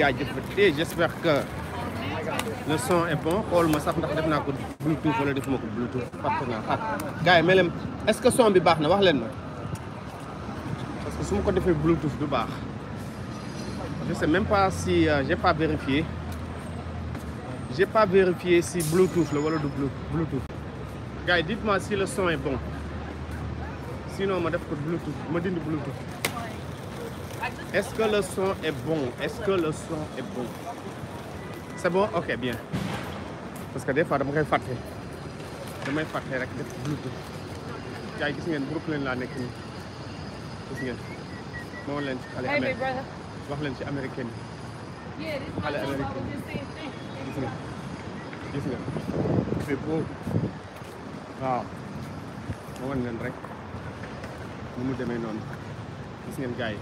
jaajëfatee eh, j'espère que le son est bon xool ma sax ndax def naa ko bluetooth wala defuma ko bluetooth fàtte naa xaar gars yi melem est-ce que son bi baax na wax leen ma parce que su ma ko defee bluetooth du baax je sais même pas si euh, j'ai pas vérifié j'ai pas vérifié si bluetooth la wala du bluetooth gars yi dites-moi si le son est bon sinon ma def ko bluetooth ma dindi bluetooth est-ce que le son est bon? Est-ce que le son est bon? C'est bon? Ok, bien. Parce que des fois, je vais faire un peu rek def bluetooth yaa ngi gis ngeen Brooklyn laa nekk nii gis ci ci américain Je gis c'est beau Je rek gis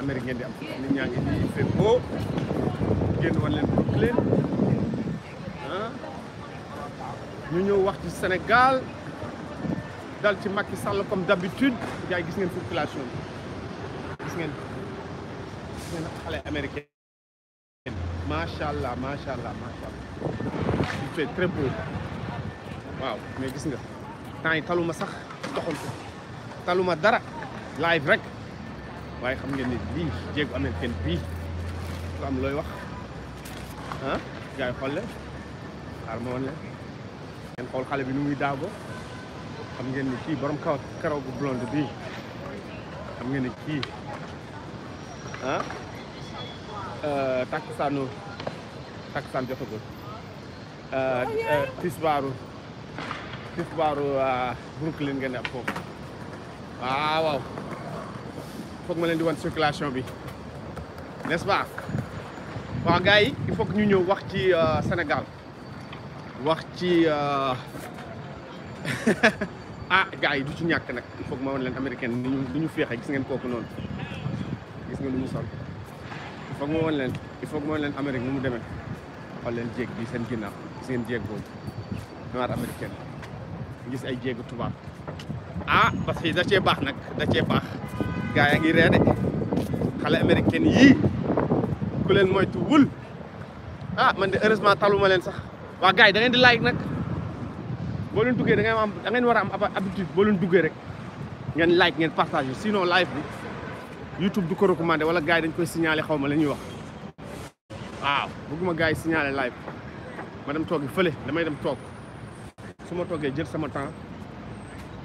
Amérique ngeen di am nit ñaa ngi di féppoo génn woon leen Brooklyn ah ñu ñëw wax ci Sénégal dal ci Macky Sall comme d'habitude gars yi gis ngeen population bi gis ngeen gis ngeen xale américain macha allah macha allah macha allah il fait très beau waaw mais gis nga temps yi taluma sax doxal ko taluma dara live rek waaye xam ngeen ni lii jéegu américaine bii ko am looy wax ah gars yi xool xaar ma woon leen ngeen xool xale bi nu muy daago xam ngeen ni kii borom kaw karaw bu blonde xam ngeen ni kii ah euh, takkusaanu takkusaan jotagul euh, euh, tisbaaru tisbaaru Brooklyn ngeen di am foofu waaw foog ma leen di wan circulation bi n'est-ce pas waaw yi il faut ñu ñëw wax ci euh, Sénégal wax ci euh, ah gars yi du ci ñàkk nag il faut ma wan leen américaine ni ñu ni ñu féexee gis ngeen kooku noonu gis nga lu mu sol il faut que ma wan leen il foog que ma wan leen Amérique nu mu demee xool leen jéeg bi seen ginnaaw gis ngeen jéeg boobu noir américaine gis ay jéegu tubaab. ah parce que da cee baax nag da cee baax gars yaa ngi ree de xale américaine yii ku leen moytu wul ah man de heureusement taluma leen sax waa gaa yi da ngeen di like nag boo leen duggee da ngeen am da ngeen war a am habitude boo leen duggee rek ngeen like ngeen partage sinon live bi YouTube du ko recommandé wala gars yi dañ koy siñaale xaw ma la ñuy wax waaw bëgguma gars yi signalé live ma dem toogi fële damay dem toog su ma toogee jël sama temps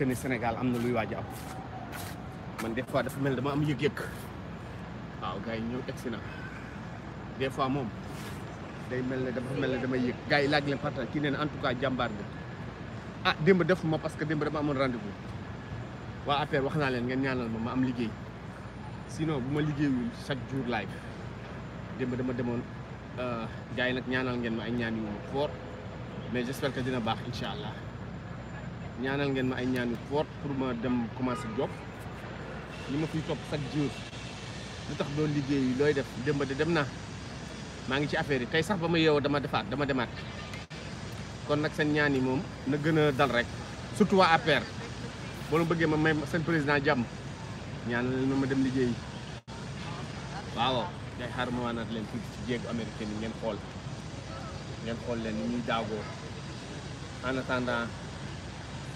que ni Sénégal amna luy wadi am man des fois dafa mel dama am yegg yëg waaw gaay yi exina des fois mom day mel ne dafa mel ne damay yëg laaj leen partant ki neen en tout cas jambar bi ah demb def ma parce que demb dama amone rendez-vous wa affaire waxna naa leen ngeen ñaanal ma ma am liggey sinon buma liggey wul chaque jour live demb dama demone euh gaay nak ñaanal ngeen ma ay ñaan yu fort mais j'espère que dina bax inshallah ñaanal ngeen ma ay ñaanu fort pour ma dem commencé job ni ma fiy top chaque jour lu tax doo liggéey looy def demba de dem na maa ngi ci affaire yi tey sax ba ma yeewoo dama defaat dama demaat kon nag seen ñaan yi moom na gën a dal rek surtout waa APR bo lu bëggee ma may seen président jàmm ñaanal leen ma dem liggéey waaw day xaar ma waanaat leen tuuti ci jéegu américain yi ngeen xool ngeen xool leen ni ñuy daagoo en attendant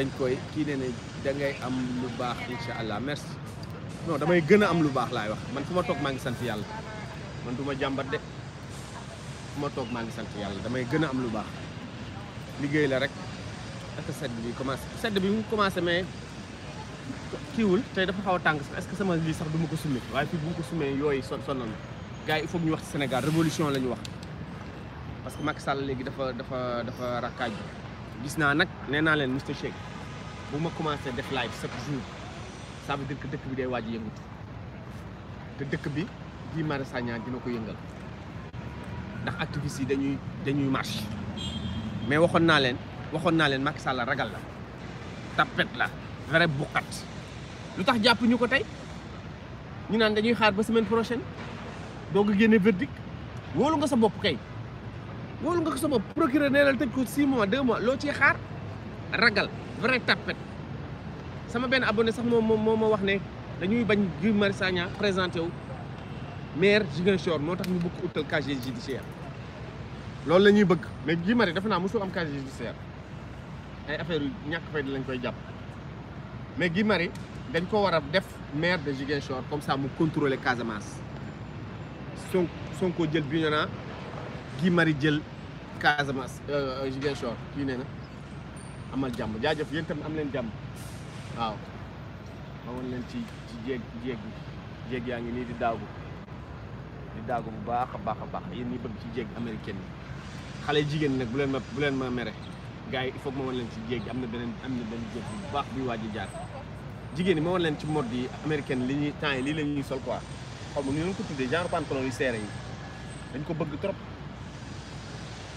dañ koy ki ne ne da ngay am lu baax inshallah merci non damay gën am lu baax lay wax man tok ma ngi sant yalla man duma ma jàmbat de tok ma ngi sant yalla damay gën am lu baax liggéey la rek ak sedd bi commencé sedd bi mu commencé mais kiwul tay dafa xaw a est ce sama li sax duma ko summi way fi bu ko summee yoy son sonal na gars il faut ñu wax ci Sénégal révolution lañu wax parce que Macky Sall légui dafa dafa dafa rakaj gis naa nag nee naa leen monsieur Cheikh bu ma commencé def live chaque jour ça veut dire que dëkk bi day waaj yëngatu te dëkk bi Guy Marius Sagna dina ko yëngal ndax activistes yi dañuy dañuy marche mais waxoon naa leen waxoon naa leen Macky Sall ragal la tapet la vrai buqat lu tax jàpp ñu ko tey ñu naan dañuy xaar ba semaine prochaine doog a génne verdict wóolu nga sa bopp kay wóolu nga ko sama procureur nee na tëj ko 6 mois 2 mois loo ciy xaar ragal vrai tapet sama benn abonné sax moom moo ma wax ne dañuy bañ Guy Marius Sagna présenté wu maire Ziguinchor moo tax ñu bëgg utal casier judiciaire loolu la ñuy bëgg mais Guy Marius dafa naa mosul am casier judiciaire ay affaire yu ñàkk fay di lañ koy jàpp mais Guy Marius dañ ko war a def maire de Ziguinchor comme ça mu contrôler Casamance son son koo jël Bignona Guy mari jël Casamance euh, Ziguinchor kii nee na amal jàmm jaajëf yéen tam am leen jàmm waaw amoon leen ci ci jéeg jéeg bi jéeg yaa ngi nii di daagu di daagu bu baax a baax a baax yéen ñi bëgg ci jéeg américaine yi xale jigéen nag bu leen ma bu leen ma mere gars yi il faut que leen ci jéeg am na beneen am na benn jéeg bu baax buy waaj a jigéen ñi ma woon leen ci mode yi américaine li ñuy temps yi lii la ñuy sol quoi xaw nu ñu ko tuddee genre pantalon yu seere yi dañ ko bëgg trop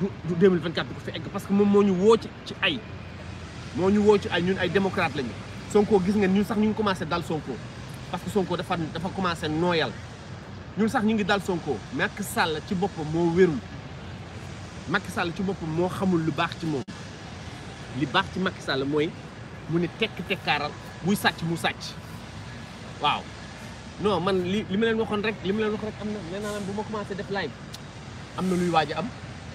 du du 2024 du ko fi egg parce que moom moo ñu woo ci ci ay moo ñu woo ci ay ñun ay démocrate lañu Sonko gis ngeen ñun sax ñu ngi commencé dal Sonko parce que sonkoo dafa dafa commencé nooyal ñun sax ñu ngi dal Sonko Macky sàll ci boppam moo wérul Macky Sall ci boppam moo xamul lu baax ci moom li baax ci Macky Sall mooy mu ni tekk tekkaaral buy sàcc mu sàcc waaw non man li li ma leen waxoon rek li ma leen waxoon rek am na nee naa bu ma commencé def live am na luy waaj a am.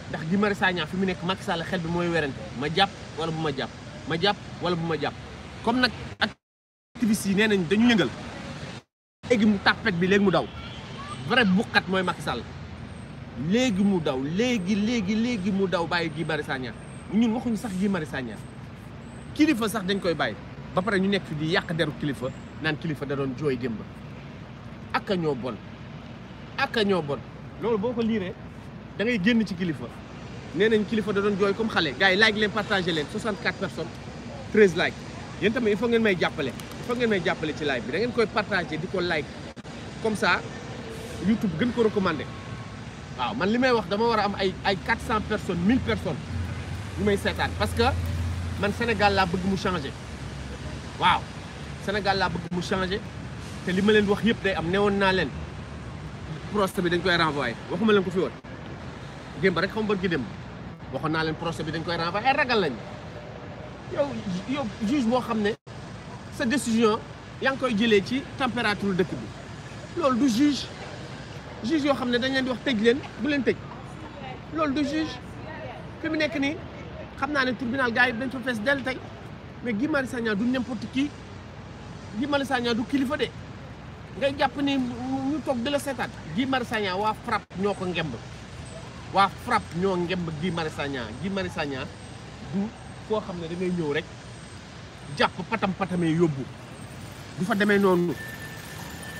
ndax Guy mari Sagna fi mu nekk Macky Sall xel bi mooy werante ma jàpp wala bu ma jàpp ma jàpp wala bu ma jàpp comme nag ak activistes yi nee nañ dañu yëngal léegi mu tàppet bi léegi mu daw vrai buqat mooy Macky Sall léegi mu daw léegi léegi léegi mu daw bàyyi Guy Marius Sagna ñun waxuñu sax gi mari Sagna kilifa sax dañ koy bàyyi ba pare ñu nekk fi di yàq deru kilifa naan kilifa da doon jooy démb ak ñoo bon ak ñoo bon loolu boo ko liiree dangay ngay génn ci kilifa nee nañ kilifa da doon jooy comme xale gars yi like leen partagé leen 64 personnes 13 like yéen tamit il faut ngeen may jàppale il faut ngeen may jàppale ci like bi da ngeen koy partagé di ko like comme ça YouTube gën ko recommandé waaw man li may wax dama war a am ay ay 400 personnes mille personnes yu may seetaan parce que man Sénégal laa bëgg mu changé waaw Sénégal laa bëgg mu changé te li ma leen wax yëpp day am newoon naa leen procès bi dañ koy renvoyé waxuma leen ko fi woon. démb rek xam bërki démb waxoon naa leen procès bi dañ koy renvoyer ragal lañ yow yow juge boo xam ne sa décision yaa ngi koy jëlee ci température dëkk bi loolu du juge juge yoo xam ne dañ leen di wax tëj leen bu leen tëj loolu du juge fi mu nekk nii xam naa ne tribunal gars yi dañ fa fees del tey mais Guy Marius Sagna du n'importe qui Guy Marius Sagna du kilifa de ngay jàpp ni ñu toog de la seetaan Guy Marius Sagna waa FRAPP ñoo ko ngemb waa FRAPP ñoo ngemb gi Marius Sagna gi Marius Sagna du koo xam ne dangay ñëw rek jàpp patam patamee yóbbu du fa demee noonu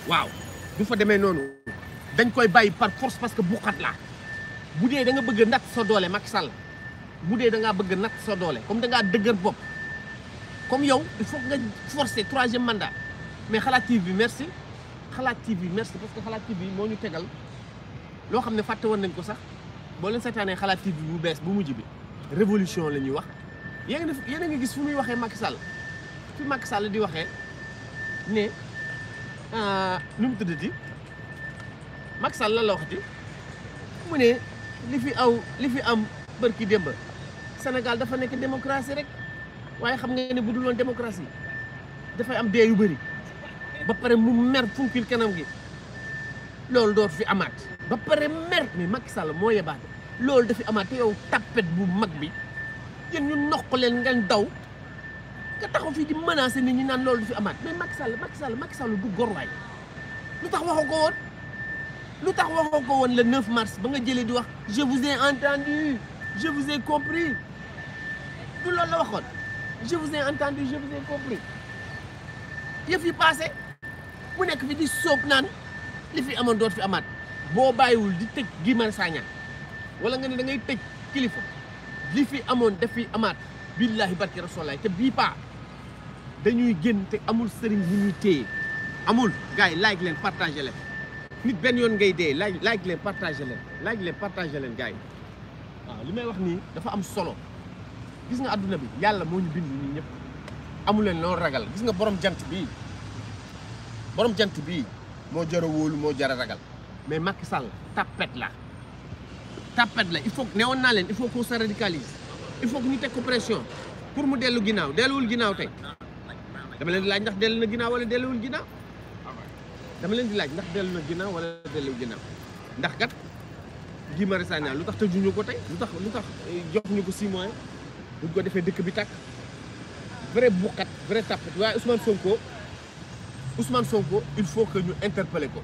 waaw du fa demee noonu dañ koy bàyyi par force parce que buqat la bu dee da nga bëgg nat sa doole mag Sall bu dee da ngaa bëgg nat sa doole comme danga ngaa dëgër bopp comme yow il faut nga forcer troisième mandat mais xalaat TV merci xalaat TV merci parce que xalaat TV moo ñu tegal loo xam ne fàtte woon nañ ko sax bo len setané xalat TV bu bes bu mujjibi révolution lañuy wax yéen a ngi yéen gis fu muy waxé Macky Sall fi Macky Sall di waxé né euh num mu di Macky Sall la la waxati mu ne li fi aw li fi am barki demba Sénégal dafa nek démocratie rek waye xam nga ne bu dul démocratie da fay am dé yu bari ba paré mu mer funkil kanam gi loolu do fi amat ba pare mer mi Macky Sall moo yebaate da fi amate yow tappet bu mag bi yeen ñu noq ngeen daw ka taxaw fi di menacer nit ñi naan da fi amate mais Macky Sall Macky Sall Macky Sall du gor way lu tax waxoo ko woon lu tax waxoo ko le 9 mars ba nga jëlé di wax je vous ai entendu je vous ai compris du loolu la waxon je vous ai entendu je vous ai compris yeuf yi passé mu nek fi di soop nan li fi amoon doot fi amate boo bàyyiwul di tëj Guy Marius Sagna wala nga ne da ngay tëj kilifa li fi amoon dafiy amaat billaahi barki rasulaay te bii paa dañuy génn te amul sëriñ bu ñuy téye amul gars yi like leen partagé leen nit benn yoon ngay dee laaj like leen partagé leen like leen partagé leen gars li may wax nii dafa am solo gis nga àdduna bi yàlla moo ñu bind nii ñëpp amu leen loolu ragal gis nga borom jant bii borom jant bii moo jar wóolu moo jar a ragal mais Macky Sall la la il faut que nous il faut qu'on se radicalise il faut que nous ayons pression pour le dellu ginnaaw delluwul ginnaaw tey dama leen di laaj ndax dellu na wala delluwul ginnaaw dama di laaj ndax wala ndax kat de ko eh, vrai vrai Ousmane Sonko Ousmane Sonko il faut que nous interpellions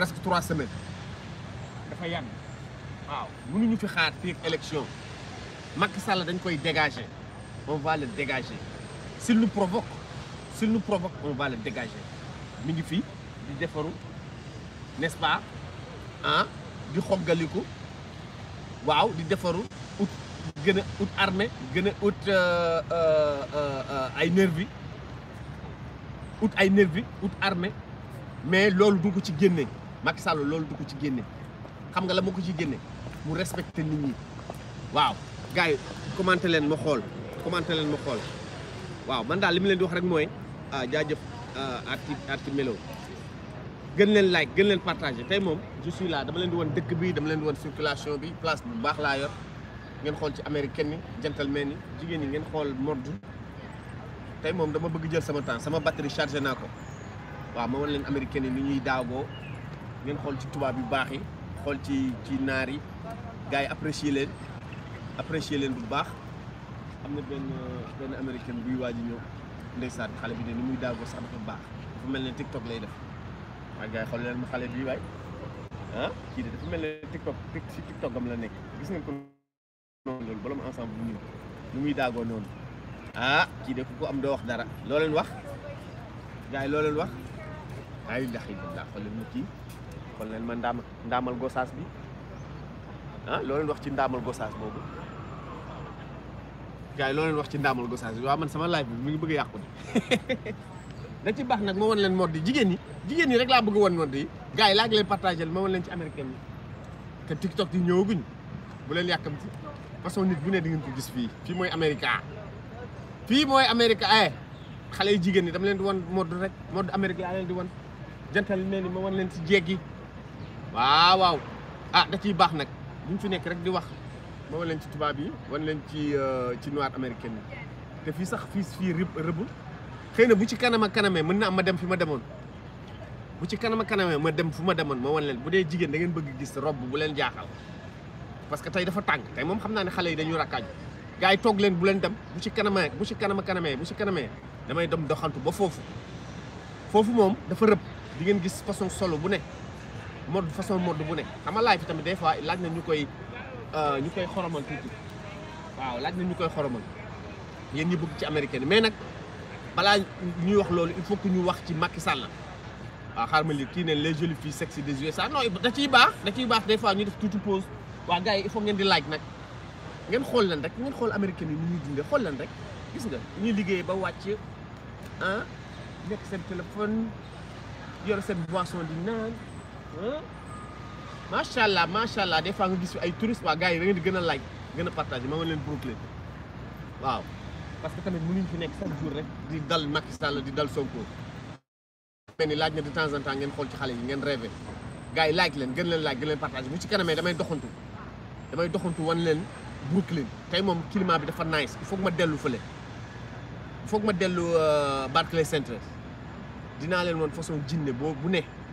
presque trois semaines dafa nous waaw mënuñu fi xaar fii élection Macky Sall dañ koy dégager on va le dégager s'il nous provoque s'il nous provoque on va le dégager mi fi, di defaru n'est-ce pas ah di xoggaliku waaw di defaru ut gën a ut armée gën euh euh, euh euh ay nervi Out ay nervi out armée mais lolu du ko ci génne Macky Sall lolou du ko ci génne xam nga la moko ci génne mu respecté nit ñi waaw gaay yi commenté leen ma xol commenté len ma xol waaw man daal li len di wax rek moy ah jaajeuf ah, arti arti melo gën len like gën len partager tay mom je suis là dama len di won dëkk bi dama len di won circulation bi place bu baax la yor ngeen xol ci américain ni gentleman ni jigen ni ngeen xol mordu tay mom dama bëgg jël sama temps sama batterie chargé nako waaw ma won len américain ni ñuy daago ngeen xool ci tubaab yu baax yi xool ci ci naar yi gars yi apprécier leen apprécier leen bu baax am na benn benn américain buy waaj a ñëw ndeysaan xale bi de ni muy daagoo sax dafa baax dafa mel ne TikTok lay def waaye gars xool leen ma xale bi waay ah, kii de dafa mel ne TikTok si am la nekk gis ngeen ko noonu loolu bala mu ensemble bu ñu muy daagoo noonu ah kii ku ko am doo wax dara loo wax gars yi loo leen wax ay ndax yi xool leen ma kii jàppal len ma ndam ndamal gossas bi han ah, lo len wax ci ndamal gossas bobu gay lo len wax ci ndamal gossas wa man sama live mi ngi bëgg a ni da ci bax nak mo won len mod jigen ni jigen ni rek la bëgg won mod gay la ngi leen won len ci américain ni te tiktok di ñëwaguñ bu yakam ci façon nit bu ne di ngeen ko gis fi fi moy america fi moy america ay eh, xalé jigen ni dama di won mod rek mod america la len di won jantal ne ma won len ci waaw waaw a ah, da ciy baax nag buñ fi nekk rek di wax moo leen ci tubaab yi wan leen ci euh, ci noir américaine yi te fii sax fii fii rëbb rëbb xëy na bu ci kanama kanamee mën na am ma dem fi ma demoon bu ci kanama kaname ma dem fu ma demoon ma wan leen bu dee jigéen da ngeen bëgg gis robb bu leen jaaxal parce que tey dafa tàng tey moom xam naa ne xale yi dañu rakkaaj gars yi toog leen bu leen dem bu ci kanama bu ci kanama kaname bu ci kanamee damay dem doxantu ba foofu foofu moom dafa rëbb di ngeen gis façon solo bu ne mode façon mode bu ne xam nga live tamit des fois laaj na ñu koy euh, ñu koy xoromal waaw laaj na ñu koy xoromal yéen ñi bëgg ci américaine mais nag balaa ñuy wax loolu il faut que ñu wax ci Macky Sall waaw xaaral ma li kii ne les jolies filles sexy des USA non da ciy baax da ciy baax des fois ñu def tuuti pause waa gars yi il faut ngeen di laaj nag ngeen xool leen rek ngeen xool américaine yi nu ñuy dundee xool leen rek gis nga ñuy liggéey ba wàcc ah nekk seen téléphone yor seen boisson di naan. macha allah macha allah des fois nga gis fi ay touristes waa gars yi da di gën a like gën a partagé ma nga leen Brooklyn waaw parce que tamit mënuñ fi nekk chaque jour rek di dal Macky Sall di dal Sonko mel ni laaj na de temps en temps ngeen xool ci xale yi ngeen rêvé gars yi like leen gën leen like gën leen partagé bu ci kanamee damay doxantu damay doxantu wan leen Brooklyn tey moom climat bi dafa nice il faut ma dellu fële il faut que ma dellu euh, Barclay Center leen woon façon jinne boo bu ne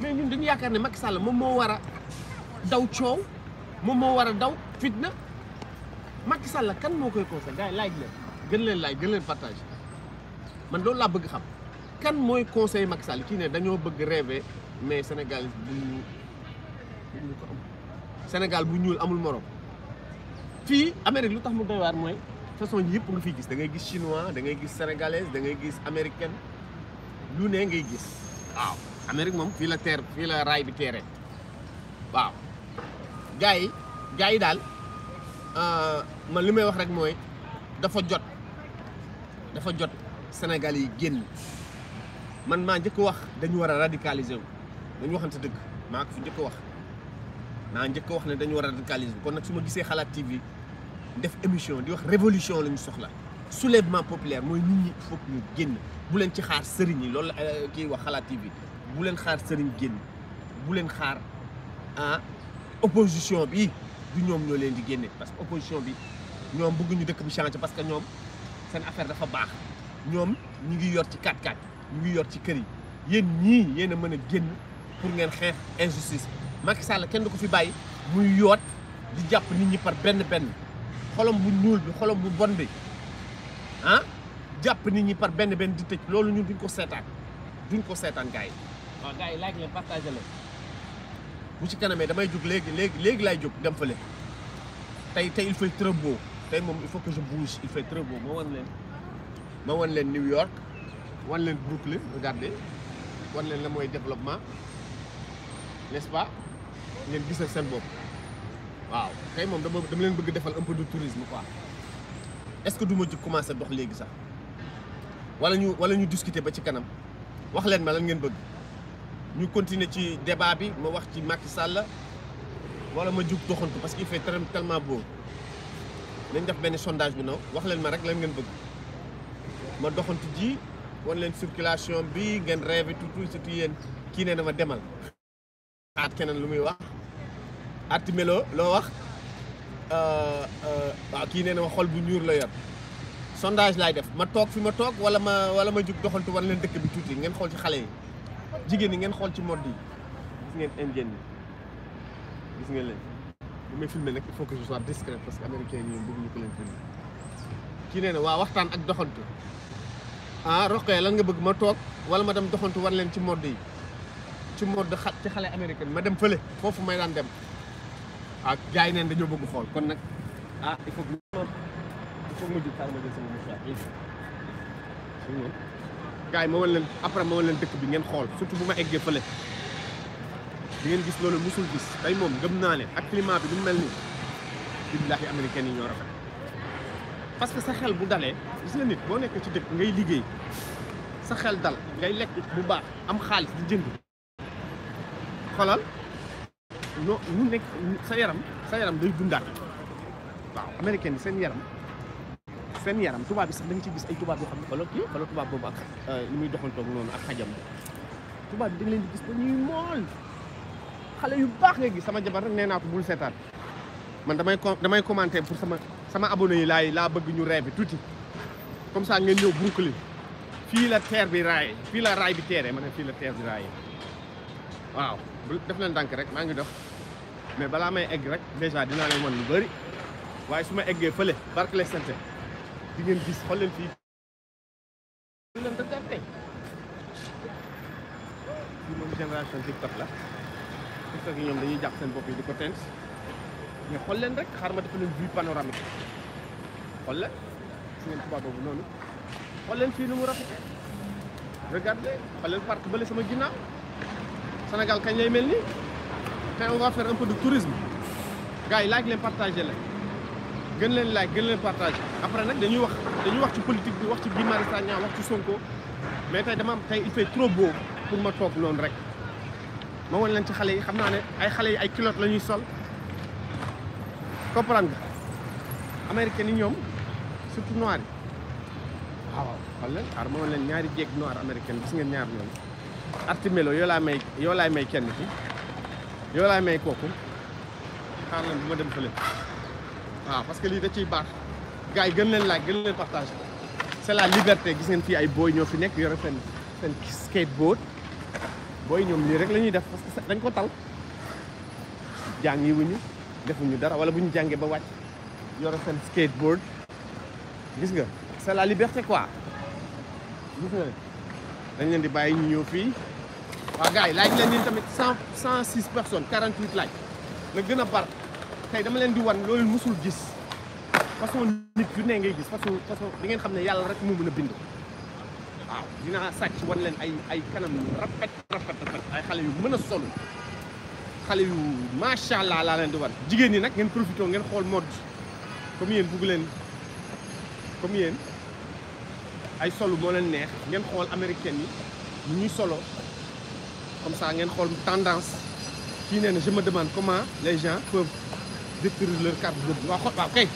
mais ñun dañu yaakaar ne Macky Sall moom moo wara daw coow moom moo war a daw fitna Macky Sall kan moo koy conseil gars laaj leen gën leen laaj gën leen partage man loolu laa bëgg xam kan mooy conseil Macky Sall kii ne dañoo bëgg rêver mais Sénégal bu ñuul amul moroom fii Amérique lu tax mu doy waar mooy façon yi yëpp nga fiy gis da ngay gis chinois da ngay gis sénégalaise da ngay gis américaine lu ne ngay gis waaw. Amérique mom, fi la terre, fi la raay bi terre. waaw gars yi dal, euh, daal man li may wax rek mooy dafa jot dafa jot sénégalais yi génn man ma njëkk wax dañu wara radicaliser wu dañu waxante dëgg ma ko fi njëkk wax na njëkk wax ne dañu wara radicaliser kon nak suma ma gisee TV def émission di wax révolution la ñu soxla soulèvement populaire moy nit ñi foog ñu génn bu leen ci xaar sëriñ yi loolu euh, kii wax xalaat TV bu leen xaar sëriñ génn bu leen xaar ah opposition bi du ñoom ñoo leen di génne parce que opposition bi ñoom bëgguñu dëkk bi changé parce que ñoom seen affaire dafa baax ñoom ñu ngi yor ci 4x4 ñu ngi yor ci kër yi yéen ñii yéen a mën a génn pour ngeen xeex injustice Macky Sall kenn du ko fi bàyyi muy yoot di jàpp nit ñi par benn benn xolom bu ñuul bi xolom bu bon bi ah jàpp nit ñi par benn benn di tëj loolu ñun duñ ko seetaan duñ ko seetaan gars waa gars yi like leen partagé leen bu ci kanamee damay jóg léegi léegi léegi laay jóg dem fële tey tey il fait très tey moom il faut que je bouge il fait très ma wan leen ma wan leen New York wan leen Brooklyn regardez wan leen la mooy développement n'est-ce ngeen gisal seen bopp waaw tey moom dama dama leen bëgg defal un peu de tourisme quoi est-ce que du ma ci commencer dox léegi sax wala ñu wala ñu discuter ba ci kanam wax leen ma lan ngeen bëgg. ñu continuer ci débat bi ma wax ci Macky sàll wala ma jug doxantu parce que il fait tellement boobu nañ def benn sondage bi non wax leen ma rek lan ngeen bëgg ma doxantu ji wan leen circulation bi ngeen rêvé tuuti surtout yéen kii nee na ma demal aat keneen lu muy wax arti melo loo wax euh, euh, waaw kii nee na ma xol bu ñuur la yor sondage laay def ma toog fi ma toog wala ma wala ma jug doxantu wan leen dëkk bi tuuti ngeen xool ci xale yi jigéen ñi ngeen xool ci mode yi gis ngeen indien yi gis ngeen leen bu may filmé nag il faut que je sois discret parce que américain yi ñoom bëgg ko leen filmé kii nee na waa waxtaan ak doxantu ah roqee lan nga bëgg ma toog wala ma dem doxantu war leen ci mode yi ci mode xa ci xale américain ma dem fële foofu may daan dem ak ah, gars yi neen dañoo bëgg xool kon nag ah il faut que il faut que ma jël taal ma jël sama mouchoir gars yi ma wan leen après ma wan leen dëkk bi ngeen xool surtout bu ma eggee fële di ngeen gis loolu musul gis tey moom gëm naa leen ak climat bi du mel ni billaahi américains yi ñoo rafet parce que sa xel bu dalee gis nga nit boo nekk ci dëkk ngay liggéey sa xel dal ngay lekk bu baax am xaalis di jënd xolal no ñu nekk sa yaram sa yaram day dundaat waaw américain yi seen yaram seen yaram tubaab bi sax da nga ci gis ay tubaab yoo xam ne xoolal kii xoolal tubaab boobu ak li muy doxantoog noonu ak xajam tubaab bi da nga leen di gis ba ñuy mool xale yu baax nga gis sama jabar rek nee naa ko bul seetaan man damay damay commenté pour sama sama abonné yi laa bëgg ñu rêve tuuti comme ça ngeen ñëw Brooklyn fii la terre bi raaye fii la raay bi teeree ma fii la terre bi raaye waaw def leen ndànk rek maa ngi dox mais balaa may egg rek dèjà dinaa leen wan lu bëri waaye su ma eggee fële Barclays Center di ngeen gis xool leen fii. fii moom génération TikTok la TikTok yi ñoom dañuy jàpp seen bopp yi di ko tent mais xool leen rek xaaral ma def leen vue panoramique leen si ngeen tubaab boobu noonu xool leen fii nu mu rafetee regardez xool leen parc bële sama ginnaaw Sénégal kañ lay mel ni te on va faire un peu de tourisme gars yi laaj leen partagé leen. gën leen like gën leen partage après nag dañuy wax dañuy wax ci politique bi wax ci Guy Marius Sagna wax ci Sonko mais tey dama am tey il fait trop beau pour ma toog noonu rek ma wan leen ci xale yi xam naa ne ay xale yi ay culotte la ñuy sol comprendre nga américain yi ñoom surtout noir yi waaw ah, xool leen ar ma wan leen ñaari jeeg noir américaine gis ngeen ñaar ñoom artimelo yoo laa may yoo laay may kenn ki yoo laay may kooku xaar leen bu ma dem fële waaw ah, parce que lii da ciy baax gars yi gën leen laaj gën leen partage c'est la liberté gis ngeen fii ay booy ñoo fi nekk yore seen seen skateboard Boy, ñoom lii rek la def parce que dañ ko tal jàngi wuñu defuñu dara wala bu ñu jàngee ba wàcc yore seen skateboard gis nga c'est la liberté quoi gis nga dañ leen di bay ñu ñëw fii waaw gars yi laaj leen tamit 106 cent six personnes quarante huit laaj la gën tay dama len di wan lolou musul gis que nit yu ne ngay gis parce que di ngeen xamne yalla rek mo meuna bind waaw dina sacc wan len ay ay kanam rafet rafet rafet ay xale yu meuna solo xale yu sha allah la len di wan jigen ni nak ngeen profito ngeen xol mode comme yéen bugg len comme yeen ay solo mo len neex ngeen xool américaine ni ñu solo comme ça ngeen xol tendance kii nee je me demande comment les gens peuvent détruire leur carte bleue waaw waaw kay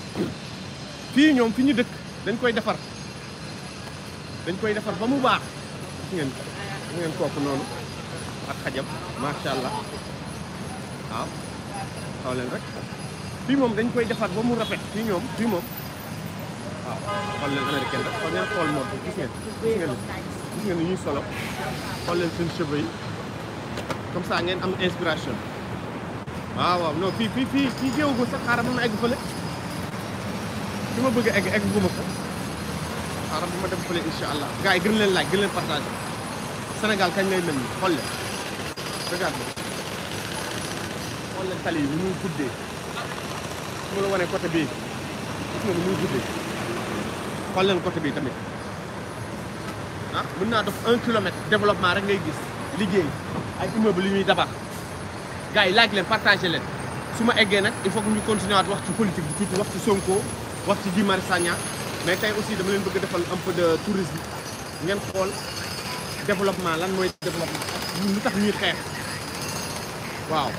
fii ñoom fi ñu dëkk dañ koy defar dañ koy defar ba mu baax gis ngeen gis noonu ak xajam macha allah waaw xaw leen rek fii moom dañ koy defar ba mu rafet fii ñoom fii moom waaw xool leen américain rek xool leen xool moom gis ngeen gis ngeen gis ñuy solo xool leen seen cheveux yi comme ça ngeen am inspiration waaw waaw non fii fii fii fii jéewugo sax xaaral mën na egg fële fi ma bëgg a egg egg guma ko xaaral bu ma dem fële incha allah gars yi gën leen laaj gën leen partagé kañ lay mel ni xool yi ni muy guddee su ma la wanee côté bii gis nga ni muy guddee côté bii tamit ah mën naa dox un kilomètre développement rek ngay gis liggéey ay bi yi ñuy tabax gars yi like leen partagé leen su ma eggee nag il faut que ñu continuer waat wax ci politique bi tuuti wax ci Sonko wax ci Guy Marius Sagna mais tey aussi dama leen bëgg defal un peu de tourisme ngeen xool développement lan mooy développement ñun lu tax ñuy xeex waaw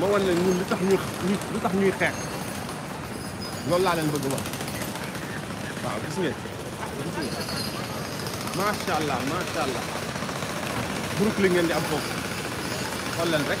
ma wan leen ñun lu tax ñuy ñuy xeex loolu laa leen bëgg wax waaw gis ngeen allah macha allah Brooklyn li ngeen di am foofu xool leen rek.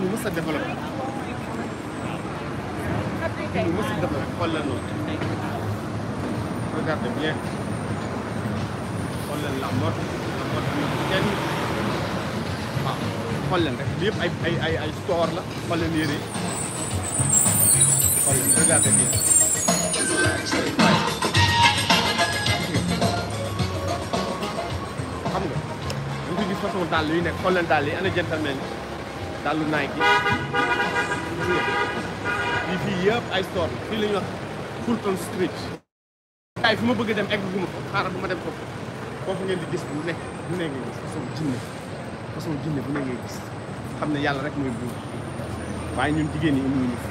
lu mës a développé lu mës a développé xool leen loolu regardez bien xool leen la mort la mort amul kenn waaw xool leen rek lépp ay ay ay ay store la xool leen yére yi xool leen regardez bien xam nga ñu ngi gis façon dàll yi nekk xool leen dàll yi ana gentleman dàllu Nike yi fii yëpp ay store la fii la ñuy wax Fulton Street. waaye fi ma bëgg dem egg guma ko xaaral bu dem foofu foofu ngeen di gis bu nekk bu ne ngay gis façon jinne façon bu ne ngay gis xam ne yàlla rek mooy buur waaye ñun jigéen ñi amuñu fi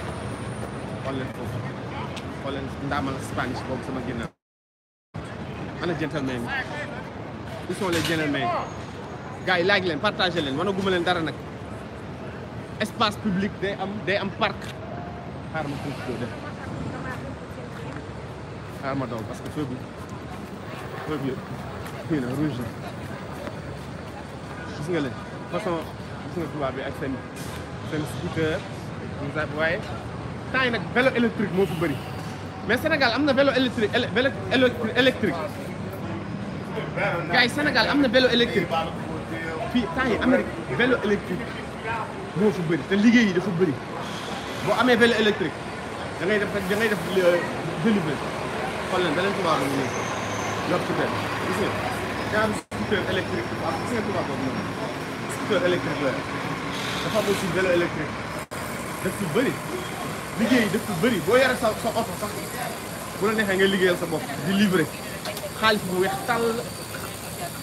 xool foofu xool leen ndaamal spanish boobu sama ginnaaw ana gentleman yi ils sont les gentlemen yi laaj leen partagé leen wana guma leen dara nag espace public day am day am parc xaar ma tuuti koo def xaar ma daw parce que feu bi feu bi kii na rouge na gis nga leen façon gis nga tubaab bi ak seen seen scooter waaye temps yi nag vélo électrique moo fi bëri mais Sénégal am na vélo électrique vélo électrique gars yi Sénégal am na vélo électrique fii temps yi Amérique vélo électrique moo fi bëri te liggéey yi dafa bëri boo amee vélo électrique da ngay def da ngay def délivré xool leen beneen tubaab la ñu nekk yor scooter gis nga genre scooter électrique ak gis nga tubaab boobu noonu scooter électrique la dafa am aussi vélo électrique daf fi bëri liggéey yi daf fi bëri boo yore sa sa oto sax bu la neexee nga liggéeyal sa bopp di livré xaalis bu weex tàll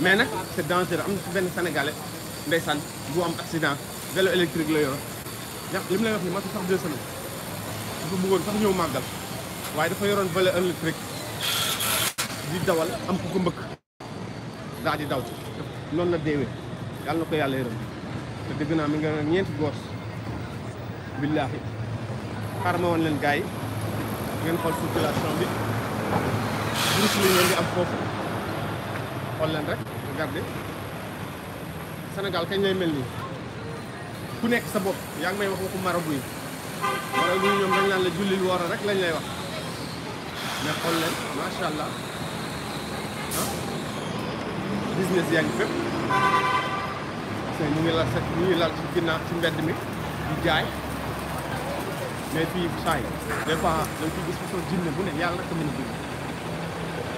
mais nag c'est dangereux am na si benn sénégalais ndeysaan bu am accident vélo électrique la yor ñax li mu lay wax ni matu sax deux semaines dafa bëggoon sax ñëw màggal waaye dafa yoroon vélo électrique di dawal am ku ko mbëkk daa di daw noonu la deewee yàlla na ko yàlla yërëm te dëgg naa mi nga ñeenti goos billaahi xaaral ma woon leen gars yi ngeen xool circulation bi brousse li ngeen di am foofu xool leen rek regardez Sénégal kañ lay mel nii ku nekk sa bopp yaa ngi may wax waxu marabu yi a yi ñoom dañ naan la jullil woor rek lañu lay wax mais xool leen macha allah ah business yaa ngi fépp parce ñu ngi la set ñu ngi lal ci ginnaaw ci mbedd mi di jaay mais fii saa yi des fois dañ ciy gis façon bu ne yàlla naka mën a jinne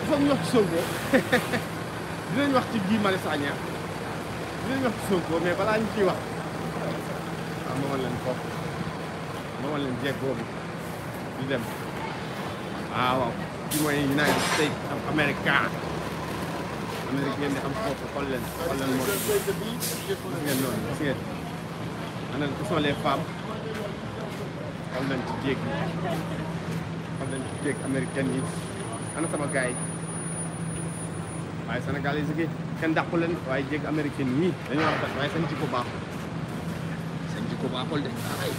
foog ñu wax ci Sonko dinañ wax ci Guy Marius Sagna dinañ wax ci Sonko mais balaa ñu ciy wax ma wan leen foofu ma wan leen jeeg boobu di dem ah, waaw ci mooy United States of America Amérique ngeen di am foofu xool leen xool leen moo gis ngeen noonu gis ngeen maanaam ce sont les femmes xool leen ci jéeg yi xool leen ci jéeg américaine yi ana sama gars yi waaye Sénégal yi si kenn dàqu leen waaye jéeg américaine yi dañoo rafet waaye seen jikko baax ko baaxul de ay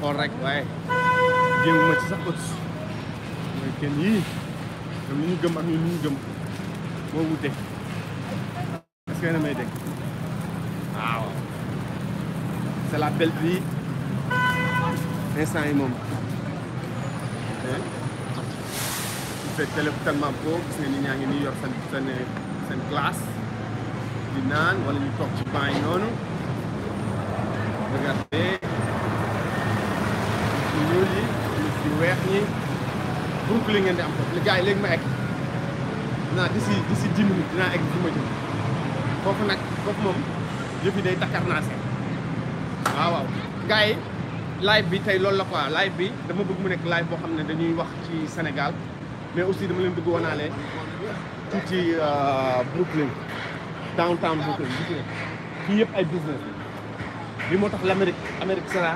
xool rek waaye géewu ma ci sax bët mooy kenn yii ñoom gëm ak gëm moo wute est-ce que na may dégg waaw la belle vie instant yi moom fekk téléphone tellement boo gis nga nit ñaa ngi nii yor seen seen seen wala ñu toog ci banc noonu regardez ci ñuul yi nit weex ñi boucle li ngeen di am foofu li gars ma egg naa d'ici d'ici dix minutes dinaa egg fi ma jëm foofu nag foofu moom yëf day takkar naa seen waaw waaw gars live bi tey loolu la quoi live bi dama bëgg mu nekk live boo xam ne dañuy wax ci senegal mais aussi dama leen bëgg wanaale tuuti euh, Brooklyn downtown Brooklyn gis nga yëpp ay business L'Amérique sera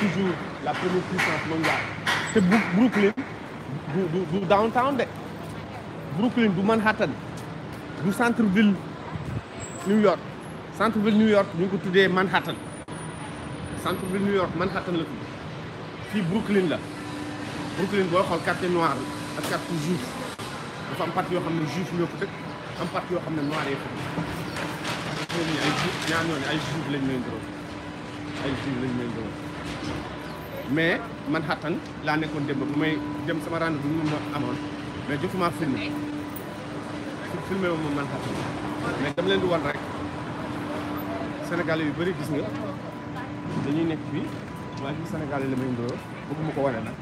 toujours la première puissance mondiale C'est Brooklyn du downtown de Brooklyn du Manhattan du centre ville New York centre ville New York nous Manhattan centre ville New York Manhattan Brooklyn Brooklyn c'est quartier noir quartier juif parti juif noir ay jiw lañ may doon mais man xattan laa nekkoon démb bu may dem sama rendez-vous bi ma amoon mais jotuma filmé filmé moom man mais dama leen di wan rek sénégalais yu bari gis nga dañuy nekk fii waaye fii sénégalais la may ndóor bëgguma ko wane nag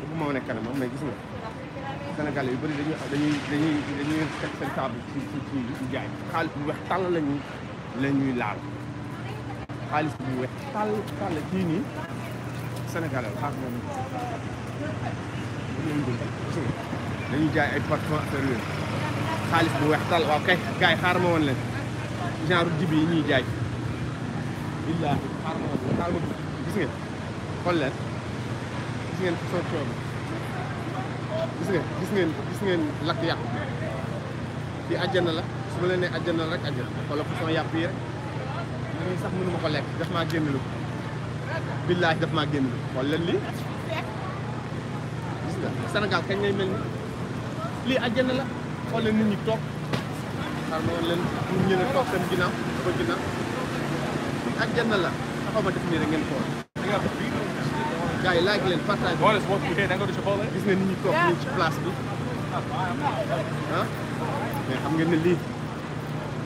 bëgguma wane kanamam mais gis nga sénégalais yu bari dañuy dañuy dañuy dañuy teg seen table ci ci ci jaay xaalis bu weex tàll lañuy ñuy laal xaalis bu weex tàll tàll kii nii Sénégalais la xaar moom dañuy jaay ay parfum affaire yooyu xaalis bu weex tàll waaw kay gars yi xaar ma woon leen genre jib yi ñuy jaay billaahi xaar ma woon xaar ma gis ngeen xool leen gis ngeen façon coono gis ngeen gis ngeen gis ngeen lakk yàqu bi àjjana la su ma leen nee àjjana la rek àjjana xoolal façon yàpp yi rek lii sax mënu ma ko lekk daf maa génn lu billaahi daf maa génn lu xool leen lii gis nga Sénégal kañ ngay mel ni lii àjjana la xool leen toog xar ma woon leen a toog seen ba ginnaaw lii la ngeen xool laaj leen partage gis nga nit ñi toog ñu ci place bi ah? xam ngeen ne lii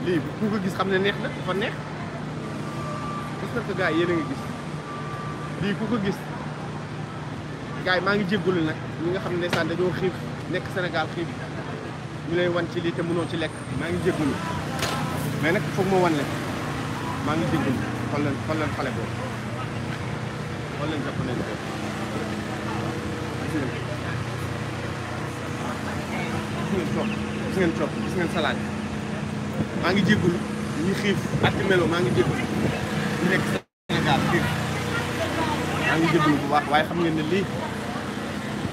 lii bu ko gis xam ne neex na dafa neex j'espère que gars yi ngi gis lii ku ko gis gars maa ngi li nag ñi nga xam ne ndeysaan dañoo xiif nekk senegal xiif ñu lay wan ci lii te mënoo ci lekk maa ngi jéggalu mais nag foog moo wan maa ngi jéggalu xool leen xool leen xale boobu gis ngeen copp maa ngi jégalu ñu xiif atti maa ngi jégalu di nekk Sénégal fii maa ngi jéglu bu baax waaye xam ngeen ne lii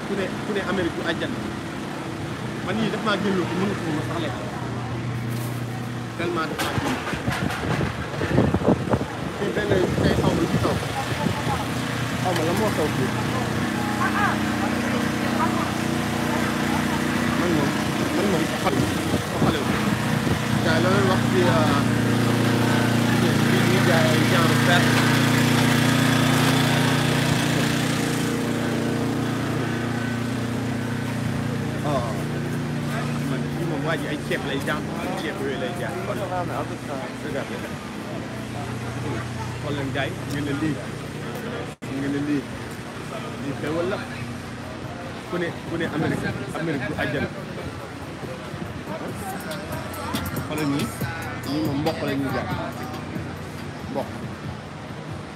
ku ne ku ne Amérique du àjjan man yii daf maa génn ko mënatu ma sax lekk tellement daf maa génn fii benn tey xaw ma ci taw xaw ma la moo taw fii man moom man moom xale xale gaa yi la wax ci dài mình muốn qua gì anh chẹp lấy răng anh rồi lấy răng con cứ gặp con lần đi người lên đi đi tới quên lắm này cô này America America ajan con lên nhí nhưng mà mọc lên như vậy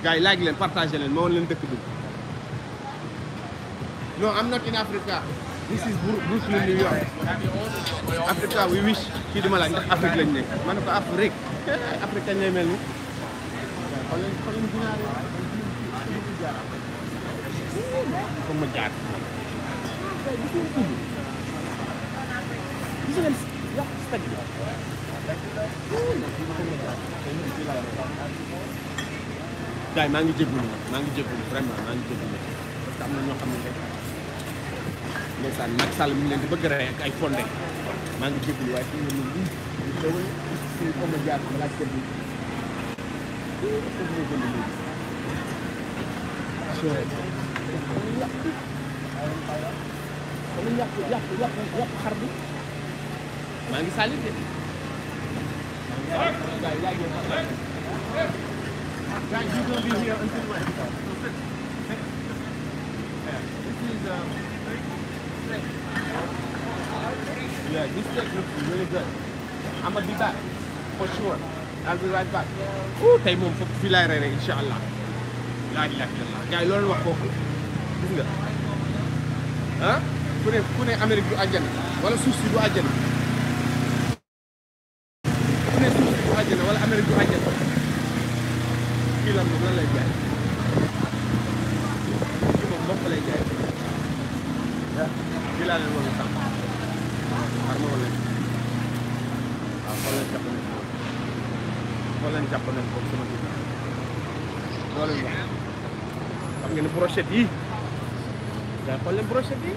gars yi like leen partagé leen ma leen dëkk bi no I'm not in Africa this is Brooklyn New York Africa we wish kii duma laaj ndax Afrique lañ nekk ma ko Afrique Afrique ñooy mel ni ma jaar gis ngeen gars maa ngi jégalu maa ngi jégalu vraiment maa ngi jégalu na ñoo xam ne Sall mi leen di bëgg a rey maa ngi jégalu waaye fi mu ne nii lii ngi sàllit Guys, you're going to be here until when? So Yeah. This steak looks really good. I'm going to be back, for sure. I'll be right back. Ooh, time moom foog fi laay reere incha allah. laa ilaaha illallah gars yi loolu wax foofu gis nga ah ku ne procédé J'ai un problème procédé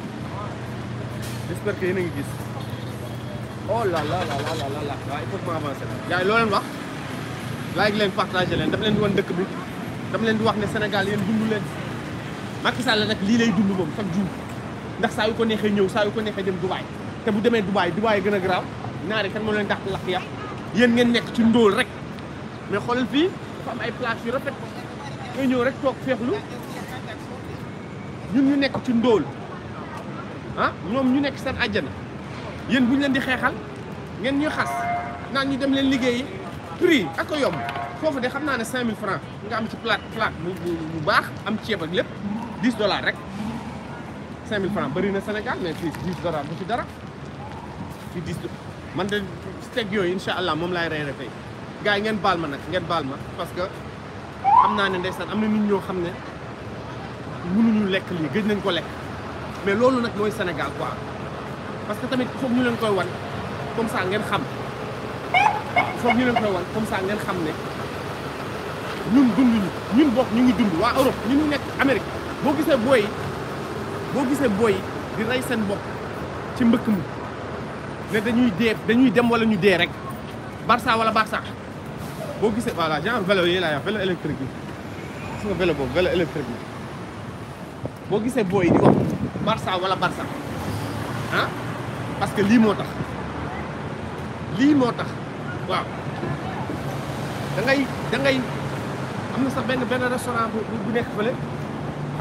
J'espère que yéen a oh là là là là là là waaw il faut que ma avancer la gars yi loo leen wax like leen partagé leen daf leen di wan dëkk bi daf leen di wax ne Sénégal yéen dund leen Macky Sall nag lii lay dund moom chaque jour ndax saa yu ko neexee ñëw saa yu ko neexee dem Dubaay te bu demee Dubaay Dubaay gën kan moo leen dàq ya, yàq yéen ngeen nekk ci ndóol rek mais xoolal fii dafa am ay place yu rafet nga ñëw rek toog feexlu ñun ñu nekk ci ndóol ah ñoom ñu nekk seen àjjana yéen bu ñu leen di xeexal ngeen ñu xas naan ñu dem leen liggéeyi prix ak ko yomb foofu de xam naa ne 5000 francs nga am ci plate plate bu baax am ceeb ak lépp 10 dollars rek 5000 francs bëri na Sénégal mais fii 10 dollars bu ci dara fii 10 man de steak yooyu incha allah moom laay reere tey gars yi ngeen baal ma nag ngeen baal ma parce que xam naa ne ndeysaan am na nit ñoo xam ne. mënuñu lekk lii gëj nañ ko lekk mais loolu nag mooy Sénégal quoi parce que tamit foog ñu leen koy wan comme ça ngeen xam foog ñu leen koy wan comme ça ngeen xam ne ñun dunduñu ñun bokk ñu ngi dund waa Europe ñu ngi nekk Amérique boo gisee booy boo gisee booy di rey seen bopp ci mbëkk mi ne dañuy dee dañuy dem wala ñu dee rek Barça wala Barça boo gisee voilà genre vélo yi laa yor vélo électrique yi gis nga vélo boobu vélo électrique yi bo qui boy di wax Barça wala Barça ah, parce que li motax li Tu da ngay da ngay amna sax ben restaurant bu bu as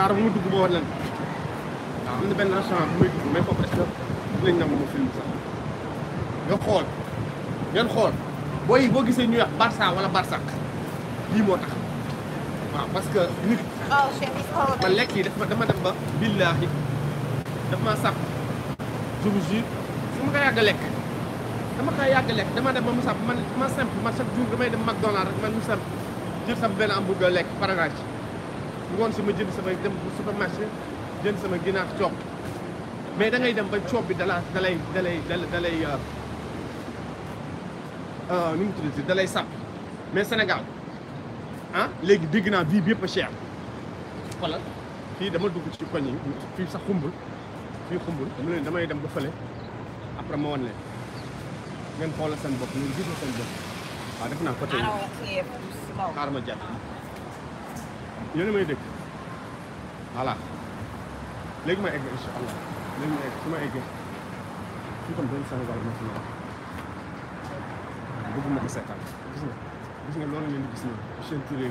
bu mu dugg pas restaurant bu mais as est-ce film sax nga xol xol Boy, Tu as ñu wax Barça wala Barça li motax parce que oh chef peu plus de temps. Je suis un peu plus de temps. je vous jure su ma ko Je lekk dama ko yàgg lekk dama dem ba mu sàpp man Je simple man chaque jour damay dem McDonald rek Je mu simple jël sama benn hamburger lekk paragage ngoon si ma Je sama dem supermarché jënd sama ginaar coob mais Je ngay dem ba coob bi dalaa dalay dalay dalay uh, uh, nu mu Je dalay sàpp mais Sénégal ah léegi dégg naa Je bi yëpp a cher wala fii dama dugg ci koñ yi fii sax xumbul fii xumbul dama damay dem ba fële après ma wan leen ngeen xoolal seen bopp ngeen gisoo seen bopp waaw def naa côté yi xaar ma jàpp may dégg voilà léegi ma egg incha allah léegi ma egg su ma eggee fii kon benn Sénégal ma fi ñëwaat bëgg ko seetaan gis nga nga loolu ngeen di nii seen turee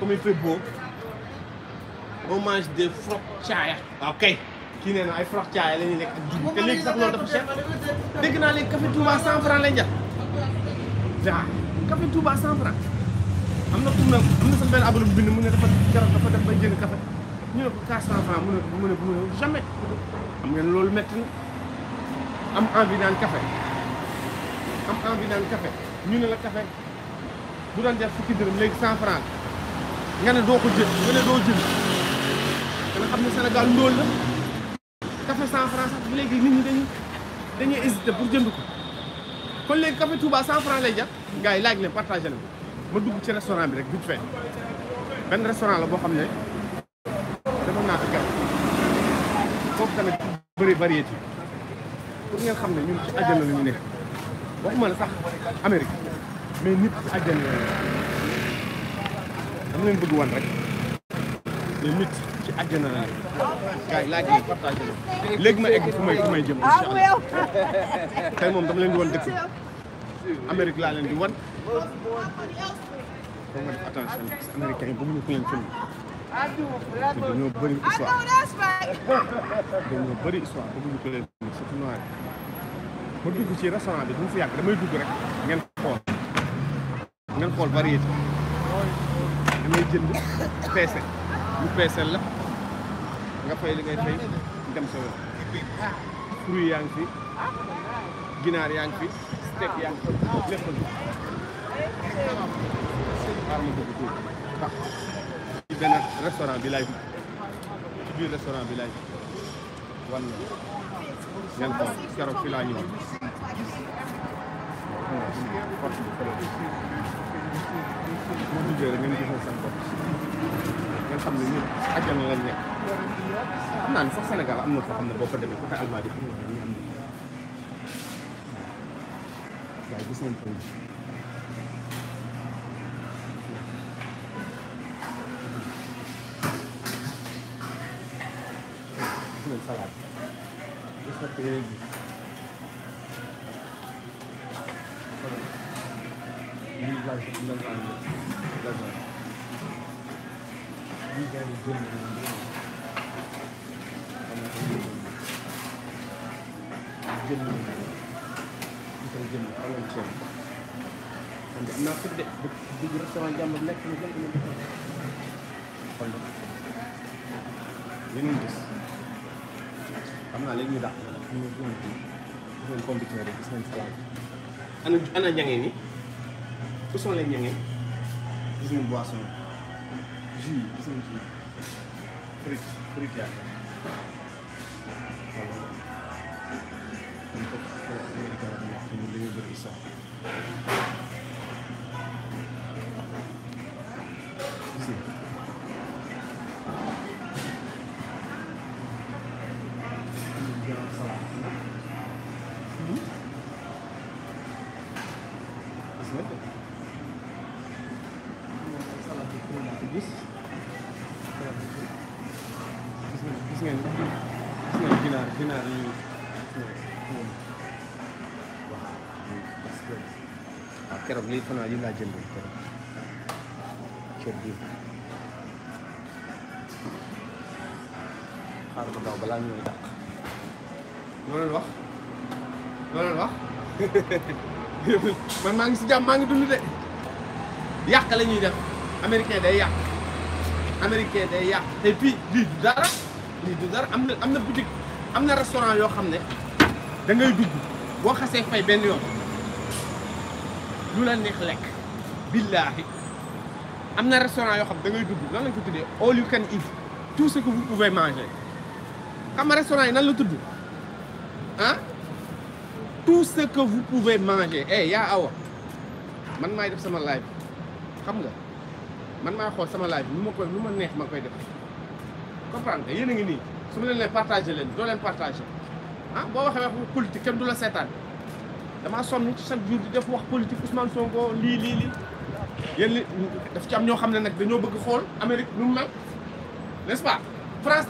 comme il fait beau on mange des frog Ok. Ok, Qui n'est pas frog Les. que café Touba 100 francs café Touba 100 francs ne am na bind ne dafa dafa café ñu ne 400 francs mu ne envie d'un café am envie d'un café ne le café. bu doon def fukki dërëm léegi cent franc nga ne doo ko jël nga ne doo jël nga xam ne Sénégal ndóol la café cent franc sax léegi nit ñi dañuy dañuy hésité pour jënd ko kon léegi café Touba cent franc lay jar gars laaj leen partagé leen ma dugg ci restaurant bi rek vite fait benn restaurant la boo xam ne defoon naa ko gàtt foofu tamit bëri variété pour ngeen xam ne ñun ci àjjana la ñu waxuma la sax Amérique. mais nit ci àjjana dama leen bëgg ci àjjana yi laaj yi partagé na léegi ma egg fu may fu may jëm ah, moom dama leen di wan dëkk Amérique laa leen di wan foo nga def attention parce dañoo bëri histoire ah, dañoo bëri histoire bëgguñu ku leen film ma dugg ci restaurant mu fi damay dugg rek ngeen xool ngeen xool variété damay jënd peese ñu peeseel la nga fay li ngay fay dem sa yoon fruit yaa ngi fi ginaar yaa fi steak yaa fi lépp la xaar ma dugg ci benn restaurant bi laay dugg ci biir restaurant bi laay wan ngeen xool keroog fi Mau fi bisa sampai yang seen bopp ngeen xam ne ñun àjjana lañ nekk xam naa ne sax Sénégal am na nafik de dugg restaurant Ousmane lay ñange gis ngeen boisson jus gis ngeen ya. fruit fruit yaa Thank you. lii fanaan lii laa jëndee kër kër gi xaaral balaa ñuy dàq loolu wax loolu wax man maa ngi si jàmm maa ngi dund de yàq la ñuy def américain day yàq américain day yàq et lii du dara lii du dara am na am na boutique am na restaurant yoo xam ne dangay ngay dugg boo xasee fay benn yoon. la neex restaurant yo xam da ngay all you can eat tout ce que vous pouvez manger xam restaurant yi nan la tuddu ah hein? tout ce que vous pouvez manger eh yaa man may def sama live xam nga man ma xool sama live nu koy neex ma koy def comprendre nga ngi ni suma leen je suis chaque jour di politique Ousmane Sonko li, li, li n'est-ce pas France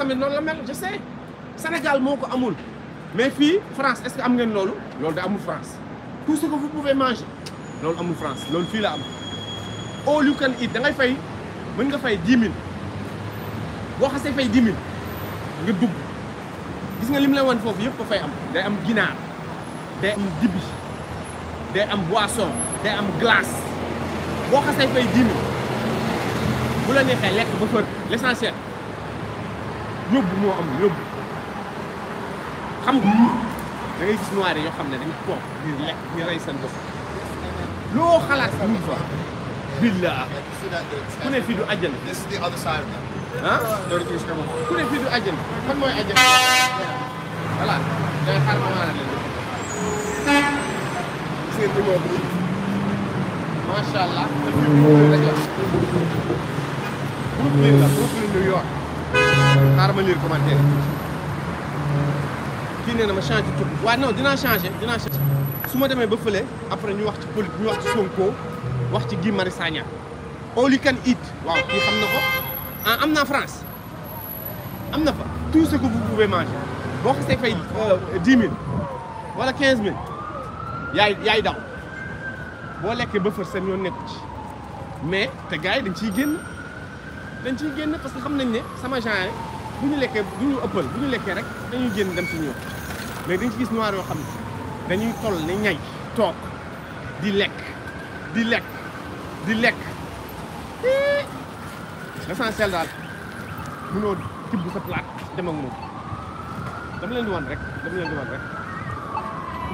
je sais Sénégal mais France est-ce que vous avez loolu France tout ce que vous pouvez manger c'est France all you can eat vous pouvez fay 10 000. Vous avez fait 10 000, vous avez double. Vous dugg gis nga lim la avez fay am day am boisson day am glace boo xasee fay dimi bu la neexee lekk ba fër l'essentiel yóbbu moo am yóbbu xam nga da ngay gis noir yoo xam ne dañu toog di lekk di rey seen bopp loo xalaat ñu fa billaa ku ne fii du àjjana ah ku ne fii du àjjana fan mooy àjjana voilà day xaar ma maanaam construire immeuble yi macha allah te fi mu mën a dajale. Brooklyn la Brooklyn New York. xaaral ma lire commentaire kii nee na ma changé tur bi waaye non dinaa changé dinaa changé. su ma demee ba fële après ñu wax ci poli ñu wax ci Sonko wax ci Guy Marius Sagna. Only can eat waaw kii xam na ko ah am naa France am na fa tout ce que vous pouvez manger boo xasee fay dix mille wala quinze mille. yaay yaay daw boo lekkee ba fër seen yoon nekku ci mais te gars yi dañ ci génn dañ ciy génn parce que xam nañ ne sama genre bu ñu lekkee bu ñu ëppal bu ñu lekkee rek dañuy génn dem suñu mais dañ ci gis noir yoo xam ne dañuy toll ne ñay toog di lekk di lekk di lekk l'essentiel daal mënoo tibb sa plat dem ak dama leen di rek dama leen di wan rek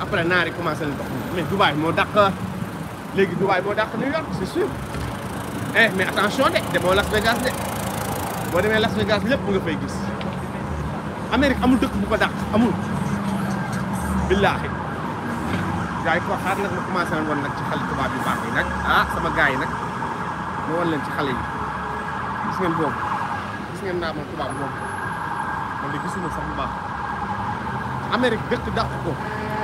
après naari commencé nañ dox mais Dubaï moo dàq léegi Dubaï moo dàq New York c'est sûr eh mais attention de demoo Las Vegas de boo demee Las Vegas lépp nga fay gis Amérique amul dëkk bu ko dàq amul billaahi gars yi koo xaar nag ma commencé nañ woon nag ci xale tubaab yu baax yi nag ah sama gars yi nag ma woon leen ci xale yi gis ngeen boobu gis ngeen naa moom tubaab boobu man de gisuma sax bu baax Amérique dëkk dàq ko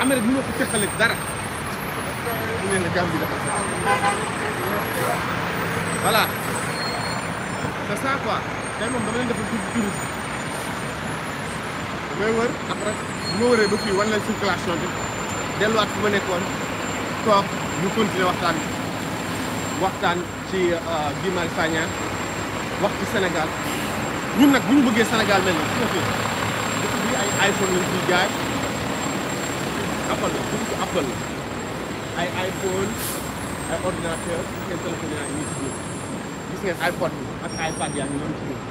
Amérique mënoo ko teqale dara mu ne la Gambie dafa voilà c'est ça quoi tey moom damay wër après bu ma wëree ba fii circulation bi delluwaat fu ma nekkoon toog ñu continuer waxtaan waxtaan ci euh, Guy Marius wax ci Sénégal ñun nag bu ñu bëggee Sénégal mel na su ko fii ay iPhone lañ ciy jaay Apple la buntu Apple ay iPhone ay ordinateur seen téléphone yaa ngi ci gis ngeen iPod bi ak iPad yaa ngi noonu ci biir la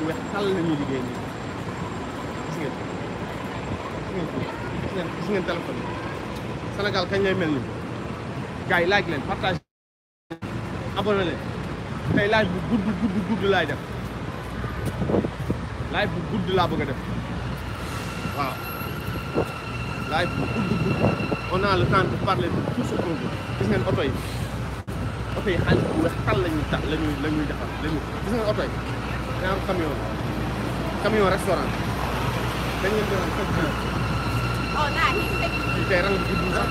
kañ lay mel nii gars yi like leen partage abonné leen tey live bu gudd gudd gudd def live bu gudd laa bëgg a def waaw on a le temps de parler de tout ce qu'on veut gis ngeen auto yi oto yi xaalis bu weex tal la ñuy tax la ñuy gis ngeen oto yi dañu am camion camion restaurant dañ leen doon camion. oh naa ngi fekk. ñu tey rang bi dund sax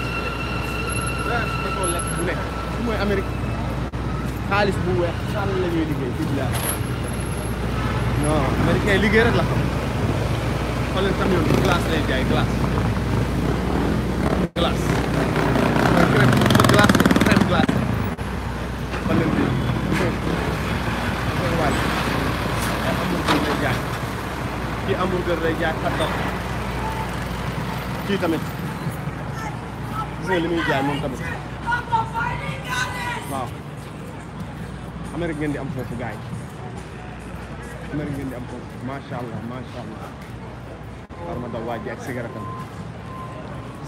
daa ko ko lekk bu nekk su mooy Amérique xaalis bu weex tal la ñuy liggéey fii laa non américain liggéey rek la xam xoolal camion glace lay glace gelas krem gelas krem gelas peneliti tewan ay hamburger lay jaay hamburger di allah Masya allah Armada ma segera waa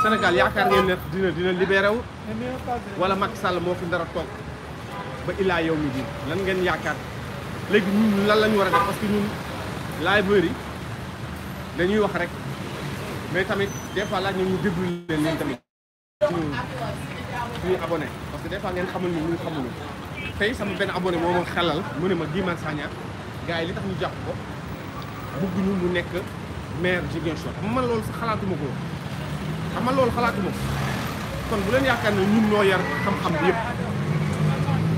Senegal yaakar ngeen ne dina dina libéré wu wala Macky Sall mo fi dara tok ba ila yow mi di lan ngeen yaakar léegi ñun lan lañu wara a def parce que ñun library dañuy wax rek mais tamit des fois la ñu déglu leen ñun tamit suñu abonné parce que des fois ngeen xamul ñu xamul tay sama ben abonné moo ma xelal mu ne ma Guy Marius Sagna gaay li tax ñu japp ko bëgg ñu mu nekk maire Ziguinchor man loolu sax xalaatuma ko xam nga loolu xalaatu moom kon bu leen yaakaar ne ñun ñoo yar xam-xam bi yëpp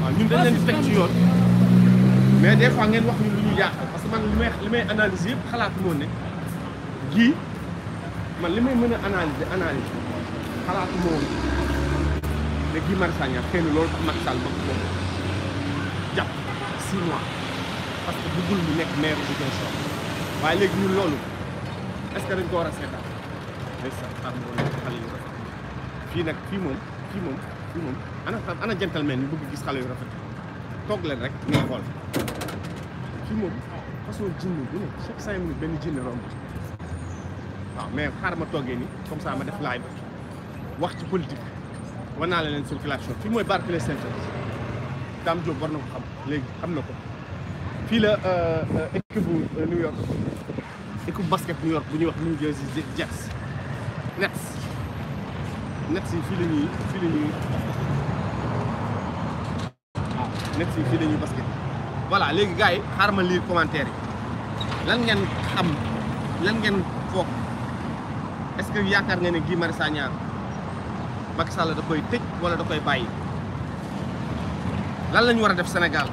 waaw ñun dañ leen di des fois ngeen wax ñu lu ñu yaakaar parce que man li may li yëpp xalaatu moon ne gii man li may mën a analyser analyser xalaatu moon ne Guy Marius Sagna loolu tax Macky Sall bëgg ko jàpp six mois parce que bëggul nekk maire bu Ziguinchor waaye léegi ñun loolu est-ce dañ ko war a seetaan ndeysaan xaar moo nekk xale yu rafet fii nag fii moom fii moom fii moom ana ana gentleman ñu bëgg gis xale yu rafet toog leen rek ngay xool fii moom façon jinne bu ne chaque cinq minutes benn jinne romb waaw mais xaar ma toogee ni comme ça ma def live wax ci politique war naa la leen circulation fii mooy Barclays Center Dame Diop war na ko xam léegi xam na ko fii la euh, euh, équipe bu euh, New York équipe basket New York bu ñuy wax New Jersey Jets net net yi fii la new. fii la new basket voilà les gars yi xaar ma lire commentaire yi lan ngeen xam lan ngeen est ce que yaakaar nga ne Guy Marius Sagna Macky Sall da koy tëj wala da koy bàyyi lan la ñu war Sénégal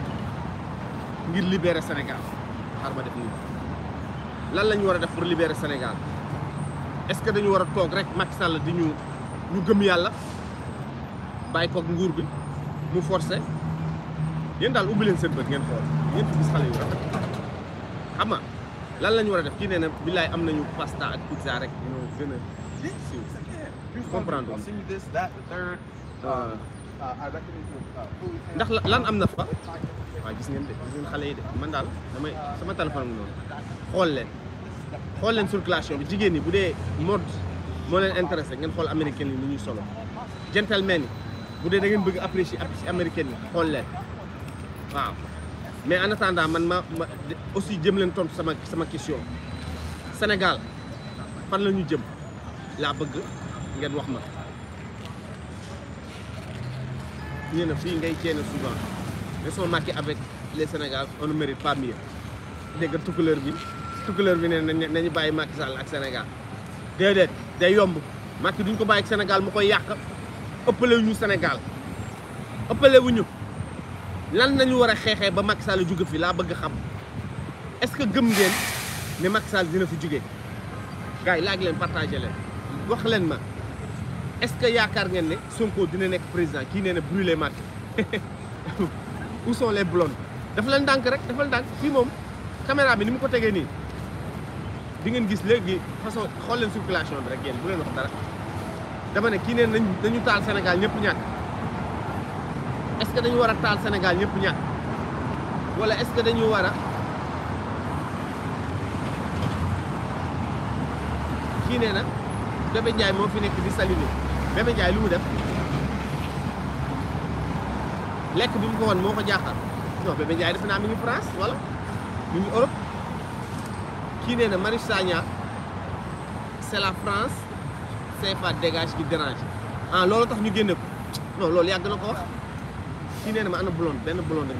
ngir libérer Sénégal xaar ma def nii lan la Sénégal est-ce que dañu rek Macky Sall di ñu ñu gëm Yalla bay ko nguur bi mu forcé yeen dal ubbi leen seen bët ngeen xol ngeen ci xalé yu rafet xam nga lan lañu wara def ki neena billahi am nañu pasta ak pizza rek ñoo gën a siiw comprendre ah. Ah. ndax lan am fa waaw gis ngeen de gis ngeen yi de man dal damay sama téléphone non xol leen xool leen circulation bi jigéen ñi bu dee mode moo leen intéressé ngeen xool américain yi ni ñuy solo gentleman yi bu dee da ngeen bëgg apprécier apprécier américain yi xool leen waaw mais en attendant man ma ma aussi jëm leen tontu sama sama question Sénégal fan la ñu jëm laa bëgg ngeen wax ma ñu na fii ngay ceene souvent mais soo marqué avec les Sénégal on ne mérite pas mieux bi. tukuleur bi ne nañu baye Macky Sall ak Sénégal dedet day yomb Macky duñ ko baye ak Sénégal mu koy yak ëppalé ñu Sénégal ëppalé wuñu lan nañu wara xexé ba Macky Sall jugg fi la bëgg xam est-ce que gëm ngeen ne Macky Sall dina fi juggé gaay laag leen partager leen wax leen ma est-ce que yaakar ngeen ne Sonko dina nek président ki nee brûler Macky où sont les blondes dafa leen dank rek dafa leen dank fi mom caméra bi ni mu ko tégué ni di ngeen gis léegi façon xool leen circulation bi rek yéen bu leen wax dara dama ne kii neen nañ dañu taal senegal ñëpp ñàkk est-ce que dañu war a taal senegal ñëpp ñàkk wala est-ce que dañu war a kii nee na Bébé Ndiaye moo fi nekk di saliné Bébé Ndiaye lu mu def lekk bi mu ko woon moo ko jaaxal non Bébé Ndiaye defe naa mi ngi France wala mi ngi Europe kii nee na Marius Sagna c'est la France CFA dégage qui dérange ah loolu tax ñu génne ko non loolu yàgg na ko wax kii nee ma ana blonde benn blonde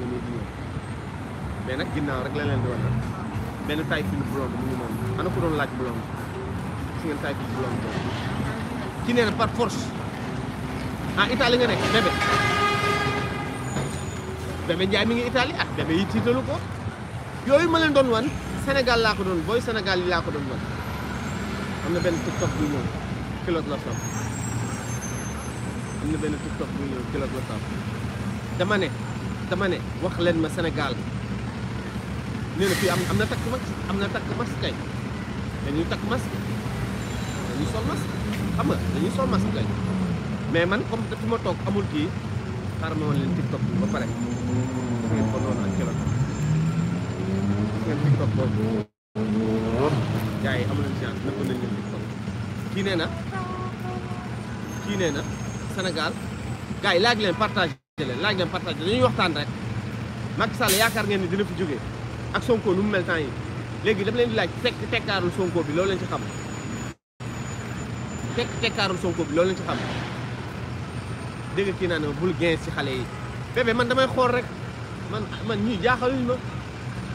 mais nag ginnaaw rek la leen di wax nag benn taille blonde mu ngi noonu ana ko doon laaj blonde gis ngeen taille fine blonde boobu kii par force ah Italie nga nekk bébé bébé Ndiaye mi ngi Italie ah bébé yi tiitalu ko yooyu ma leen doon wan. Sénégal laa ko doon booy Sénégal yi laa ko doon doon am na benn tiktok buy ñëw kilote la saf am na benn tiktok buy ñëw kilote la saf dama ne dama ne wax leen ma Sénégal nee na fii am am na takk masque am na takk masque kay dañuy takk masque dañuy sol masque xam nga dañuy sol masque kay mais man comme fi ma toog amul kii xaaral ma woon leen tiktok bi ba pare ngeen ko doon ak kilote seen tiktok boobu gars yi amuleen chance nëbb nañ leen tiktok kii nee na kii nee na Sénégal gars yi laaj leen partagé leen laaj leen partagé dañuy waxtaan rek Macky Sall yaakaar ngeen ni dina fi jógee ak Sonko lu mu mel yi léegi dama leen di laaj tekk tekkaarul Sonko bi lool leen ci xam tekk tekkaarul Sonko bi loolu leen ci xam dégg kii naa bul gains ci xale yi bébé man damay xool rek man man ñii jaaxaluñ ma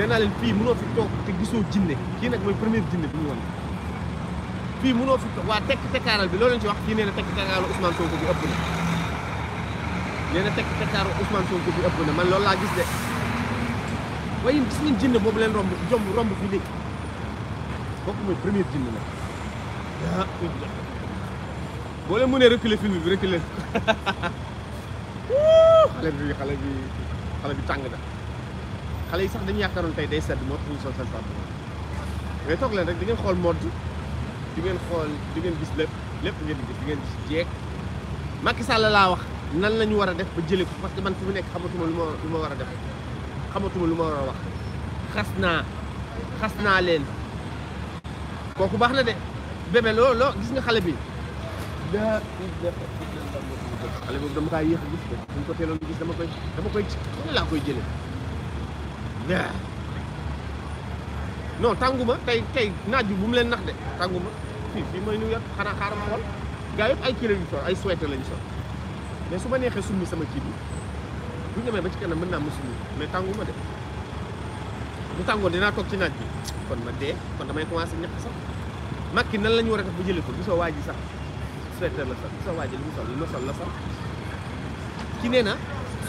nee naa leen fii mënoo fi toog te gisoo jinne kii nag mooy première jinne bi ñu won fii mënoo fi toog waa tekk tekkaaral bi loolu leen ci wax kii nee na tekk tekkaaral Ousmane Sonko bi ëpp na nee na tekk tekkaaral Ousmane Sonko bi ëpp na man loolu laa gis de waaye yéen gis ngeen jinne boobu leen romb jomb romb fii léegi kooku mooy première jinne nag ah, boo leen mënee reculer film bi reculer xale bi xale bi xale bi tàng na xale yi sax dañu yaakaaroon tey day sedd moo tax ñu sol seen toog leen rek di ngeen xool mode di ngeen xool di ngeen gis lépp lépp ngeen gis di ngeen gis jeeg Macky laa wax nan la ñu war a def ba jëlee ko parce que man fi mu nekk xamatuma lu ma lu ma war a def xamatuma lu ma war a wax xas naa xas naa leen kooku baax na de bébé loo loo gis nga xale bi da xale boobu dama kaa yéex a gis ko suñ ko gis dama koy dama koy ci laa koy jëlee daa ya. non tanguma, tay tay naaju bu mu len nax de tanguma. Fi fi may nuyu xana xanaa xaar ma xool gaa yëpp ay kilo yu sol ay sweater lañu sol mais suma nexe neexee sama ci bi bu ñu ba ci kanam mëna mu ma mais tanguma de bu tàngoon dina tok ci naaj bi kon ma de, kon damay commencé ñax sax makki nan lañu wara war a def ba jëlee ko gisoo waa ji sax sweater la sax gisoo waa ji li mu sol li ma sol la sax ki neena,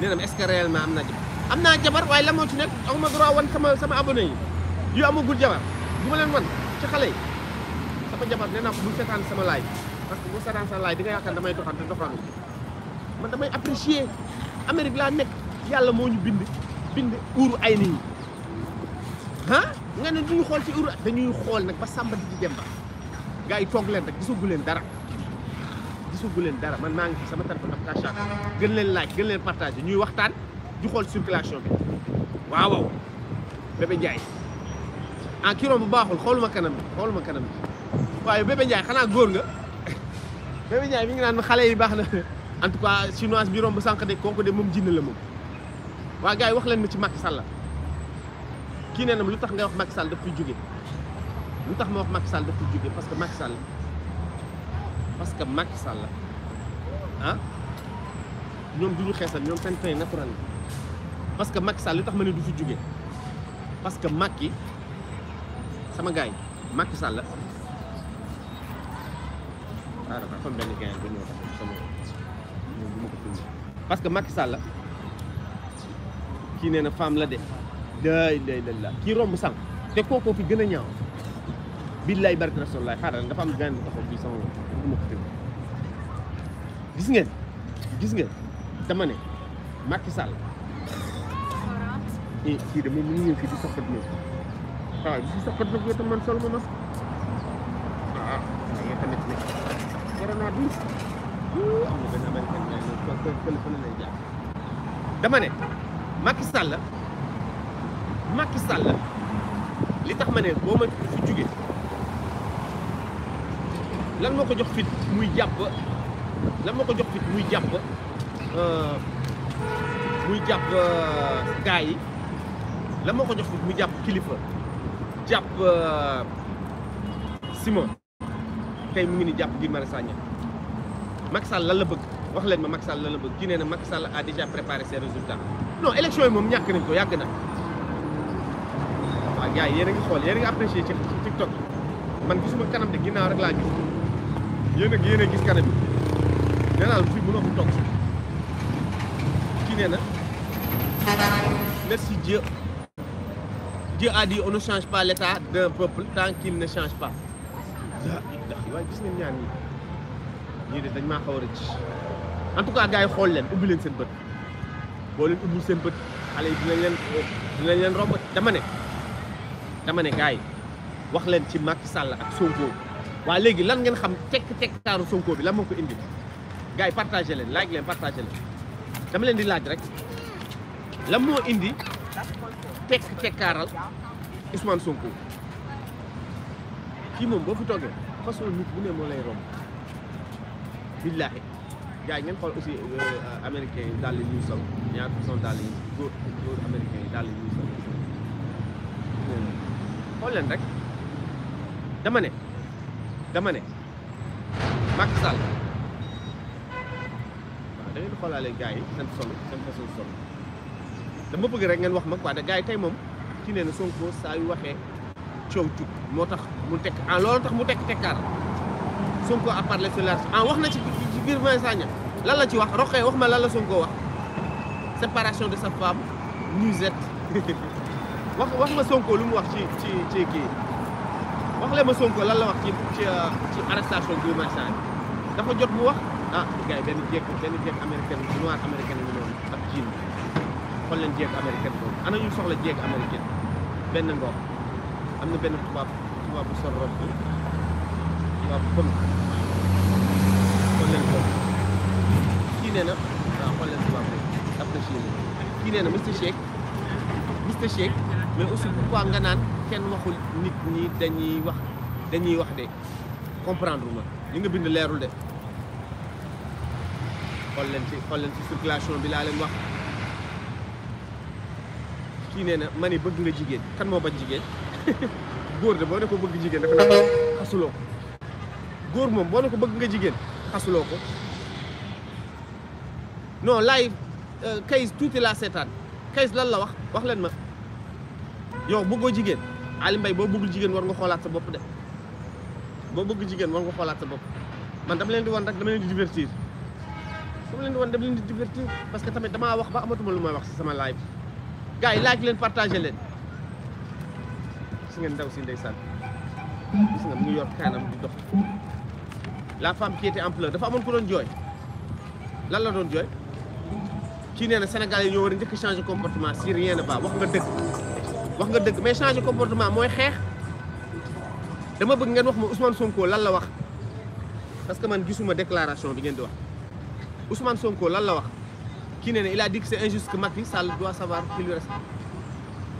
nee na ma est-ce que réellement am naa jabar am naa jabar waaye la moo ci nekk aw ma droit wan sama sama abonné yi yu amagul jabar du ma leen wan ci xale yi sama jabar nee naa ko bul seetaan sama laay parce que boo seetaan sama laay di nga yaakaar damay doxante doxaan man damay apprécier Amérique laa nekk yàlla moo ñu bind bind uuru ay nit nga ne duñu xool ci uuru dañuy xool nag ba sàmba di dem ba gars yi toog leen rek gisagu dara gisagu dara man maa ngi sama téléphone à chaque gën leen like gën leen partager ñuy waxtaan di xool circulation bi waaw waaw Bébé Ndiaye ah kii bu baaxul xooluma kanam bi xooluma kanam bi waaye Bébé Ndiaye xanaa góor nga Bébé Ndiaye mi ngi naan xale yi baax na en tout cas chinois bi romb sànq de kooku de moom jinne la moom waa gars yi wax leen ma ci Macky Sall kii nee na lu tax ngay wax Macky Sall daf fi jóge lu tax ma wax Macky Sall daf jóge parce que Macky Sall parce que Macky Sall ah? ñom duñu xéssal ñom seen train naturel parce que Macky Sall li tax ma du fi juggé parce que Macky sama gaay Macky Sall la waaw ah, dafa am benn gain bu ñu tax sama ñoom du ko filmé parce que Macky Sall ki néna nee femme la dé day day day la ki romb sang té koko fi gëna ñaaw billahi barke rasulilah xaaral nga fam gaay bu taxaw sama ñu ko filmé gis ngeen gis ngeen tamane Macky Sall et eh, kii de moom mu ngi ñëw fii di soppat ñu ah di soppat ñu ko tamane man sol ma mas ah ya tamit ni corona bi am na ben américain lay ne ko fële lay jaar dama ne Macky Sall Macky Sall li tax mané bo ma fi jóge lan moko jox fit muy japp lan moko jox fit muy japp Euh, muy jàpp euh, gars yi la moo ko jox mu jàpp kilifa jàpp euh, Simon tey mu ngi ni jàpp gi Marius Sagna Macky Sall la bëgg wax leen ma Macky Sall lan la bëgg kii nee na Macky Sall a déjà préparé ses résultats non élection yi moom ñàkk nañ ko yàgg na waaw gars yi yéen ngi xool yéen a ngi apprécié ci TikTok man gisuma kanam de ginnaaw rek laa gis yéen a yéen a gis kanam bi nee naa la fii mënoo ko toog Merci Dieu. Dieu a dit on ne change pas l'état d'un peuple tant qu'il ne change pas. waaye gis nañ ñaan yi ñii de dañ maa xaw a rëcc en tout cas gars yi xool leen ubbi leen seen bët boo leen ubbi seen bët xale yi dinañ leen romb dama ne dama ne gars yi wax leen ci Macky sàll ak Sonko waa léegi lan ngeen xam tekk-tekk taaru Sonko bi lan moo ko indi gars yi partagé leen like leen partagé leen dama leen di laaj rek la moo indi tekk tekkaaral Ousmane Sonko kii moom boo fi toogee façon nit bu ne moo lay romb billaahi gars yi ngeen xool aussi euh, euh, américains yi daal la ñuy sol ñaar façon daal la ñuy góor góor yi daal la ñuy sol xool leen rek dama ne dama ne Macky Sall waaw da ngeen xoolaale gars yi seen solo seen façon solo dama bëgg rek ngeen wax ma quoi de gars tey moom ci nee na Sonko saa yu waxee coow jug moo tax mu tekk ah loolu tax mu tekk tekkaar Sonko a parlé sur l'argent ah wax na ci ci biir Vincent Niass lan la ci wax roqee wax ma lan la Sonko wax séparation de sa femme nuisette wax wax ma Sonko lu mu wax ci ci ci kii wax le ma Sonko lan la wax ci ci euh, ci arrestation bi Marius Sagna dafa jot mu wax ah gars yi benn jékki benn jékki américaine noir américaine xool leen jeeg américaine boobu ana ñu soxla benn ngoog am na benn tubaab tubaab bu sol tubaab bu xool leen boobu kii nee na waaw xool leen tubaab boobu apprécié kii nee na Mister Shake Mister Shake mais aussi pourquoi nga naan kenn waxul nit ñi dañuy wax dañuy wax de comprendre ma li nga bind leerul de xool leen xool leen ci circulation bi laa leen wax kii nee na ma ne bëgg nga jigéen kan moo bañ jigéen góor de boo ne ko bëgg jigéen dafa naa xasuloo moom boo ne ko bëgg nga jigéen xasuloo ko non laay euh, kayis tuuti laa seetaan kayis lan la wax wax leen ma yow bëggoo jigéen Ali Mbaye boo bëggul jigéen war nga xoolaat sa bopp de boo bëgg jigéen war nga xoolaat sa bopp man dama leen di wan rek dama leen di divertir dama leen di wan dama leen di divertir parce que tamit damaa wax ba amatuma lu may wax si sama live gars yi laaj leen partage leen gis ngeen ndaw si ndeysaan gis nga mu yor kaanam di dox la femme qui était dafa amoon ko doon jooy lan la doon jooy kii nee na Sénégal yi ñoo war a njëkk changer comportement si rien ne va wax nga dëgg wax nga dëgg mais changer comportement mooy xeex dama bëgg ngeen wax ma Ousmane Sonko lan la wax parce que man gisuma déclaration bi ngeen di wax Ousmane Sonko lan la wax il a dit que c'est injuste que Macky Sall doit savoir qu'il lui reste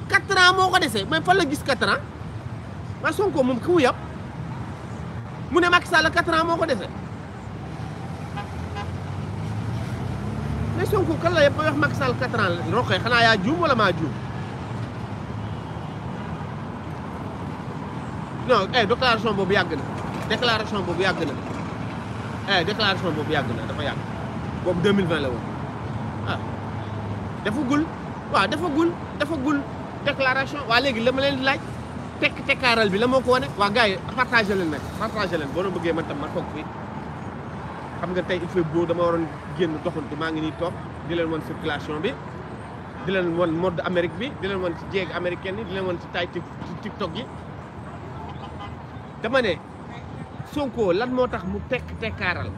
4 ans moo 4 mais pas le gis 4 ans mais Sonko un ku mu yab Macky Sall 4 ans faut le dire. Sonko le dire. Sall 4 ans dire. Il faut le ou wala faut le non eh déclaration le dire. déclaration de dire. eh déclaration dire. Il na dafa dire. Il 2020 dafa gul waaw dafa gul dafa gul waa léegi la ma leen laaj tekk tekkaaral bi la moo ko wane waa gars yi partagé leen nag partagé leen boo na bëggee man tam ma toog fi xam nga tey il fait dama waroon génn doxantu maa ngi nii toog di leen wan circulation bi di leen wan mode Amérique bi di leen wan ci jéeg américaine yi di leen wan ci taay ci TikTok yi dama ne Sonko lan moo tax mu tekk tekkaaral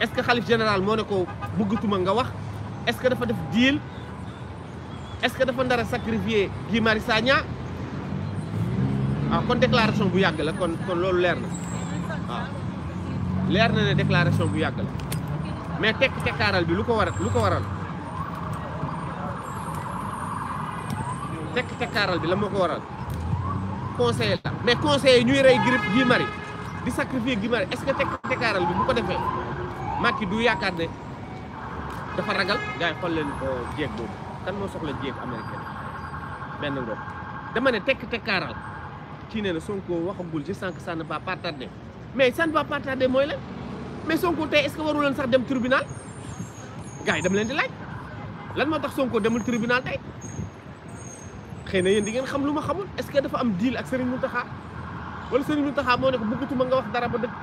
est-ce que xalif général moo ne ko bëggatuma nga wax est-ce que dafa def deal est-ce que dafa ndara a sacrifier Guy Marius Sagna waaw ah, kon déclaration bu yàgg la kon kon loolu leer na waaw ah. leer na ne déclaration bu yàgg la mais tekk tekkaaral bi lu ko waral lu ko waral tekk tekkaaral bi la moo ko waral conseil la mais conseil ñuy rey grippe Guy Marius di sacrifier Guy Marius est-ce que tekk tekkaaral bi bu ko defee Macky du yaakaar ne dafa ragal gars yi xool leen euh, jéeg boobu kan moo soxla jéeg américaine benn ngoog dama ne tekk tekkaaral kii nee na Sonko waxagul ci sànq ça ne va pas mais ça ne va pas mooy la mais Sonko tey est-ce que waru leen sax dem tribunal gars yi dem leen di laaj lan moo tax Sonko demul tribunal tey xëy na yéen di ngeen xam lu ma xamul est-ce que dafa am deal ak Serigne Mountakha wala Serigne Mountakha moo ne ko bëggatuma nga wax dara ba dëkk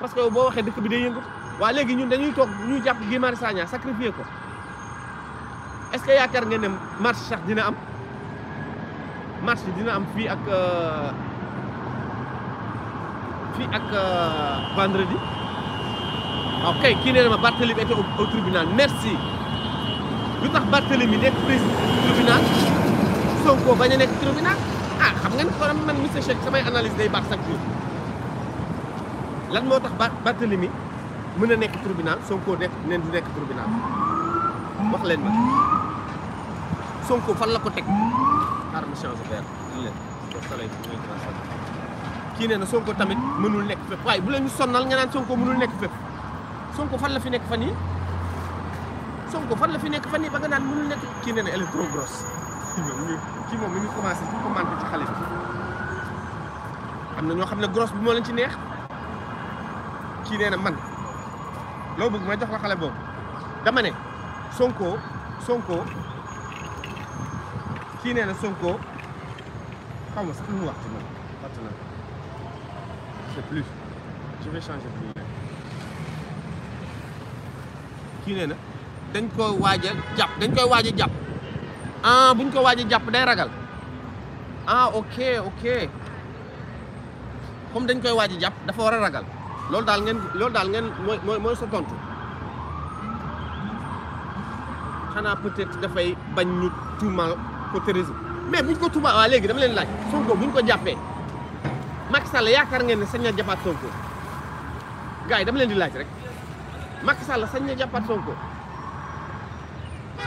parce que boo waxee dëkk bi day yëngatu. wa legui ñun dañuy tok ñu japp Guy Marius sacrifier ko est-ce que yaakar ngeen ne marche sax dina am marche dina am fi ak euh, fi ak euh, vendredi ok ki nee ma Barthélemy était au tribunal merci lu tax mi nek tribunal Sonko bañ a tribunal ah xam ngeen ko man monsieur Cheikh samay analyse day baax sax jour lan motax tax mën a nekk tribunal Sonko nekk neen du nekk tribunal wax leen ma Sonko fan la ko teg xaaral ma changé vert di leen soleil kii nee na Sonko tamit mënul nekk fépp waaye bu leen sonnal nga naan Sonko mënul nekk fépp Sonko fan la fi nekk fan yi Sonko fan la fi nekk fan yi ba nga naan mënul nekk kii nee na elle ci trop grosse kii moom mi ngi commencé ci commenté ci xale bi am na ñoo xam ne grosse bi moo leen ci neex kii nee na man. loo bëgg ma jox la xale boobu dama ne Sonko Sonko kii nee na Sonko xaw ma sax lu na kii nee na dañ ko waaj jàpp dañ koy waaj jàpp ah buñ ko waaj a jàpp day ragal ah ok ok comme dañ koy waaj a jàpp dafa war a ragal loolu daal ngeen loolu daal ngeen mooy mooy mooy sa tontu xanaa peut-être dafay bañ ñu tuumal ko terrorisme mais buñ ko tuumal waa léegi dama leen laaj Sonko buñ ko jàppee Macky Sall yaakaar ngeen ne sañ na jàppaat Sonko gars yi dama leen di laaj rek Macky Sall sañ na jàppaat Sonko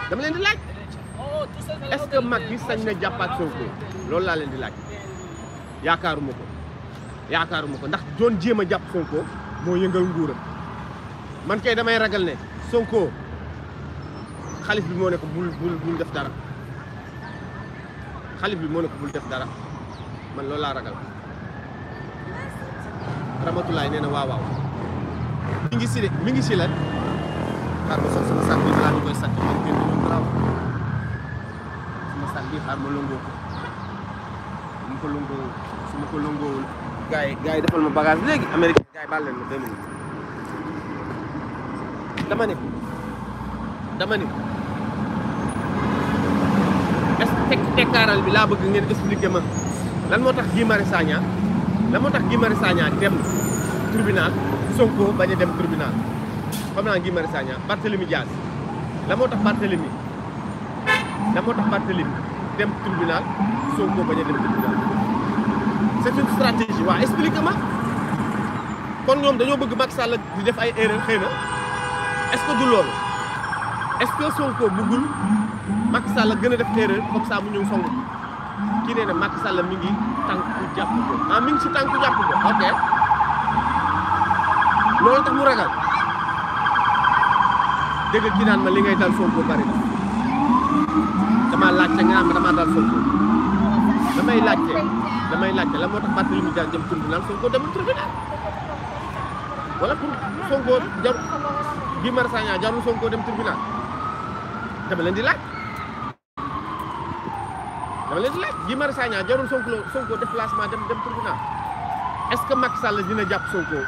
dama leen di laaj est-ce que Macky sañ na jàppaat Sonko loolu laa leen di laaj yaakaaruma ko. yaakaaruma ko ndax doon jema japp Sonko mo yëngal nguura man kay damay ragal ne Sonko khalif bi mo ne ko bul bul bul def dara khalif bi mo ne ko bul def dara man loolu ragal Ramatulaay neena waaw waaw mi ngi ci mi ngi ci la xaar ma sama sax bi la ni koy sax man kenn dañu graw sama sax bi xaar ma longoo ko mu ko longoo su ko longoowul جاي جاي دخل من باجاز ليج امريكا جاي بالن فهمني دمني دمني est tek tekkaaral bi laa bëgg ngeen expliquer ma lan moo tax Guy Marius Sagna lan moo tax Guy Marius Sagna dem tribunal Sonko bañ a dem tribunal xam naa Guy Marius Sagna Barthélemy Diaz lan moo tax Barthélemy lan moo tax dem tribunal Sonko bañ dem tribunal c'est est une stratégie wa explique ma kon ñom dañu bëgg Macky Sall di def ay erreur xeyna est ce que du loolu est ce que son ko bëggul Macky Sall gëna a def erreur comme ça mu ñu song ki neena Macky Sall mi ngi tànku japp ko ah mi ngi si tànku japp ko ok loolu tax mu ragal dégg ki naan ma li ngay dal ko bari dama laacc nga am dama dal ko damay laccé damay laccé la motax tax Barthélemy Dias jëm tund naan ko dem tribunal wala pour songo jar bi Marius Sagna songo dem tribunal dama len di lacc dama len di lacc bi Marius Sagna jarul songo Sonko déplacement dem dem tribunal est-ce que Macky Sall dina japp songo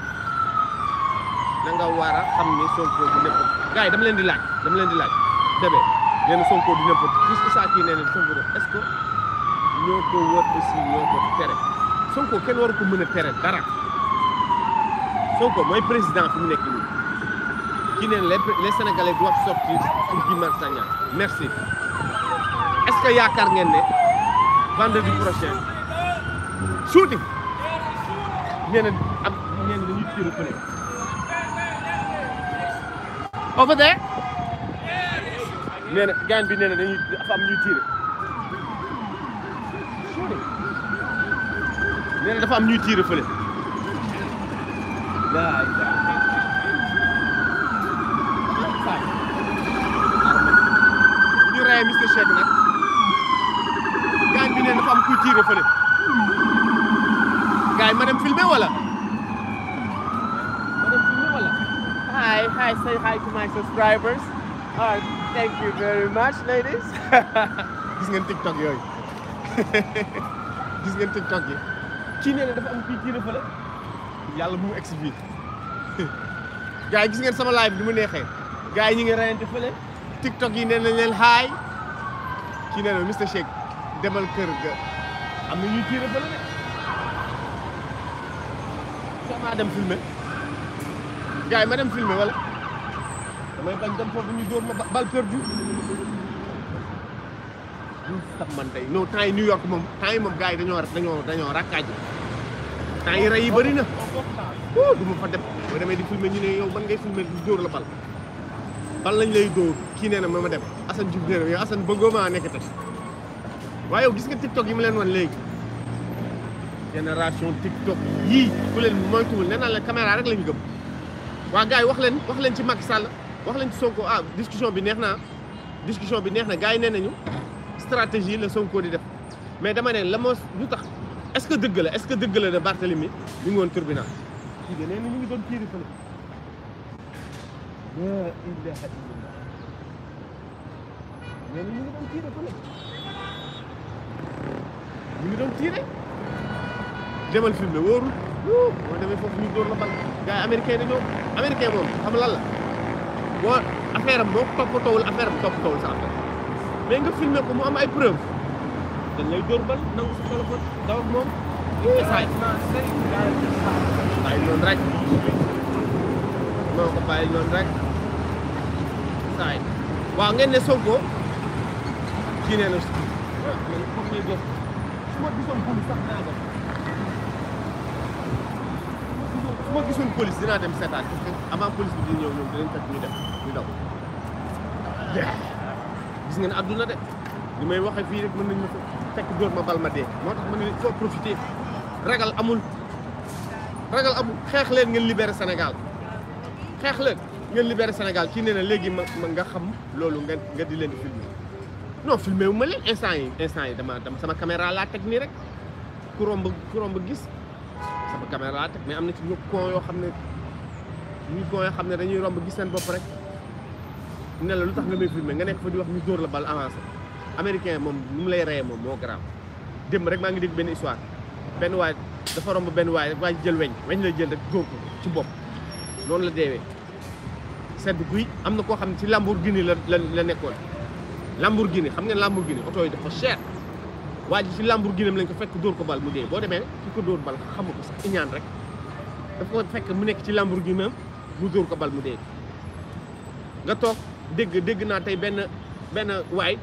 na nga wara a xam ni Sonko du nëpp gars dama len di lacc dama len di lacc debé ñen songo Sonko du nëpp puisque saa kii nee na Sonko est-ce que ñoo ko wër aussi ñoo ko tere Sonko kenn waru ko mën a tere dara Sonko mooy président fi mu nekk nii ki neen les sénégalais doivent sortir pour Guy Marius merci est yaakaar ngeen ne vendredi prochain suuti nee na am nee na dañuy tiir fële over there nee na gaan bi nee nee na dafa am ñuy tiire fële bu ñu reyee Mister Shake nag gaañ bi nee dafa am kuy tiire fële gaañ ma dem filmer wala ma dem filmer wala hi hi say hi to my subscribers ah thank you very much ladies gis ngeen TikTok yooyu gis ngeen TikTok yi kii nee na dafa am kii tiire fële yàlla bu mu egsi fii gars yi gis ngeen sama live bi mu neexee gars yi ñu ngi rayante fële tiktok yi ne nañ leen haay kii nee na Mister Shake demal kër ga am na ñuy tiire fële de ma dem filmer gars yi ma dem filmer wala damay bañ dem foofu ñu dóor ma bal perdu bu sax man tey non yi New York moom temps yi moom gars dañoo dañoo dañoo rakkaaj temps yi rey yi bëri na wuu du ma fa dem boo demee di yow ban ngay filmer dóor la bal bal lañ lay dóor kii nee na ma ma dem Assane Diouf nee na yow Assane bëggoo maa waaye gis nga TikTok yi ma leen wan léegi génération TikTok yii ku leen moytuwul rek lañu gëm waa gars yi wax leen wax leen ci mag Sall wax leen ci Sonko ah discussion bi neex naa discussion bi neex na gars yi nee nañu stratégie la Sonko di def mais dama ne la moo lu tax est-ce que dëgg la est-ce que dëgg la ne Barthélemy mi ngi woon tribunal kii de nee na ñu ngi doon tiiri fële laa ilaha illallah nee na ñu ngi doon tiire fële ñu ngi doon tiire demal filmé wóorul boo demee foofu ñu dóor la bal gars yi américain dañoo américain moom xam lan la boo affaire am boo toppatoowul affaire am toppatoowul sa affaire mais nga filmé ko mu am ay preuve dañ lay dóor bal nangu sa téléphone daw moom. saay bàyyi rek non ko ngeen ne Sonko kii nee na su ma def gisoon police dinaa dem seetaan parce police bi di ñëw ñoom dinañ fekk ñu def ñu daw gis ngeen àdduna de li may waxe fii rek mën nañ ma ko fekk dóor ma bal ma dee moo tax ma ne il faut profiter ragal amul ragal amul xeex leen ngeen libéré Sénégal xeex leen ngeen libéré Sénégal kii nee na léegi ma nga xam loolu nga nga di leen filmer non filmer wu ma leen instant yi instant yi dama dama sama caméra laa teg nii rek ku romb ku romb gis sama caméra laa teg mais am na ci ñu kon yoo xam ne ñu kon yoo xam ne dañuy romb gis seen bopp rek ne la lu tax nga may filmer nga nekk fa di wax ñu dóor la bal avancé américain mom num lay ray mom mo garaaw dem rek ma ngi dégg ben histoire benn waay dafa romb ben way rek waa jël weñ weñ la jël rek dóor ci bop non la déwé sedd guuy amna ko xamni ci Lamborghini la la la nekkoon Lamborghini xam nga Lamborghini auto yi dafa cher waa ci Lamborghini am lañ ko fekk door ko bal mu dé bo démé ci ko door bal xam ko sax iñan rek dafa ko fekk mu nekk ci Lamborghini am mu door ko bal mu dé nga tok deg deg na tay ben ben way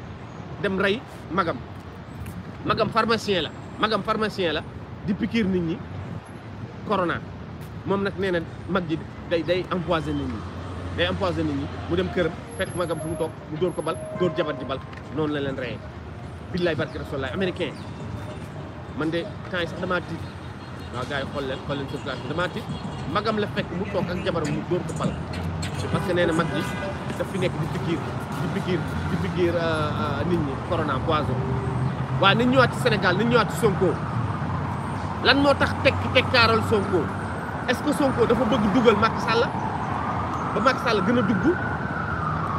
dem ray magam magam pharmacien la magam pharmacien la di pikiir nit ñi corona mom nak nee magi day day empoisoner nit day empoisoner nit ñi mu dem kërëm fekk magam fu mu tok mu door ko bal door jabar di bal non la leen ray billahi barke rasulullah américain man de temps sax dama tit wa gaay xol leen xol leen place dama tit magam la fekk mu tok ak jabar mu door ko bal parce que magi daf fi nekk di pikiir di pikiir euh, euh, nit ñi corona poison waaye nañ ñëwaat ci Sénégal nañ ñëwaat ci Sonko lan moo tax tekk tekkaaral Sonko est-ce que Sonko dafa bëgg dugal Macky sàll ba Macky Sall gën a dugg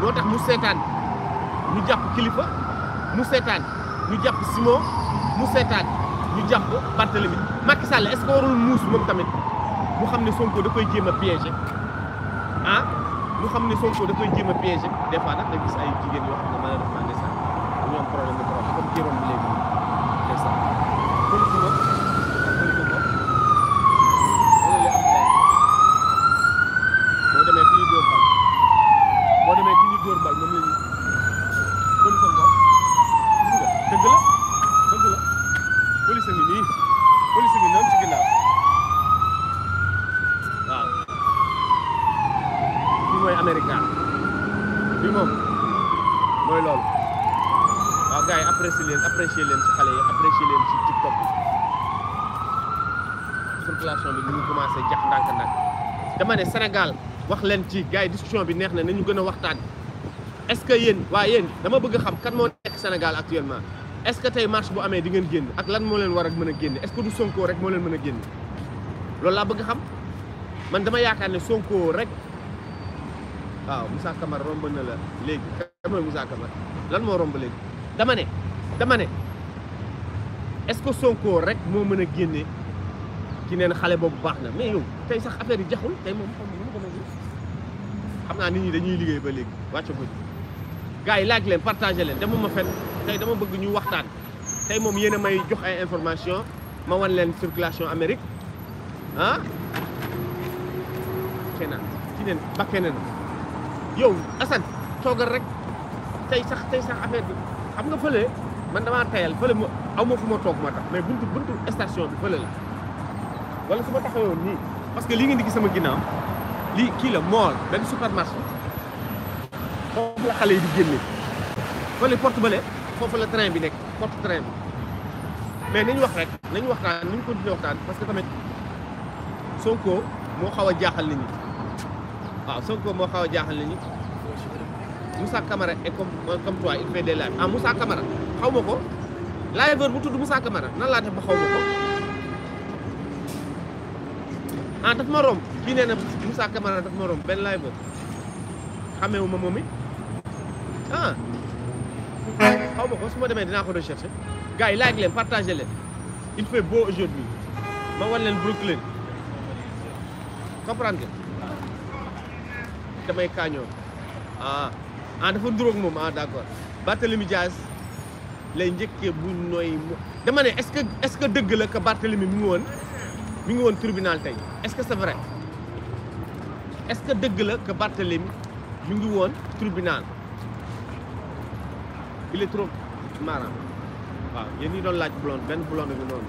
moo tax mu seetaan mu jàpp kilifa mu seetaan ñu jàpp Simon mu seetaan ñu jàpp Barthélemy Macky Sall est-ce que warul muus moom tamit mu xam ne Sonko da koy jéem a piéger ñu xam ne Sonko da koy jéem a piégé des fois nag nga gis ay jigéen yoo xam ne malheureusement ndeysaan dañoo am problème de problème comme jéeroon bi léegi wax leen ci gars yi discussion bi neex na nañu gën a waxtaan est-ce que yéen waaye yéen dama bëgg a xam kan moo nekk Sénégal actuellement est-ce que tey marche bu amee di ngeen génn ak lan moo leen war a mën a génn est-ce que du Sonko rek moo mën a loolu laa bëgg xam man dama yaakaar ne Sonko rek waaw Moussa Camara romb na la léegi kan mooy lan moo romb léegi dama ne dama ne est-ce que Sonko rek moo mën a génne ki neen xale boobu baax na mais yow tey sax affaire yi jaxul tey moom xam xam naa nit ñi dañuy liggéey ba léeg wàccu guñ gars yi laaj leen partagé leen dama ma fen tey dama bëgg ñu waxtaan tey moom yéen a may jox ay information ma wan leen circulation Amérique ah kenaan ci neen bakke yow Assane toogal rek tey sax tey sax affaire bi xam nga fële man damaa tayal fële ma aw ma fu ma toog ma tax mais buntu buntu station bi fële la wala su ma taxawoon nii parce que lii ngeen di gis sama ginnaaw lii kii la mool benn supermarché foofu la xale yi di génne fële porte bële foofu la train bi nekk porte train bi mais nañu wax rek nañu waxtaan nañu continuer waxtaan parce que tamit Sonko moo xaw a jaaxal nit ñi waaw Sonko moo xaw a jaaxal nit ñi Moussa Camara et comme euh, comme toi il fait des lives ah Moussa xaw ma ko liveur bu tudd Moussa Camara nan laa def ba xaw ma ko ah daf ma romb kii nee na Moussa Camara daf ma romb benn laay boobu xameewu ma moom it ah xaw ma ko su ma demee dinaa ko recherche gars yi like leen partagé leen il fait beau aujourd'hui ma wan leen Brooklyn comprendre nga damay kaañoo ah ah dafa duróog moom ah d'accord Barthélemy Diaz lay njëkkee bu noy dama ne est-ce que est-ce que dëgg la que Barthélemy mu ngi mi ngi won tribunal tay. est-ce que c'est vrai est-ce que deug la que bartelim mi ngi won tribunal il est trop marrant wa yéen ni don laaj blonde ben blonde bi non.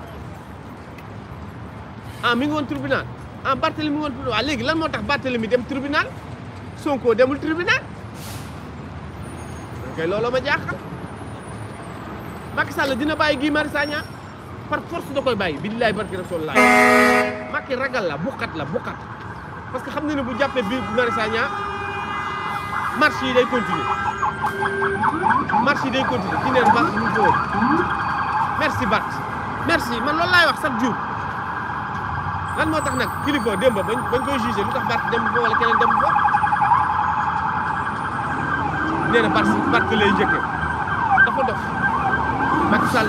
ah mi ngi won tribunal ah bartelim mi ngi woon waaw lan moo tax dem tribunal Sonko demul tribunal ok lolo ma jaaxal Macky Sall dina baye Guy par force da koy bàyyi billahi barki rasulullah makki ragal la buqat la buqat parce que xam na ne bu jappé bi Mary Sagna marche yi day continuer marche yi day continuer ci neen marche ñu do merci Bart merci man lool lay wax chaque jour lan mo tax nak kilifa démb bañ bañ koy juger lutax tax dem bo wala keneen dem bo nee na Bart lay njëkkee dafa dof Macky Sall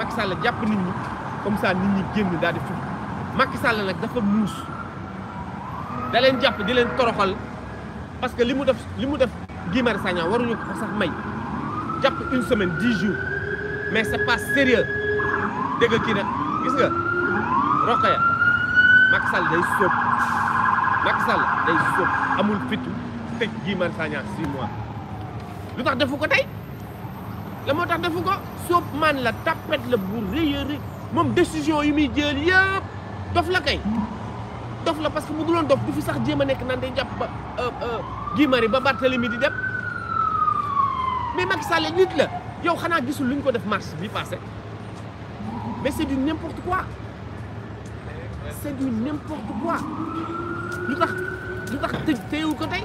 Macky Sall japp nit ñi comme ça nit ñi génn daal di fukk Macky Sall nag dafa muus da leen jàpp di leen toroxal parce que li mu def li mu def Guy Marius Sagna waruñu ko sax may jàpp une semaine dix jours mais c'est pas sérieux dégg kii nag gis nga Rokhaya Macky Sall day sóob Macky Sall day sóob amul fitu tëj Guy Marius Sagna six mois lu tax defu ko tey la moo tax defu ko soob man la tapet la bu rëy a moom décision yi muy jël yëpp dof la kay dof la parce que bu duloon dof du fi sax jéem a nekk nan day jàpp ba euh, euh, Guy Marius ba Barthélemy di dem mais Macky Sall nit la yow xanaa gisul lu ñu ko def marché bi passé mais c'est du n'importe quoi c'est du n'importe quoi lu tax lu tax tëj téyewu ko tey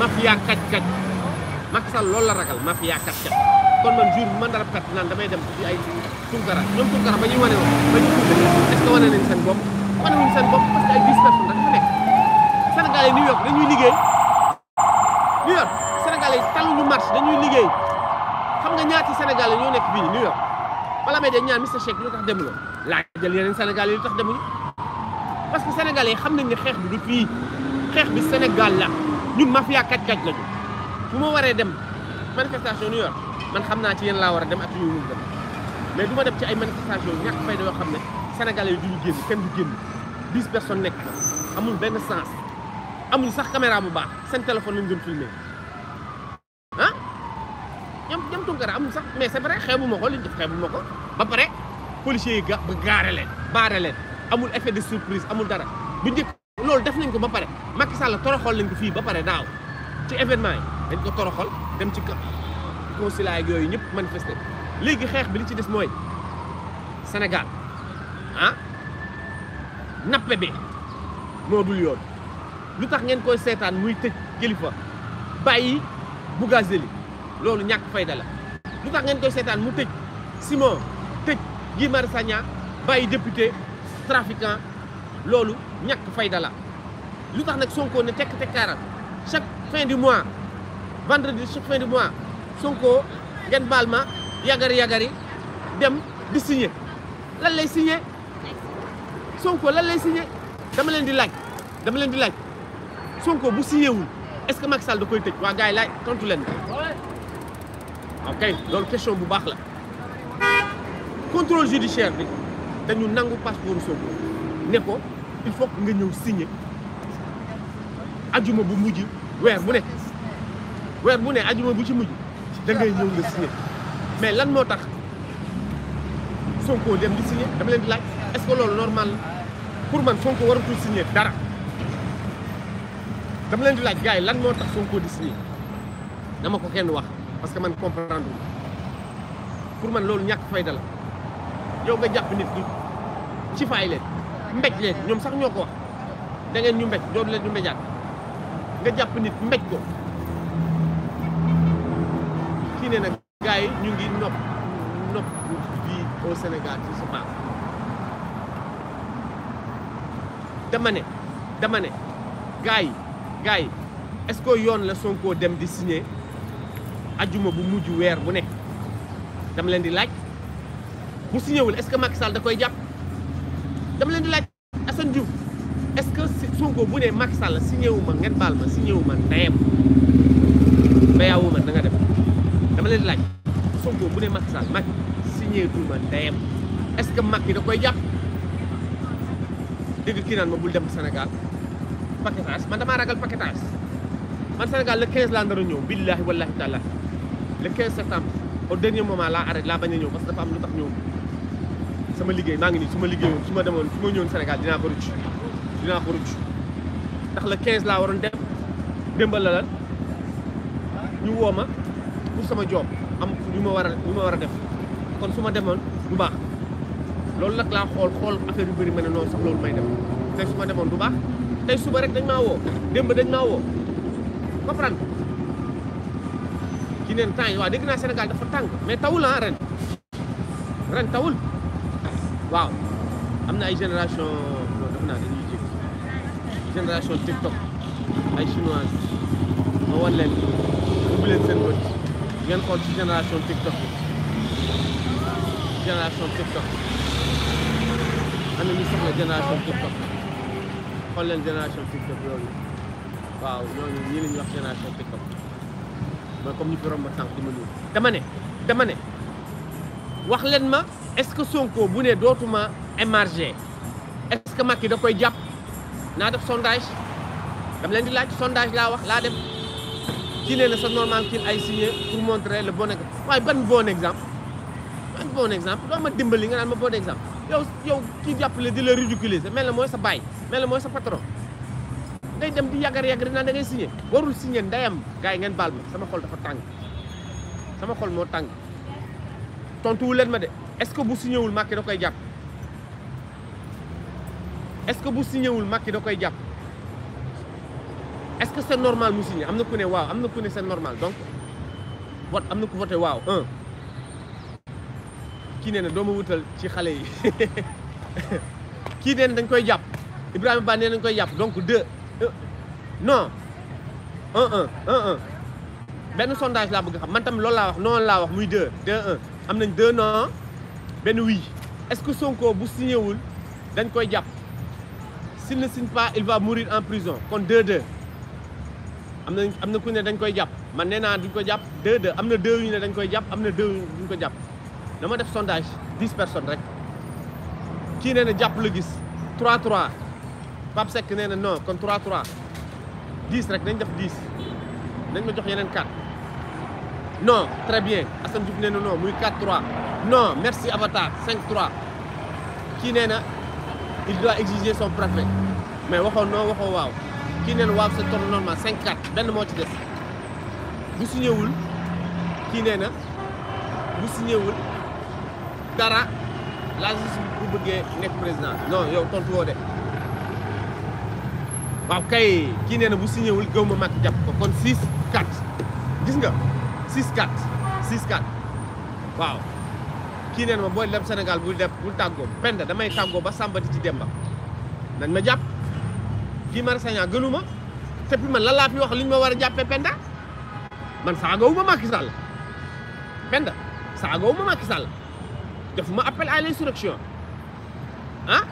mafia kàcc kàcc Macky Sall loolu la ragal mafia kàcc kon man jour bi man dara perte damay dem ci ay Tounkara ñoom Tounkara ba ñuy wane woon ba ñu tuddee est ce seen bopp wane wuñ seen bopp parce ay dix personnes dafa xam nga ñaati Sénégalais ñoo nekk bii New de ñaan Mister Shake lu que Sénégalais yi xam nañ ne xeex bi du fii xeex bi Sénégal la ñun mafia kàcc-kàcc lañu bu ma waree dem manifestation New York man xam naa ci yéen laa war a dem ak ñu mun dem mais du ma dem ci ay manifestation ñàkk de yoo xam ne sénégalais yi duñu génn kenn du génn dix personnes nekk amul benn sens amul sax caméra bu baax seen téléphone lañ doon filmé ah ñam ñam Tunkara amul sax mais c'est vrai xeebu ma ko liñ def xeebu ma ko ba pare policiers yi ga ba leen baare leen amul effet de surprise amul dara bu njëkk loolu def nañ ko ba pare Macky Sall toroxal lañ ko fii ba pare daaw ci événement yi dañ ko toroxal dem ci consulat ak yooyu ñëpp manifester léegi xeex bi li ci des mooy Sénégal ah nappe bi moo dul yoon lu tax ngeen koy seetaan muy tëj kilifa bàyyi Bougazelli loolu ñàkk fayda la lu tax ngeen koy seetaan mu tëj Simon tëj Guy Marius Sagna bàyyi député trafiquant loolu ñàkk fayda la lu tax nag Sonko ne tek tekkaaral chaque fin du mois vendredi chaque fin du mois Sonko ngeen baal ma yagari yagari dem di signé lan lay signé Sonko lan lay signé dama leen di laaj dama leen di laaj Sonko bu signé wul est-ce que Macky Sall da koy tëj waa gars yi laaj tontu leen ok loolu question bu baax la contrôle judiciaire bi dañu nangu passeport Sonko ne ko il faut que nga ñëw signé. aljuma bu mujj wer bu ne wer bu ne aljuma bu ci mujj da ngay ñew nga signé mais lan motax Sonko dem di signé dama leen di laaj est-ce que normal pour man Sonko tout signé dara dama leen di laaj gaay lan motax Sonko di signé dama ko kenn wax parce que man comprendre pour man lolu ñak fayda la yow nga japp nit ñi ci fay leen mbéj leen ñom sax ñoko ko wax da ngeen ñu mbéj doon leen ñu mbéjaat nga jàpp nit mbéj ko kii ne nag ñu ngi nopp nopp bii au Sénégal ci su baax dama ne dama ne gars yi gars est-ce que yoon la sonkoo dem di signer ajuma bu mujj weer bu nekk dama leen di laaj bu signéwul est-ce que Macky Sall da koy jàpp dama leen di laaj Assane sungguh bu ne Macky Sall signé wu ma ngeen baal ma signé wu ma ndeyam bayaawu ma na nga def dama leen laaj Sonko bu ne Macky Sall Macky signé du ma ndeyam est-ce que Macky da koy jàpp dégg kii naan ma bul dem Sénégal paquetage man damaa ragal paquetage man Sénégal le 15 laa nar a ñëw billahi wallahi taala le 15 septembre au dernier moment lu sama liggéey maa ngi nii su dinaa ko ndax la quinze laa waroon dem démbal la lan ñu woo ma pour sama job am ñu ma war a ma war a def kon su ma demoon du baax loolu nag laa xool xool affaire yu bëri ma ne noonu sax loolu may dem tey su ma demoon du baax tey suba rek dañ maa woo démb dañ maa woo comprendre ki neen temps waaw dégg naa Sénégal dafa tàng mais tawul ah ren ren tawul waaw am na ay génération def naa génération TikTok ay chinois ma wan leen ubbi seen bët ngeen xool ci génération TikTok bi génération TikTok am na soxla génération TikTok xool leen génération TikTok yooyu waaw ñooñu ñii la ñuy wax génération TikTok mooy comme ñu fi romb sànq ma nuyu dama ne dama ne wax leen ma est-ce que Sonko bu ne dootuma émarger est-ce que Macky da koy jàpp. naa def sondage dam leen di laaj sondage laa wax laa def kii nee sa normal kii ay signé pour montrer le bon exemple waaye ban bon exemple ban bon exemple doo ma dimbali nga naan ma bon exemple yow yow kii jàppale di la ridiculiser mel na mooy sa baay mel na mooy sa patron ngay dem di yàggar yàggar naan da ngay signé warul signé ndeyam gars yi ngeen baal ma sama xol dafa tàng sama xol moo tàng tontuwu leen ma de est-ce que bu signé wul Macky da koy jàpp. est-ce que vous signez le marque donc est-ce que c'est normal vous signez amne kune waaw amne kune c'est normal donc vote amne ko voter waaw 1 ki néna do ma woutal ci xalé yi ki den dañ koy japp ibrahim ba néna dañ koy japp donc 2 non 1 1 1 1 ben sondage la bëgg xam man tam lool la wax non la wax muy 2 2 1 amnañ 2 non ben oui est-ce que sonko bu signé wul dañ koy japp s'il ne signe pas il va mourir en prison contre 2-2 Il y am na ku ne dañ koy jàpp man nee duñ ko 2-2 2 dañ koy 2 ko dama def sondage 10 personnes rek kii nee le jàpp le gis 3-3 Pape Sec, non kon 3-3 10 rek dañ def 10 dañ ma jox 4 non très bien Assane Diouf non 4-3 non merci Avatar 5-3 Qui nee il doit exiger son préfet mais waxo non waxo waaw Ki neen c'est normalement cinq 4 ben moo ci bu signé wul ki vous bu signé wul dara la justice président non yow tontu woo de waaw kay kii nee na bu signé wul gëw ma mag jàpp ko kon 6-4. gis nga 6-4. 6-4. kii neen ma booy dem senegal bul dem bul tàggoo penda damay tàggoo ba sàmbati ci demba nañ ma jàpp kii Mara Sagna gënu ma te man lan laa fi wax li ma war a jàppee penda man saagawuma Macky Sall penda saagawuma Macky Sall defuma appel à l'insurrection ah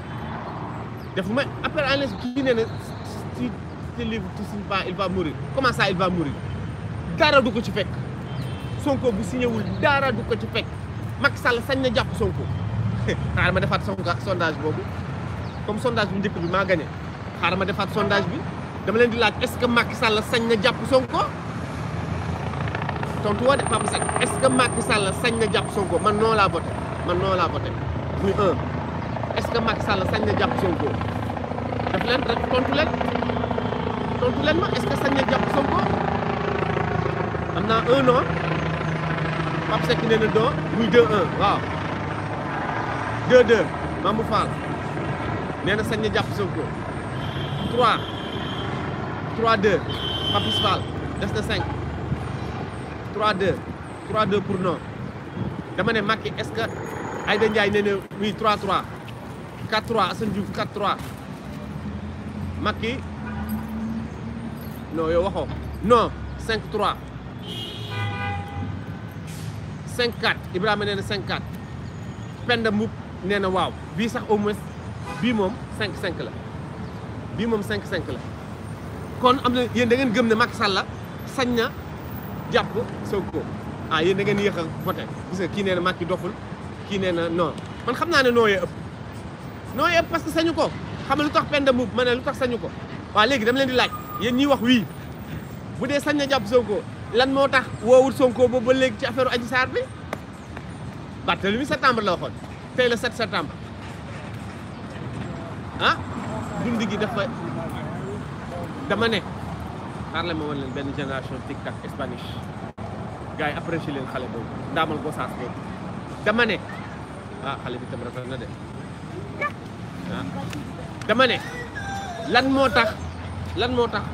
defuma appel à l'insurrection kii nee na si si livre tousin pas il va mourir comment ça il va mourir dara du ko ci fekk Sonko bu signéwul dara du ko ci fekk Macky Sall sañ na jàpp Sonko xaaral ma defaat sondage boobu comme sondage bu njëkk bi maa gagné xaaral ma defaat sondage bi dama leen di laaj est-ce que Macky Sall sañ na jàpp Sonko tontu woo de Pape Seck est-ce que Macky Sall sañ na jàpp Sonko man noo laa voté man noo laa voté muy un est-ce que Macky Sall sañ na jàpp Sonko daf leen rek tontu leen tontu leen ma est sañ na jàpp Sonko am naa un non. Pape Seck nee muy 2-1 waaw 2-2 Mamou Fall nee na sañ na jàpp Sonko 3 3-2 Papis Fall des na 5 3-2 3-2 pour non dama ne Macky est-ce que Aïda Ndiaye nee na muy 3-3 4-3 Assane Diouf 4-3 Macky non yow waxoo non 5-3. cinq 54 Ibrahima nee na 54 Penda Mboup nee na waaw bii sax au moins bii moom cinq cinq la bii moom 5 cinq la kon am na yéen da ngeen gëm ne Macky Sall sañ na jàpp Sonko ah yéen da ngeen yéex a voté gis nga kii nee na Macky kii nee na non man xam naa ne nooyee ëpp nooyee ëpp parce que sañu ko xam nga lu tax Penda Mboup ma ne lu tax sañu ko waa léegi dama leen di laaj yéen ñiy wax wii bu dee sañ na jàpp Sonko lan moo tax woowul Sonko boobu ba léegi ci affaire Adji Sarr bi Barthélemy septembre la waxoon tey le 7 septembre ah dund gi dafa dama ne xaar la leen benn génération tiktak spanish gars yi apprécié leen xale boobu ndaamal gosaas boobu dama ne ah xale bi tam rafet na de ah, dama ne lan moo tax lan moo tax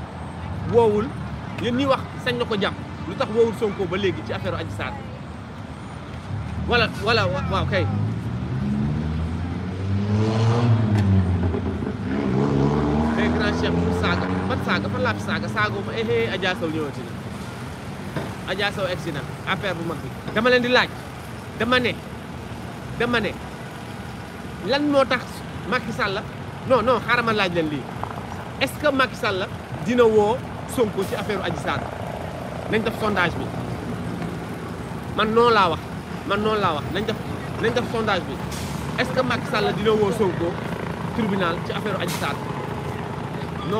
woowul yéen ñi wax sañ na ko jàpp lu tax woowul Sonko ba léegi ci affaire aj Sarr wala wala waaw kay mais grand chef bu saaga man saaga fan laa fi saaga saagoo ma eh, eh Adja Sow ñëwati na Adja bu mag bi dama leen di laaj dama ne dama ne lan moo tax Macky Sall non non xaaral ma laaj leen lii est que Macky Sall dina woo Sonko ci affaire Adji Sarr On va faire le sondage. Je On va faire le sondage. Est-ce que je vais appeler le tribunal Pour faire une enquête. Je ne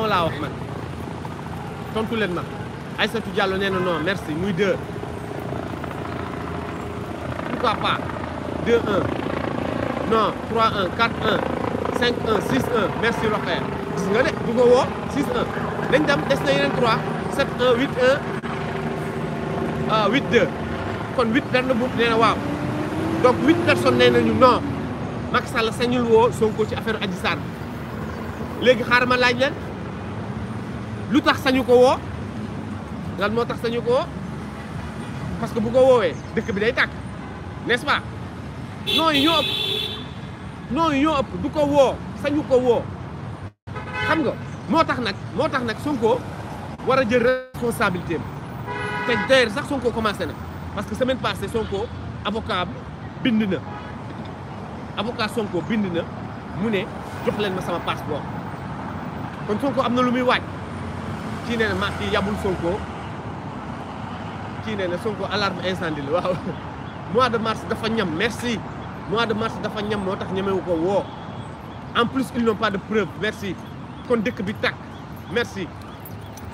suis pas là. Vous êtes tous là Vous êtes là Non, merci. Nous deux. Pourquoi pas 2-1. Non, 3-1. 4-1. 5-1. 6-1. Merci, Rochelle. Vous êtes là Vous n'êtes pas là 6-1. un 3. 7-1. 8-1. Ah, huit deux kon huit benn buub nee na waaw donc huit personnes nee nañu non Macky Sall sañul woo Sonko ci affaire Adji Sarr léegi xaaral ma laaj leen lu tax sañu ko woo lan moo tax sañu ko woo parce que bu ko woowee dëkk bi day tàkk n'est-ce pas yoo yi ñoo ëpp non yi ëpp du ko woo sañu ko woo xam nga moo tax nag moo tax nag Sonko war a jël responsabilité te ça sax Sonko commencé na parce que semaine passée Sonko avocat bindina avocat Sonko bind na ne jox len ma sama passeport kon Sonko am na lu muy waaj ki nee na ma kii yabul Sonko ki nee son Sonko alarme incendie la waaw mois de mars dafa ñam merci mois de mars dafa ñam motax ñamé wuko wo en plus ils n'ont pas de preuve merci kon dekk bi tak merci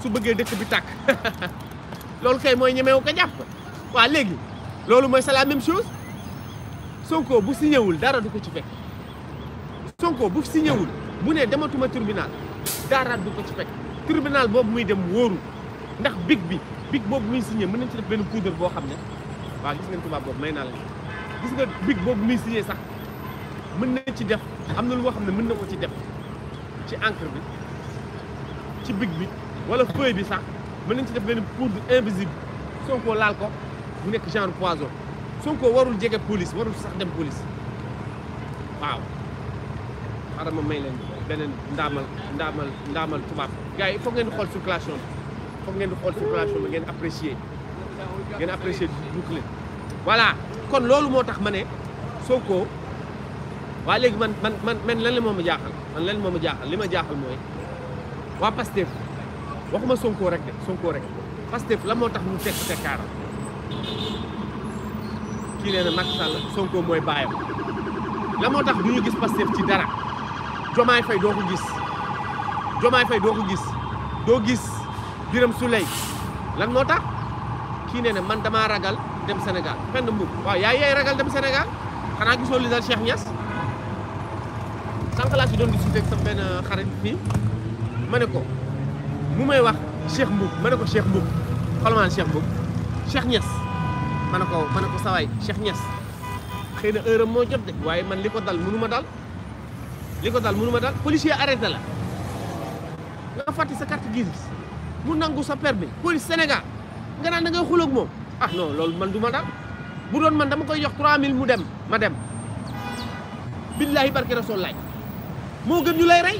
su bëggee dëkk bi tak loolu kay mooy ñemewu ko jàpp waa léegi loolu mooy c'est la même chose Sonko bu siñewul ñëwul dara du ko ci fekk Sonko bu si ñëwul mu ne dematuma tribunal dara du ko ci fekk tribunal boobu muy dem wóoru ndax big bi big boobu muy siñe mën nañ ci def benn poudre boo xam ne waa gis ngeen tubaab boobu may naa la gis nga big boobu muy signé sax mën na ci def am na lu nga xam ne mën na ko ci def ci encre bi ci big bi wala feuille bi sax mën nañ ci def benn poudre invisible Sonko laal ko mu nekk genre poison Sonko warul jege police warul sax dem police waaw xaaral ma may leen beneen ndaamal ndaamal ndaamal tubaab gars yi foog ngeen di xool circulation bi foog ngeen di xool circulation bi ngeen apprécier ngeen apprécier boucle voilà kon loolu moo tax ma ne Sonko waa léegi man man man man lan la moom a jaaxal man lan moom a jaaxal li ma jaaxal mooy waa Pastef waxuma Sonko rek sonkoo Sonko rek Pastef la moo tax mu tekk tekkaaram kii nee na Macky Sonko mooy baayam la moo tax du ñu gis Pastef ci dara Jomaay Fay doo ko gis Jomaay Fay doo ko gis doo gis Biram Souley lan moo tax kii nee na man damaa ragal dem Sénégal fenn mbub waaw yaay yaay ragal dem Sénégal xanaa gisoo li dal Cheikh Niass sànq si doon discuté ak sa benn xarit fii ma ne ko mu may wax Cheikh Mboub ma ko Cheikh Mboub xolmaan Cheikh Mboub Cheikh Niass ma ne ko ma ko sawaay Cheikh Niass xeyna heure mo jot de waye man liko dal munuma dal liko dal munuma dal policier arrêté la nga fatti sa carte gis mu nangu sa permis police Sénégal nga nan nga ngay xuloog ah non lol man duma dal bu don man dama koy jox 3000 mu dem ma dem billahi barke rasool laay gën ñu lay ray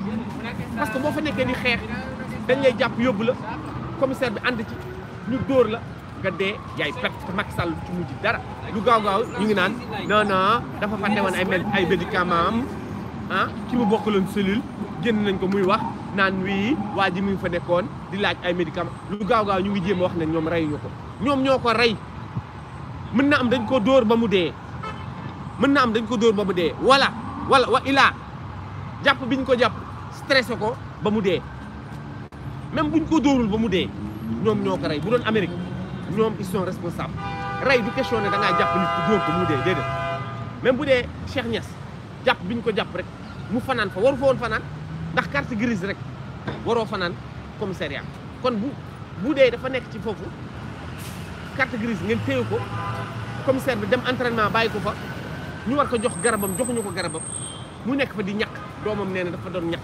parce que boo fa nekkee di xeex dañ lay jàpp yóbbu la commissaire bi ànd ci ñu dóor la nga dee yaay perte te Macky ci mujj dara. lu gaaw gaaw ñu ngi naan non non dafa fàtte woon ay ay médicament am ah ki mu bokkaloon cellule génn nañ ko muy wax naan wii waa ji mu fa nekkoon di laaj ay médicament lu gaaw gaaw ñu ngi jéem wax ne ñoom reyuñu ko ñoom ñoo ko rey mën na am dañ ko dóor ba mu dee mën na am dañ ko dóor ba mu dee wala wala wa ilaa jàpp biñ ko jàpp. stressé ko ba mu dee même buñ ko dóorul ba mu dee ñoom ñoo ko rey bu doon Amérique ñoom ils sont responsables rey du question ne da ngaa jàpp nit ku dóor ko mu dee de même bu dee Cheikh Niass jàpp bi ñu ko jàpp rek mu fanaan fa waru fa woon fanaan ndax carte grise rek waroo fanaan commissariat kon bu bu dee dafa nekk ci foofu carte grise ngeen téye ko commissaire bi dem entraînement bàyyi ko fa ñu war ko jox garabam joxuñu ko garabam mu nekk fa di ñàkk doomam nee na dafa doon ñàkk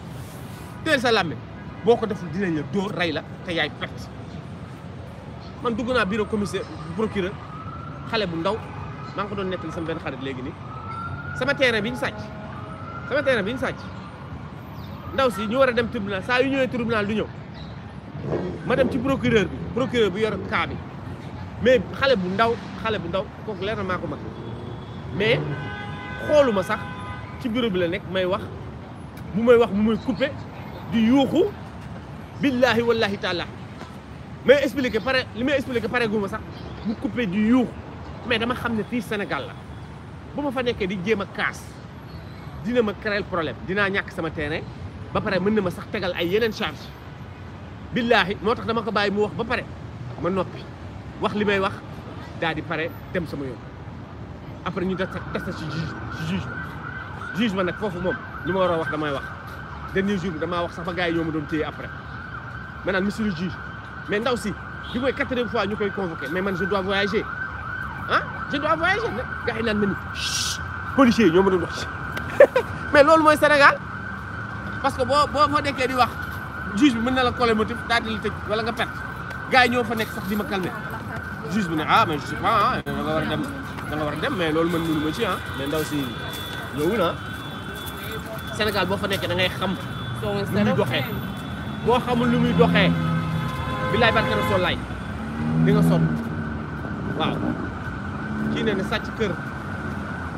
teel sa làmmiñ boo ko deful dinañ la dóor rey la te yaay perte man dugg naa bureau commissaire procureur xale bu ndaw maa ngi ko doon nettali sama benn xarit léegi nii sama terrain bi ñu sàcc sama terrain bi ñu sàcc ndaw si ñu war a dem tribunal saa yu ñëwee tribunal du ñëw ma dem ci procureur bi procureur bi yor cas bi mais xale bu ndaw xale bu ndaw kooku leer na maa ko mag mais xooluma sax ci bureau bi la nekk may wax mu may wax mu may coupé di yuuxu billaahi wallaahi taala mais expliqué pare li may expliqué pare guma sax mu coupé di yuuxu mais dama xam ne fii Sénégal la bu ma fa nekkee di jéem a kaas dina ma créer problème dinaa ñàkk sama terrain ba pare mën na ma sax tegal ay yeneen charge billaahi moo tax dama ko bàyyi mu wax ba pare ma noppi wax li may wax daal di pare dem sama yoon après ñu des sa ci juge juge ba nag foofu moom li ma war a wax damay wax dernier jour dama wax sama ba gars yi ñoo ma doon téye après mais nan monsieur le juge mais ndaw si bi 4 quatrième fois ñu koy convoqué mais man je dois voyager hein, je dois voyager nag gars yi naan ma ni policiers yi ñoo ma doon wax mais lolu moy Sénégal parce que bo bo fa nekkee di wax juge bi mën na la coller motif daal di la tëj wala nga perte gars yi ñoo fa nek sax di ma calmer juge bi ne ah mais je sais pas hein, da nga war dem da nga war a dem mais lolu man mënu ma ci hein mais ndaw si ñëwul ah. Sénégal boo fa nekkee da ngay xam lu muy doxee boo xamul lu muy doxee billaay barke na sol laay nga sonn waaw kii nee na sàcc kër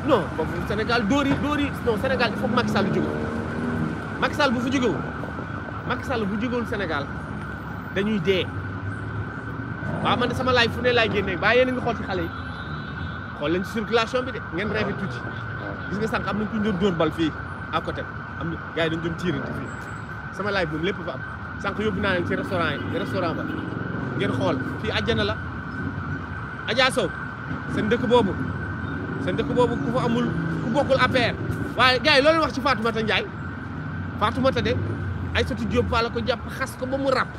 no senegal Sénégal dóor yi dóor yi non Sénégal il faut que Macky Sall jóge Macky Sall bu fi jógewul Macky Sall bu jógewul senegal dañuy dee waaw man de sama laay fu ne laay génnee baa yéen a ngi xool ci xale yi xool leen ci bi de ngeen rêvé tuuti gis nga sànq am nañ ku ñu doon bal fii à côté am na gars yi dañu doon tiirante fii sama live lépp fa am sànq yóbbu naa leen ci restaurant yi restaurant ba ngeen xool fii àjjana la Adja Sow seen dëkk boobu seen dëkk boobu ku fa amul ku bokkul APR waaye gars yi loolu wax ci Fatoumata Ndiaye Fatoumata de Aïssatou Diop Fall la ko jàpp xas ko ba mu ràpp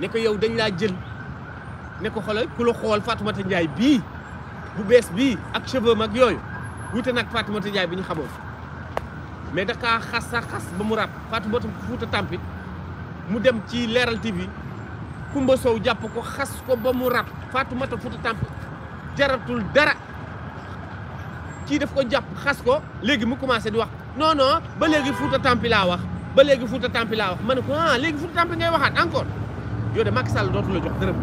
ne ko yow dañ laa jël ne ko xoolal ku la xool Fatoumata njaay bii bu bees bii ak cheveux mag yooyu wuute nag Fatoumata Ndiaye bu ñu xamoon mais da kaa xas sa xas ba mu rab Fatou Bota Fouta Tampi mu dem ci Leral TV Kumba Sow jàpp ko xas ko ba mu rab Fatou Mata Fouta Tampi jaratul dara kii daf ko jàpp xas ko léegi mu commencé di wax non ba léegi Fouta Tampi laa wax ba léegi Fouta Tampi laa wax ma ne ko ah léegi Fouta Tampi ngay waxaat encore yow de Macky Sall dootu la jox dërëm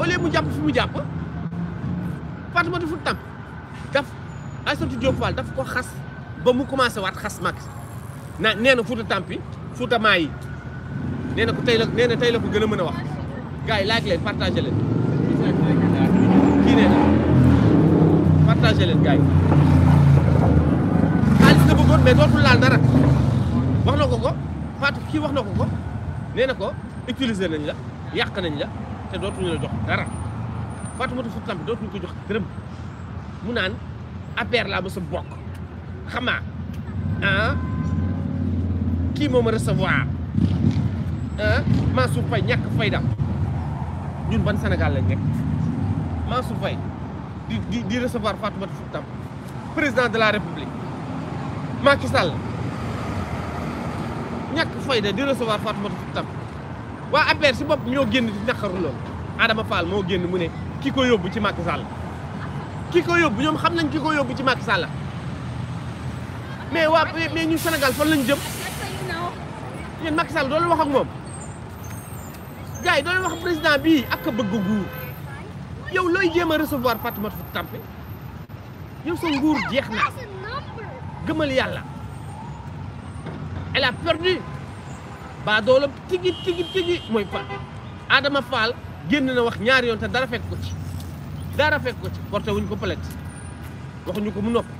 au lieu mu jàpp fi mu jàpp Fatou Mata Fouta Tampi daf Aïssatou Diop Fall daf ko xas. ba mu commencé waat xas Macky na nee na Fouta Tampi Fouta maa yi nee na ko tey na tey la ko gën a mën a wax gars yi laaj leen partagé leen kii nee na partagé leen gars yi mais dootul laal dara wax na ko ko Fatou kii wax na ko ko nee na ko utilise nañ la yàq nañ la te dootuñu la jox dara Fatou Mata Fouta Tampi dootuñu ko jox dërëm mu naan affaire laa ma a bokk xam naa kii moom a recevoir ah Mansour Faye ñàkk fayda ñun ban Sénégal lañ nekk Mansour Faye di di di recevoir Fatoumata Fouta président de la République Macky Sall ñàkk fayda di recevoir Fatoumata Fouta Tam waa APR si bopp ñoo génn di naqaru lool Adama Fall moo génn mu ne kii ko yóbbu ci Macky Sall kii ko yóbbu ñoom xam nañ ki ko yóbbu ci Macky Sall mais waa mais ñu senegal fan lañu jëm yéen Macky Sall doolu wax ak moom gars yi doolu wax président bii ak a bëgg nguur yow looy jéem a recevoir Fatoumata Fouta yow sa nguur jeex na gëmal yàlla elle a perdu baa doole tigi tigi tigi mooy pa Adama Fall génn na wax ñaari yoon te dara fekk ko ci dara fekk ko ci porté wuñ ko plainte waxuñu ko mu noppi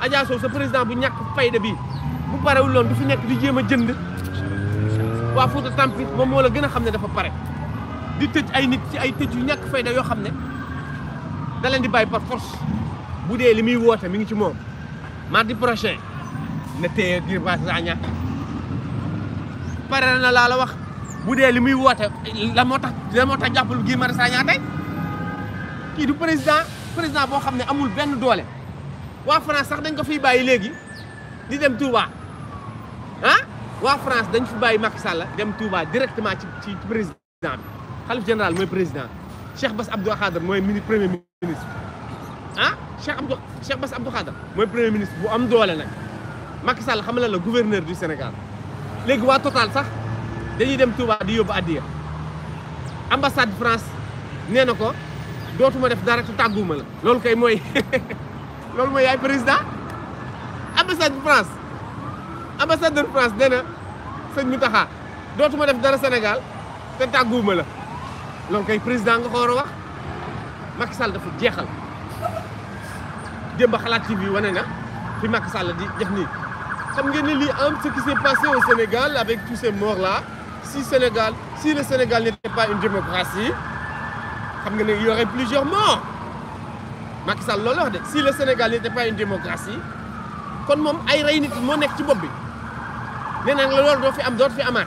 adiaso ce président bu ñàkk fayda bi bu wul loon du fi nekk di jema jënd wa Fouta Tampi moom mo la gëna xamné dafa paré di tejj ay nit ci ay tejj yu ñak fayda yoo xam da leen di bay par force bu dé limi woté mi ngi ci mom mardi prochain na téye Guy Marius Sagna paré na la la wax bu dé limi woté la moo tax la moo tax jàppal Guy Marius Sagna du président président bo xamné amul benn doole waa France sax dañ ko fiy bàyyi léegi di dem Touba ah waa France dañ fi bàyyi Macky Sall dem Touba directement ci ci président bi xalif général mooy président Cheikh Bass Abdou Khadre mooy mini premier ministre ah Cheikh Abdou Cheikh mooy premier ministre bu am doole nag Macky Sall xam la la gouverneur du Sénégal léegi waa Total sax dañuy dem Touba di yóbbu addiya ambassade France nee na ko dootuma def dara te tàgguwuma la loolu kay mooy loolu a président ambassade de France ambassadeur France c'est Sénégal la président nga il ce qui s'est passé au Sénégal avec tous ces morts là si Sénégal si le Sénégal n'était pas une démocratie il y aurait plusieurs morts Macky Sall loolu wax de si le Sénégal n'était pas une démocratie kon moom ay rey nit moo nekk ci bopp bi nee naa la loolu doo fi am doo fi amaat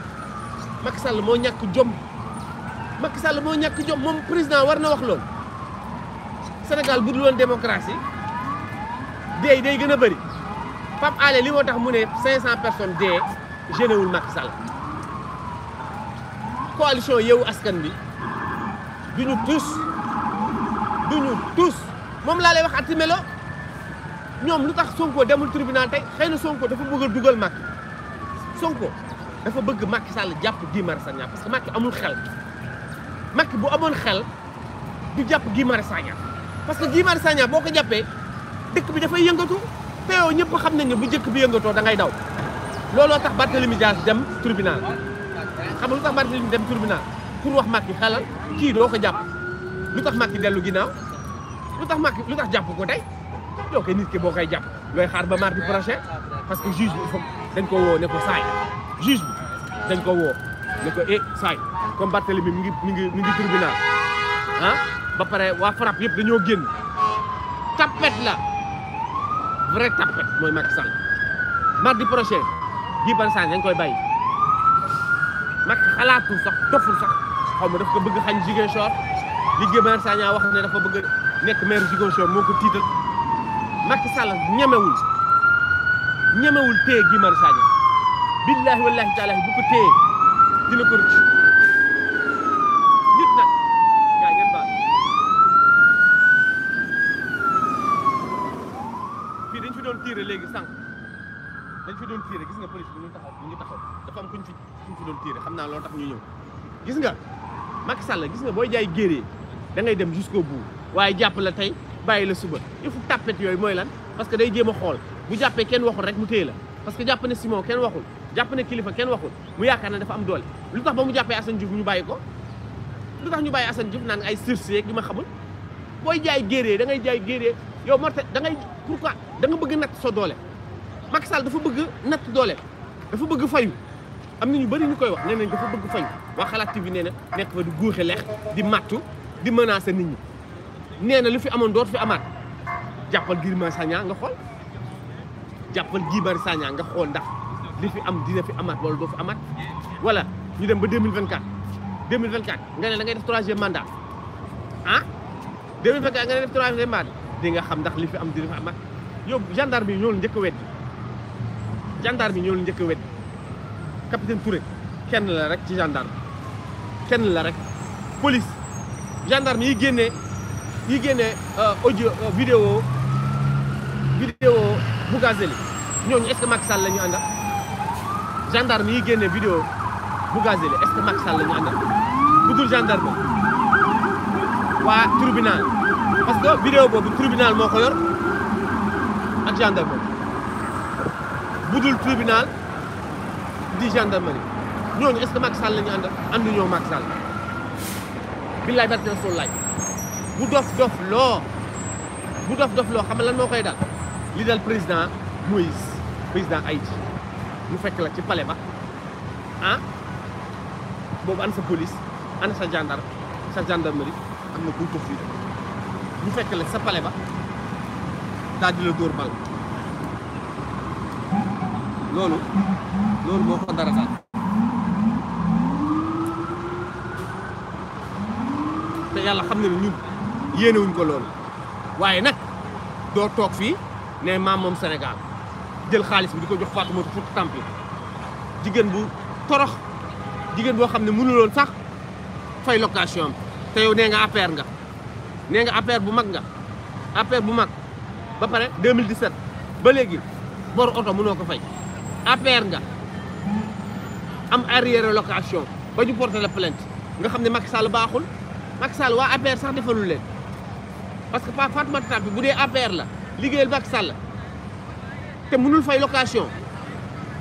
Macky Sall moo ñàkk jom Macky Sall moo ñàkk jom moom président war na wax loolu Sénégal bu dul woon démocratie dee day gën a bëri Pape Alé li moo tax mu ne 500 personnes dee génnewul Macky Sall coalition Yewwi Askan Wi duñu tous duñu tous. mom la lay wax ati melo ñom lutax Sonko demul tribunal tay, xeyna Sonko dafa bëgg duggal mak Sonko dafa bëgg mak Sall jàpp Guy Marius parce que mak amul xel mak bu amoon xel du jàpp Guy Marius Sagna parce que Guy Marius Sagna boo ko jàppee dëkk bi dafa yëngatu te ñëpp xam bu jëkk bi yëngato da ngay daw lolo tax Barthélemy Dias dem tribunal xam nga lu tax Barthélemy dem tribunal pour wax Macky xelal ki do ko japp lu tax Macky dellu lu tax Macky lu tax jàpp ko tey yow ke nit ki boo koy jàpp looy xaar ba mardi prochain parce que juge bi foog dañ ko woo ne ko saay juge bi dañ ko woo ne ko eh saay comme Barthélemy mi ngi mi ngi tribunal ah ba pare waa FRAPP yëpp dañoo génn tapet la vrai tapet mooy Macky Sall mardi prochain di Marius Sagna dañ koy bàyyi Macky xalaatul sax toful sax xaw ma daf ko bëgg xañ Ziguinchor li Guy Marius Sagna wax dafa bëgg nekk maire Ziguinchor moo ko tiital Macky Sall ñemewul ñemewul téye Guy Marius Sagna billaahi wallaahi taalaahi bu ko téye dina ko rëcc nit nag gaa ngeen baal fii dañ fi doon tiire léegi sànq dañ fi doon tiire gis nga police bi ñu taxaw ñu ngi taxaw dafa am kuñ fi kuñ fi doon tiire xam naa loolu tax ñu ñëw gis nga Macky Sall gis nga booy jaay géeree dangay dem jusqu'au bout waaye jàpp la tey bàyyi la suba il faut tàppet yooyu mooy lan parce que day jéem a xool bu jàppee kenn waxul rek mu téye la parce que jàpp ne Simon kenn waxul jàpp ne kilifa kenn waxul mu yaakaar ne dafa am doole lu tax ba mu jàppee Assane Diouf ñu bàyyi ko lu tax ñu bàyyi Assane Diouf naan ay sursis yeeg ma xamul booy jaay géer da jaay géeree yow Martin da ngay pourquoi danga bëgg natt sa doole Macky Sall dafa bëgg natt doole dafa bëgg fayu am na ñu bëri ñu koy wax nee nañ dafa bëgg fayu waa xalaat TV nee na nekk fa di guuxe leex di mattu di menacer nit ñi nee lu fi amone doot fi amat jappal Guy ma Sagna nga xol jappal Guy Marius Sagna nga xol ndax li fi am dina fi amat wala do fi amat wala ñu dem ba 2024 2024 nga ne da ngay def 3e mandat han ah? 2024 nga ne def 3e mandat di nga xam ndax li fi am dina fi amat yo gendarme yi ñoo ñëk njëkk gendarme yi ñoo ñëk njëkk capitaine Touré kenn la rek ci gendarme kenn la rek police gendarme yi génné yi gene uh, audio uh, video vidéo Bougazelli ñooñu est-ce que Macky Sall la ñu àndal gendarme yi génnee vidéo Bougazelli est-ce que Macky Sall la ñu àndal budul gendarme waa tribunal parce que vidéo boobu tribunal moo ko yor ak gendarme budul tribunal di gendarmerie ñooñu est-ce que Sall la ñu àndal ànduñoo Macky Sall billaay barke Rasul bu dof dof loo bu dof dof loo xam ne lan moo koy dal li dal président Moïse président Haïti mu fekk la ci pale ba ah boobu ana sa police ana sa gendarme sa gendarmerie am na kuy toog fii ñu fekk la sa pale ba daal di la dóor bal loolu loolu moo ko dara daal te yàlla xam na ne ñun yéne wuñ ko lool waaye nak do tok fi ne maam moom Sénégal jël xaalis bi di ko jox Fatoumata fut Tampi jigen bu torox jigen bu xamné ne mënuloon sax fay location té yow né nga affaire nga né nga affaire bu mag nga affaire bu mag ba paré 2017 ba légui bor auto mëno ko fay affaire nga am arrière location ba ñu porté la plainte nga xamné ne Macky Sall baxul Macky Sall wa affaire sax defalul len parce que pas vous avez bi bu la Sall mënul fay location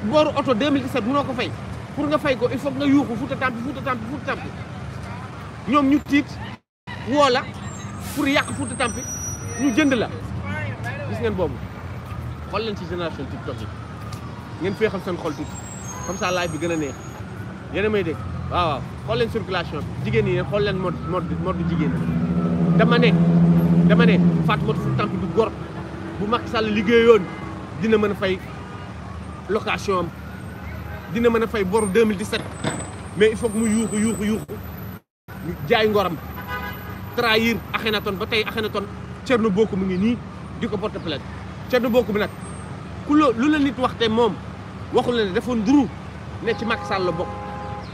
2017 vous ko fay pour nga fay il faut nga yuuxu vous Tampi Fouta Tampi Fouta Tampi ñoom ñu vous avez pour vous Fouta Tampi ñu vous la gis ngeen vous avez leen ci génération TikTok ngeen vous avez xol comme ça live bi vous Comme ça, vous avez dégg waaw Vous avez leen circulation vous avez vous avez vous avez dama ne Fatoumata Fouta Tampi du gor bu mag sàll liggéeyoon dina mën a fay location dina mën a fay boru 2017 mais il faut que mu yuuxu yuuxu yuuxu jaay ngoram trahir Akhenaton ba tey Akhenaton Thierno Bocoum mu ngi nii di ko porte plainte Thierno Bocoum bi nag ku la lu la nit wax te moom waxul la ne dafa nduru ne ci mag Sall la bokk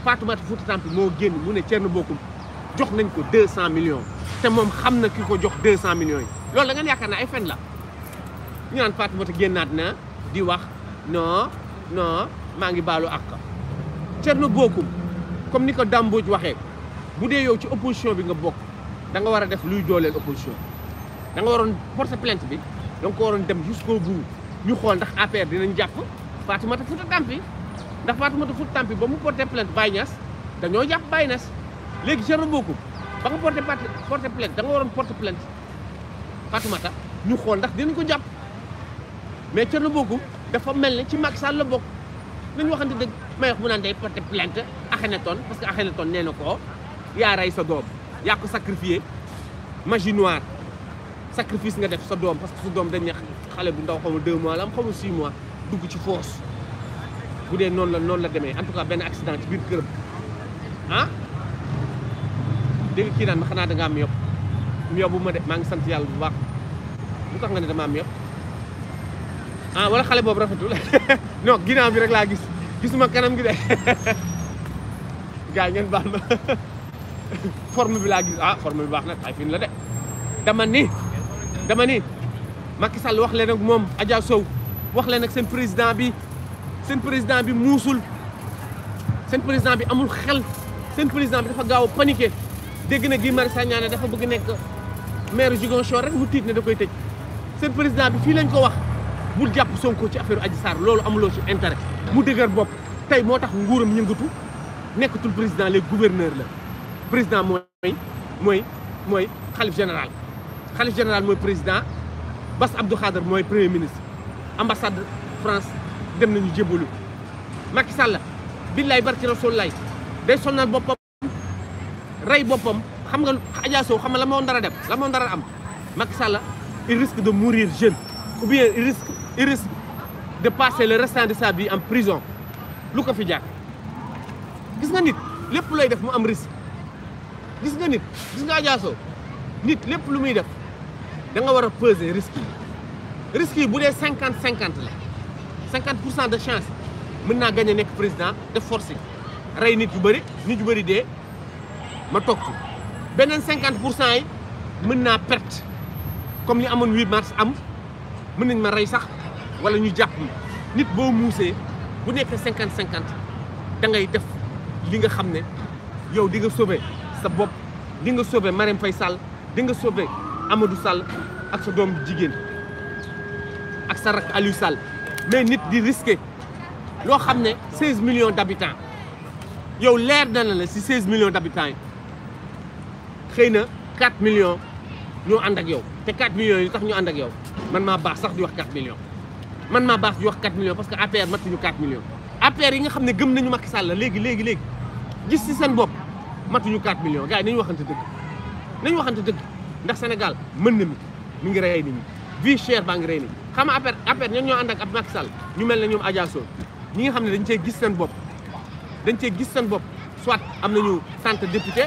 Fatoumata Fouta Tampi moo génn mu ne Thierno Bocoum jox nañ ko 200 millions. te moom xam na ki ko jox deux cent millions yi loolu danga ngeen yaakaar ne ay fen la ñu naan Fatoumata génnaat na di wax non non maa ngi baalu ak Thierno Bocoum comme ni ko Dambodj waxee bu dee yow ci opposition bi nga bokk da nga war a def luy dooleel opposition da nga waroon porter plainte bi da nga ko waroon dem jusqu'au bout ñu xool ndax APR dinañ jàpp Fatoumata Fouta Tampi ndax Fatoumata Fouta Tampi ba mu porter plainte Baye dañoo jàpp Baye Niass léegi Thierno Bocoum ba nga porté porté plainte da nga waroon porté plainte Fatoumata ñu xool ndax dinañ ko jàpp mais Thierno Bocoum dafa mel ne ci Macky Sall la bokk nañu waxante dëgg may wax mu naan day porté plainte Akhenaton parce que Akhenaton nee na ko yaa rey sa doom yaa ko sacrifié magie noire sacrifice nga def sa doom parce que sa doom dañ ne xale bu ndaw xaw ma mois la am xaw ma 6 dugg ci force bu dee noonu la noonu la demee en tout benn accident ci biir këram ah? dégg kii ma xanaa danga ngaa am yëpp yóbbu ma de maa ngi sant yàlla bu baax lu tax nga ne dama am ah, yëpp wala xale boobu rafetul non ginnaaw bi rek laa gis gisuma kanam gi de gars yi ngeen baal ma forme bi laa gis ah forme bi baax na tay fin la de dama ni dama ni Macky Sall wax leen ak moom Adja Sow wax leen ak seen président bi seen président bi muusul seen président bi amul xel seen président bi dafa gaaw a dégg gui Guy Marius dafa bëgg nek maire Ziguinchor rek mu tiit ne da koy tëj seen président bi fi lañ ko wax bu japp Sonko ci affaire Adji Sarr loolu amuloo ci intérêt mu dëgër bop tay motax tax nguuram yëngatu nekatul président les gouverneur la président moy moy moy xalif général xalif général moy président Bass Abdou Khader moy premier ministre ambassade France dem nañu jébalu Macky Sall billaay barki rasul lay day sonnal bop Ray bopam xam nga Adja so, xam la mo dara dem la mo dara am mak Sall il risque de mourir jeune ou bien il risque il risque de passer le restant de sa vie en prison lu ko fi jàkk gis nga nit lepp looy def mu am risque gis nga nit gis nga Adja Sow nit lepp lu muy def da nga wara peser risque risque bu dé 50 50 la 50% de chance mën naa gagné nekk président de forcing ray nit yu bari nit yu bari dé ma tok benen 50% pour yi mën na perte comme ni amone 8 mars am mën nañ ma ray sax wala ñu japp nit bo muusee bu nek 50 50 da ngay def li nga xamné yow di nga sauver sa bop di nga sauver Marème fay Sall di nga sauver Amadou Sall ak sa dom jigen ak sa rak Aliou Sall mais nit di risqué lo xamné 16 millions d'habitants yow lèr dana la ci 16 millions d'habitants xëy na 4 millions ñoo ànd ak yow te 4 millions yi tax ñu ànd ak yow man maa baax sax di wax 4 millions man maa baax di wax 4 millions parce que APR matuñu 4 millions APR yi nga xam ne gëm nañu Macky Sall léegi léegi léegi gis si seen bopp matuñu 4 millions gars yi nañu waxante dëgg nañu waxante dëgg ndax Sénégal mën na mi mi ngi rey nit ñi vie chère baa ngi rey nit ñi xam nga APR APR ñan ñoo ànd ak ab Macky Sall ñu mel ne ñoom ajaasoo ñi nga xam ne dañ cee gis bopp dañ cee gis seen bopp soit am nañu cent député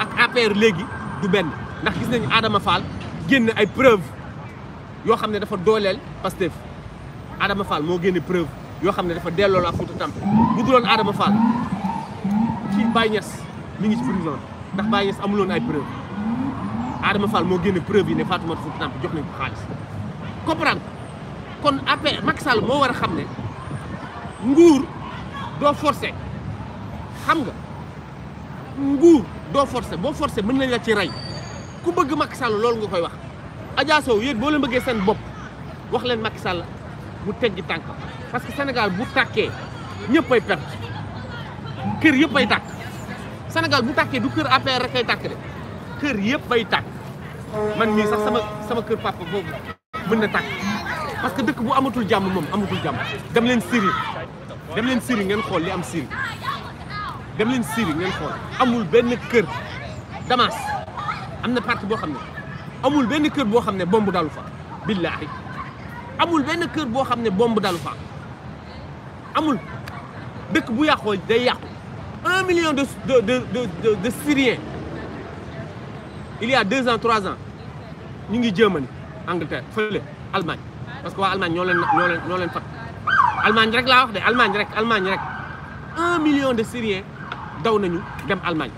ak APR léegi du benn ndax gis nañu Adama Fall génn ay preuve yoo xam ne dafa dooleel Pastef Adama Fall moo génne preuve yoo xam ne dafa delloo la Fouta Tamp bu duloon Adama Fall ci Baye Niass mi ngi ci prison ndax Baye Niass amuloon ay preuve Adama Fall moo génn preuve yi ne Fatoumata Fouta Tamp jox nañ ko xaalis comprendre kon APR Macky Sall moo war a xam ne nguur doo forcé xam nga nguur doo forcé boo forcé mën nañ la ci rey ku bëgg Macky Sall loolu nga koy wax Adja Sow boo leen bëggee seen bopp wax leen Macky mu bu teggi tànk parce que senegal bu tàkkee ñëpp ay perte kër yëpp ay tàkk senegal bu tàkkee du kër APR rek ay tàkk de kër yëpp ay tàkk man mii sax sama sama kër papa boobu mën na tàkk parce que dëkk bu amatul jàmm moom amatul jàmm dem leen Syrie dem leen ngeen xool li am Syrie dem len siri ngeen xol amul ben keur Damas amna na bo xamne amul ben keur bo xamne bombu dalu fa billahi amul ben keur bo xamne bombu dalu fa amul dëkk bu yaxo day yaq 1 million de de de de de, de Syriens il y a 2 ans 3 ans ñu ngi Germany Angleterre feulé Allemagne parce que wa Allemagne ñoleen ñoleen ñoleen fat Allemagne rek la wax de Allemagne rek Allemagne rek 1 million de Syriens daw nañu dem Allemagne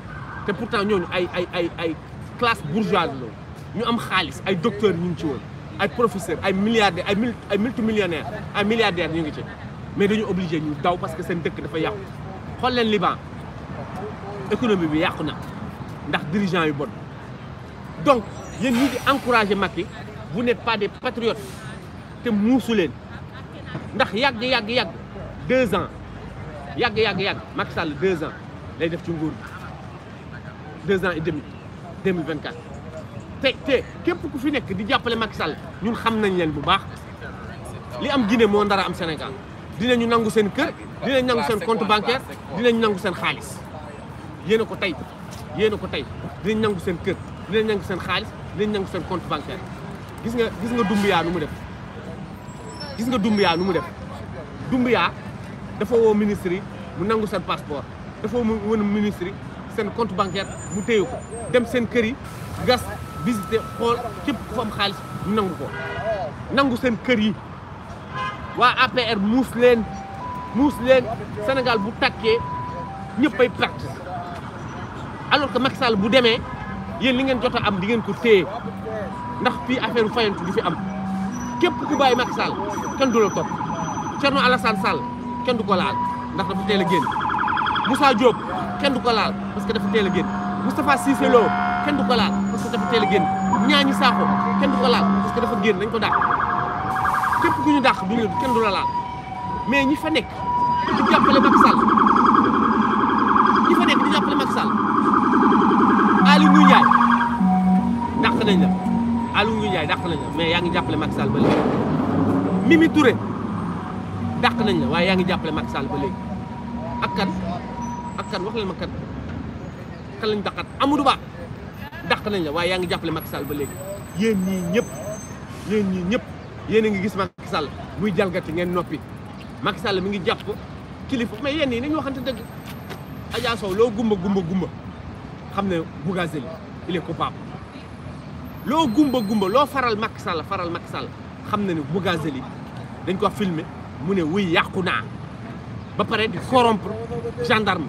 té pourtant ñooñu ay ay ay ay classe bourgeoise lo ñu am xaalis ay docteur, ñu ci woon ay professeur ay milliardaire ay ay multimillionnaire ay milliardaire ñu ngi ci mais dañu obligé ñu daw parce que seen dëkk dafa yàqu xol leen Liban économie bi yàqu na ndax dirigeants yu bon donc yéen ñi di encouragé Macky vous n'êtes pas des patriotes te muusu leen ndax yàgg yàgg yàgg deux ans yàgg yàgg yàgg Macky Sall deux ans lay def ci nguur bi deux ans et demi deux te te képp ku fi nekk di jàppale Macky Sall ñun xam nañ leen bu baax li am Guinée moo ndara am Sénégal dinañu nangu seen kër dinañ nangu seen compte bancaire dinañ nangu seen xaalis yéen a ko tey yéen ko tey dinañ nangu seen kër dinañ nangu seen xaalis dinañ nangu seen compte bancaire gis nga gis nga Dumbuya nu mu def gis nga Dumbuya nu mu def Dumbuya dafa woo ministre yi mu nangu seen passeport dafa mën a ministre seen compte bancaire bu téye ko dem seen kër yi gas visiter xool képp ku am xaalis ñu nangu ko nangu seen kër yi waa APR muus leen muus leen Sénégal bu takkee ñëppay perte alors que Macky Sall bu demee yéen li ngeen jot a am di ngeen ko téye ndax fii affaire fayantu du fi am képp ku bàyyi Macky Sall kenn du la topp Thierno Alassane Sall kenn du ko laal ndax dafa teel a génn. Moussa Diop kenn du ko laal parce que dafa teel a génn Moustapha Cissé Lo kenn du ko laal parce que dafa teel a génn ñaañi Sakho kenn du ko laal parce que dafa génn dañ ko dàq képp ku ñu dàq duñu kenn du la laal mais ñi fa nekk di jàppale Macky Sall ñi fa nekk di jàppale Macky Sall Aliou Ngouille Ndiaye dàq nañ la Aliou Ngouille Ndiaye nañ la mais yaa ngi jàppale Macky Sall ba léegi Mimi Touré dàq nañ la waaye yaa ngi jàppale Macky Sall ba léegi kan wax leen ma kan kan lañ dàqat Amadou Ba dak nañ la way ya nga jàppale makissal ba léegi yeen ñi ñep yeen ñi ñep yeen nga gis makissal muy jalgati ngeen nopi makissal mi ngi japp kilifa mais yeen ni ñu waxante deug Adja so lo gumba gumba gumba xamne bu gazel il est coupable lo gumba gumba lo faral makissal faral makissal xamne ni bu ku film, dañ ko filmer mune wuy yakuna ba pare di corrompre gendarme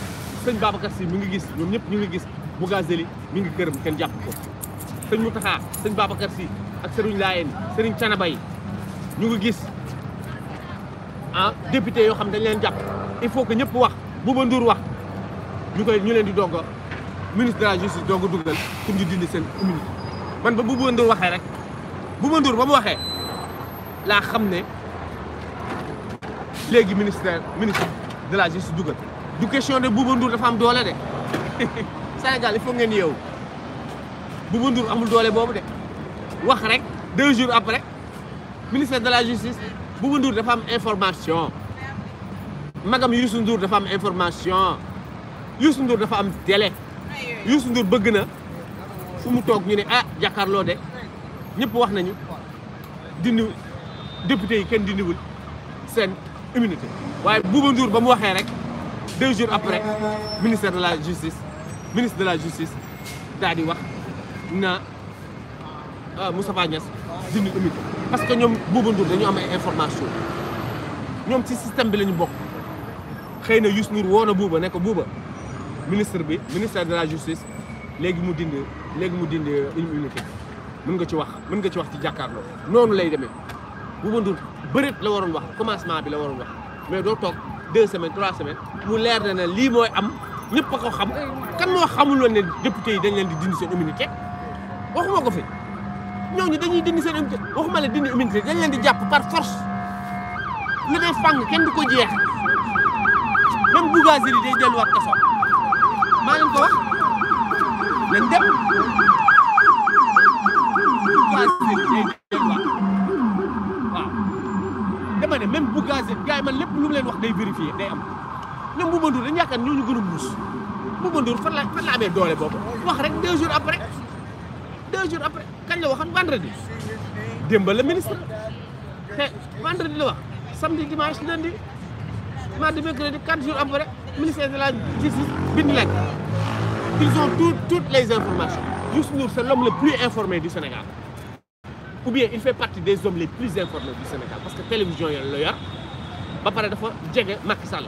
sëñ Babacar Sy mi ngi gis ñoom ñëpp ñu ngi gis Bougazelli mi ngi këram kenn jàpp ko sëñ Mountakha sëñ Babacar Sy ak sëriñ Laayeen sëriñ Canaba yi ñu ngi gis ah député yoo xam dañ leen jàpp il faut que ñëpp wax Bouba Ndour wax ñu koy ñu leen di doog ministre de la justice doog a dugal pour ñu dindi seen immunité man ba Bouba Ndour waxee rek Bouba Ndour ba mu waxee laa xam ne léegi ministère ministre de la justice dugal du question de Bouba Ndour dafa am doole de Sénégal il faut ngeen yeewu Bouba amul doole boobu de wax rek deux jours après ministère de la justice Bouba Ndour dafa am information magam Youssou Ndour dafa am information Youssou Ndour dafa am délai Youssou Ndour bëgg na fu mu toog ñu ne ah jàkkaarloo de ñëpp wax nañu dindi député yi kenn dindiwul seen immunité waaye Bouba Ndour ba mu waxee rek. deux jours après ministère de la justice ministre de la justice daal di wax na euh, Moustapha Niass dindi immunité parce que ñoom Bouba Ndour dañu am ay information ñoom ci système bi la ñu bokk xëy na Youssou Ndour woo na Bouba ne ko Bouba bi ministère de la justice léegi mu dindi léegi mu dindi immunité mën nga ci wax mën nga ci wax ci jàkkaarloo noonu lay demee Bouba Ndour bëreet la waroon wax commencement bi la waroon wax mais doo toog deux semaines trois semaines mu leer na lii mooy am ñëpp a ko xam kan moo xamul woon ne député yi dañ leen di dindi seen immunité waxuma ko fi ñooñu dañuy dindi seen immunité waxuma la dindi immunité dañ leen di jàpp par force lu dee fàng kenn du ko jeex même Bougazelli day delluwaat kaso maa leen ko wax nañ dem Bougazelli day delluwaat waaw dama ne même Bougazelli gars lépp lu leen wax day vérifier day am. ñoom Bouba Ndour dañu yaakaar ñoo ñu gën a muus Bouba Ndour fan la fan la amee doole boobu wax rek deux jours après deux jours après kañ la waxoon vendredi démb le ministre te vendredi la wax samedi dimanche lundi mardi mercredi 4 jours après ministère de la justice bind leen ils ont tout toutes les informations Youssou c'est l'homme le plus informé du Sénégal ou bien il fait partie des hommes les plus informés du Sénégal parce que télévision yooyu la yor ba pare dafa jege Macky Sall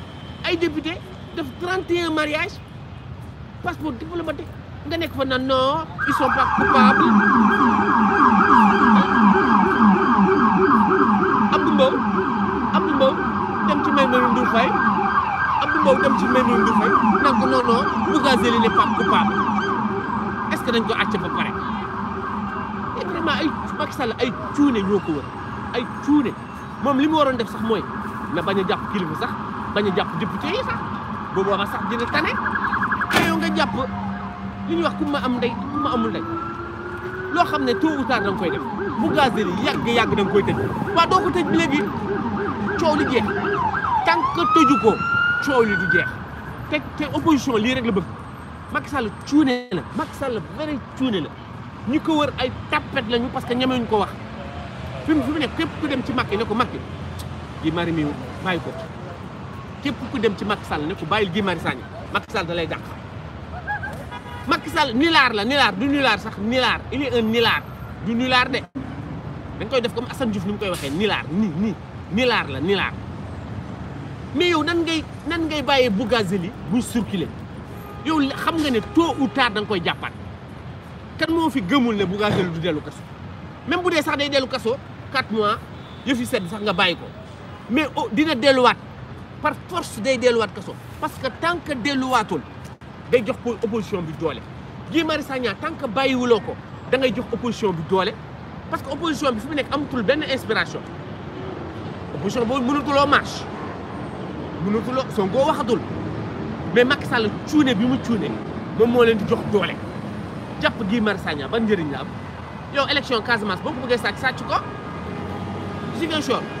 ay député def 31 mariages passeport diplomatique nga nekk fa na non ils sont pas coupables Abdou Mbow Abdou dem ci Maimouna Ndour Faye Abdou Mbow dem ci Maimouna Ndour Faye naan ko non non est que dañ ko àcc ba pare et vraiment ay Macky Sall ay cuune ñoo ko wër ay cuune moom li mu waroon def sax mooy na bañ a jàpp kilifa sax. bañ a jàpp député yi sax bu boobaa sax dina tane te nga jàpp li ñuy wax ku ma am ndey ku ma amul ndey loo xam ne tôt ou tard da koy dem bu gazel yi yàgg-yàgg da nga koy tëj waaw doo ko tëj léegi coow li jeex tant que tëju ko coow li du jeex te te opposition lii rek la bëgg Macky Sall cuune la Macky Sall vrai cuune la ñu ko war ay tapet lañu parce que ñemewuñu ko wax fi mu nekk képp ku dem ci Macky ne ko Macky di mari mi bàyyi ko képp ku dem ci Macky Sall ne ku bàyyil Guy Marius Sagna Macky Sall lay dàq Macky Sall nilaar la nilaar du nilaar sax nilaar il est un nilaar du nilaar de dañ koy def comme Assane Diouf ni mu koy waxee nilaar ni ni nilaar la nilaar mais yow nan ngay nan ngay bàyyee Bougazelli buy circuler yow xam nga ne tôt ou tard da koy jàppaat kan moo fi gëmul ne Bougazelli du dellu kaso même bu dee sax day dellu kaso 4 mois yëfi sedd sax nga bàyyi ko mais oh, dina delluwaat. par force day delluwaat so parce que tant que delluwaatul day jox ko opposition bi doole Guy Marius Sagna tant que bàyyiwuloo ko da ngay jox opposition bi doole parce que opposition bi fi mu nekk amatul benn inspiration opposition boobu mënatuloo marche mënatuloo Sonko waxatul mais Macky Sall cuune bi mu cuune moom moo leen di jox doole jàpp Guy Marius Sagna ban njëriñ la am yow élection Casamance boo ko bëggee sàcc sàcc ko Ziguinchor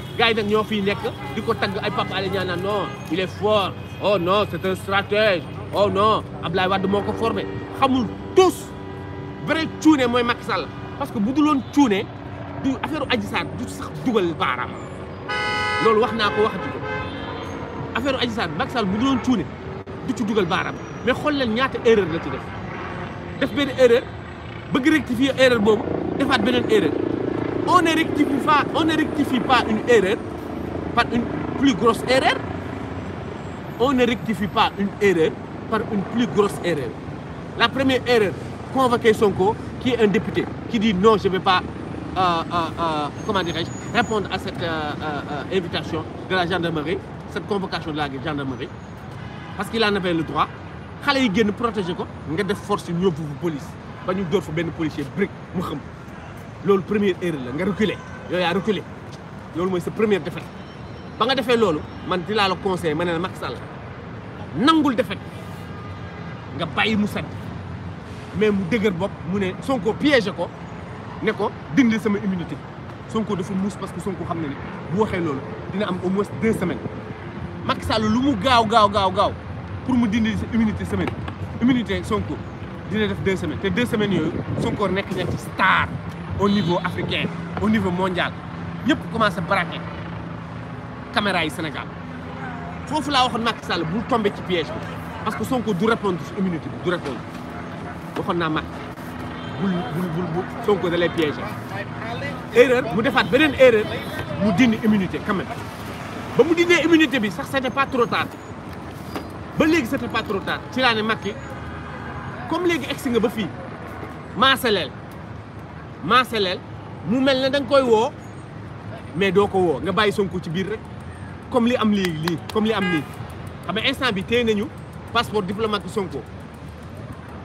gars yi nag ñoo fiy nekk di ko tagg ay Pape Alé Niang naan il est fort oh non c'est un stratège oh non Ablaye Wade moo ko formé xamul tous vrai cuune mooy Macky Sall parce que bu dul woon cuune du affaire Adji Sarr sax dugal baaraam loolu wax naa ko waxati ko affaire Adji Sarr Macky Sall bu dul woon cuune du ci dugal baaraam mais xool leen ñaata erreur na ci def def benn erreur bëgg rectifier erreur boobu defaat beneen erreur. on ne rectifie pas, on rectifie pas une erreur par une plus grosse erreur. On ne rectifie pas une erreur par une plus grosse erreur. La première erreur, convoquer Sonko, qui est un député, qui dit non, je ne vais pas, euh, euh, euh comment dirais répondre à cette euh, euh, invitation de la gendarmerie, cette convocation de la gendarmerie, parce qu'il en avait le droit. Xale yi génn protéger ko nga def force ñëw foofu police ba ñu door fa benn policier brique mu xam le première erreur la nga reculer yo ya reculer première défaite ba tu fais ça. man di conseil nangul défaite nga bàyyi Moussa. mais mu dëgër le Sonko piégé ko il ko dindi sama immunité Sonko dafa parce que Sonko au moins deux semaines Macky Sall pour mu immunité semaine immunité Sonko dina deux semaines deux semaines Sonko star au niveau africain au niveau mondial ñëpp commencé braquer caméra yi Sénégal foofu laa waxoon Macky Sall tomber tombé ci piège parce que Sonko du répondre ci immunité bi du répondre waxoon naa Macky bul bul bul Sonko da lay piégé erreur mu defaat une erreur mu dindi immunité quand même ba mu dindee immunité bi sax c'était pas trop tard ba léegi c'était pas trop tard ci laa Macky comme léegi egsi nga ba fii maasaleel maaseleel mu mel ne da koy woo mais doo ko woo nga bàyyi Sonko ci biir rek comme li am lii lii comme li am lii xam nga instant bi téye nañu passeport diplomate sonkoo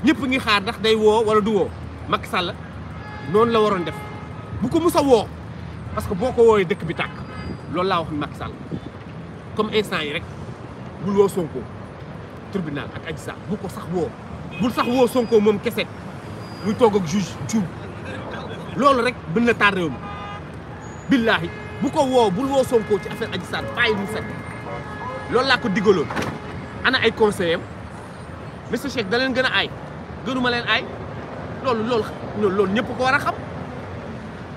ñëpp ngi xaar ndax day woo wala du woo Macky Sall noonu la waroon def bu ko mus a woo parce que boo ko woowee dëkk bi tàkk loolu laa wax Macky comme instant yi rek bul woo Sonko tribunal ak Adji Sarr bu ko sax woo bul sax woo Sonko moom kese muy toog ak juge juge. loolu rek mën na taal réew mi billaahi bu ko woo bul woo Sonko ci affaire Adji Sarr bàyyi mu set loolu laa ko digaloon ana ay conseillers am monsieur da leen gën a ay gënuma leen ay loolu loolu loolu ñëpp ko war a xam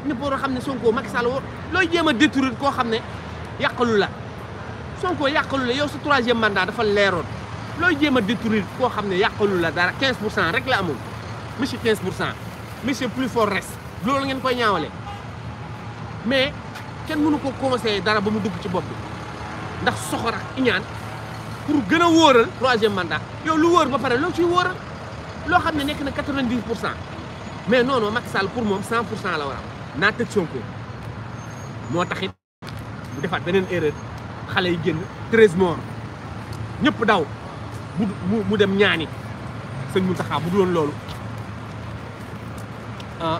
ñëpp war a xam ne Sonko Macky Sall woo looy jéem a détruire koo xam ne yàqalu la Sonko yàqalu la yow sa troisième mandat dafa leeroon looy jéem a détruire koo xam ne yàqalu la dara 15 pour cent rek la amoon monsieur 15 pour cent monsieur plus fort reste. loolu ngeen koy ñaawale mais kenn mënu ko conseiller dara ba mu dugg ci bopp bi ndax soxor ak iñaan pour gën a wóoral troisième mandat yow lu wóor ba pare loo ciy wóoral loo xam ne nekk na quatre-vingt-dix pour cent mais non non Macky pour moom cent pour cent la war a naa tëj Sonko moo taxit mu defaat beneen erreur xale yi génn treize morts ñëpp daw mu mu dem ñaani sëñ Mountakha bu du loolu ah.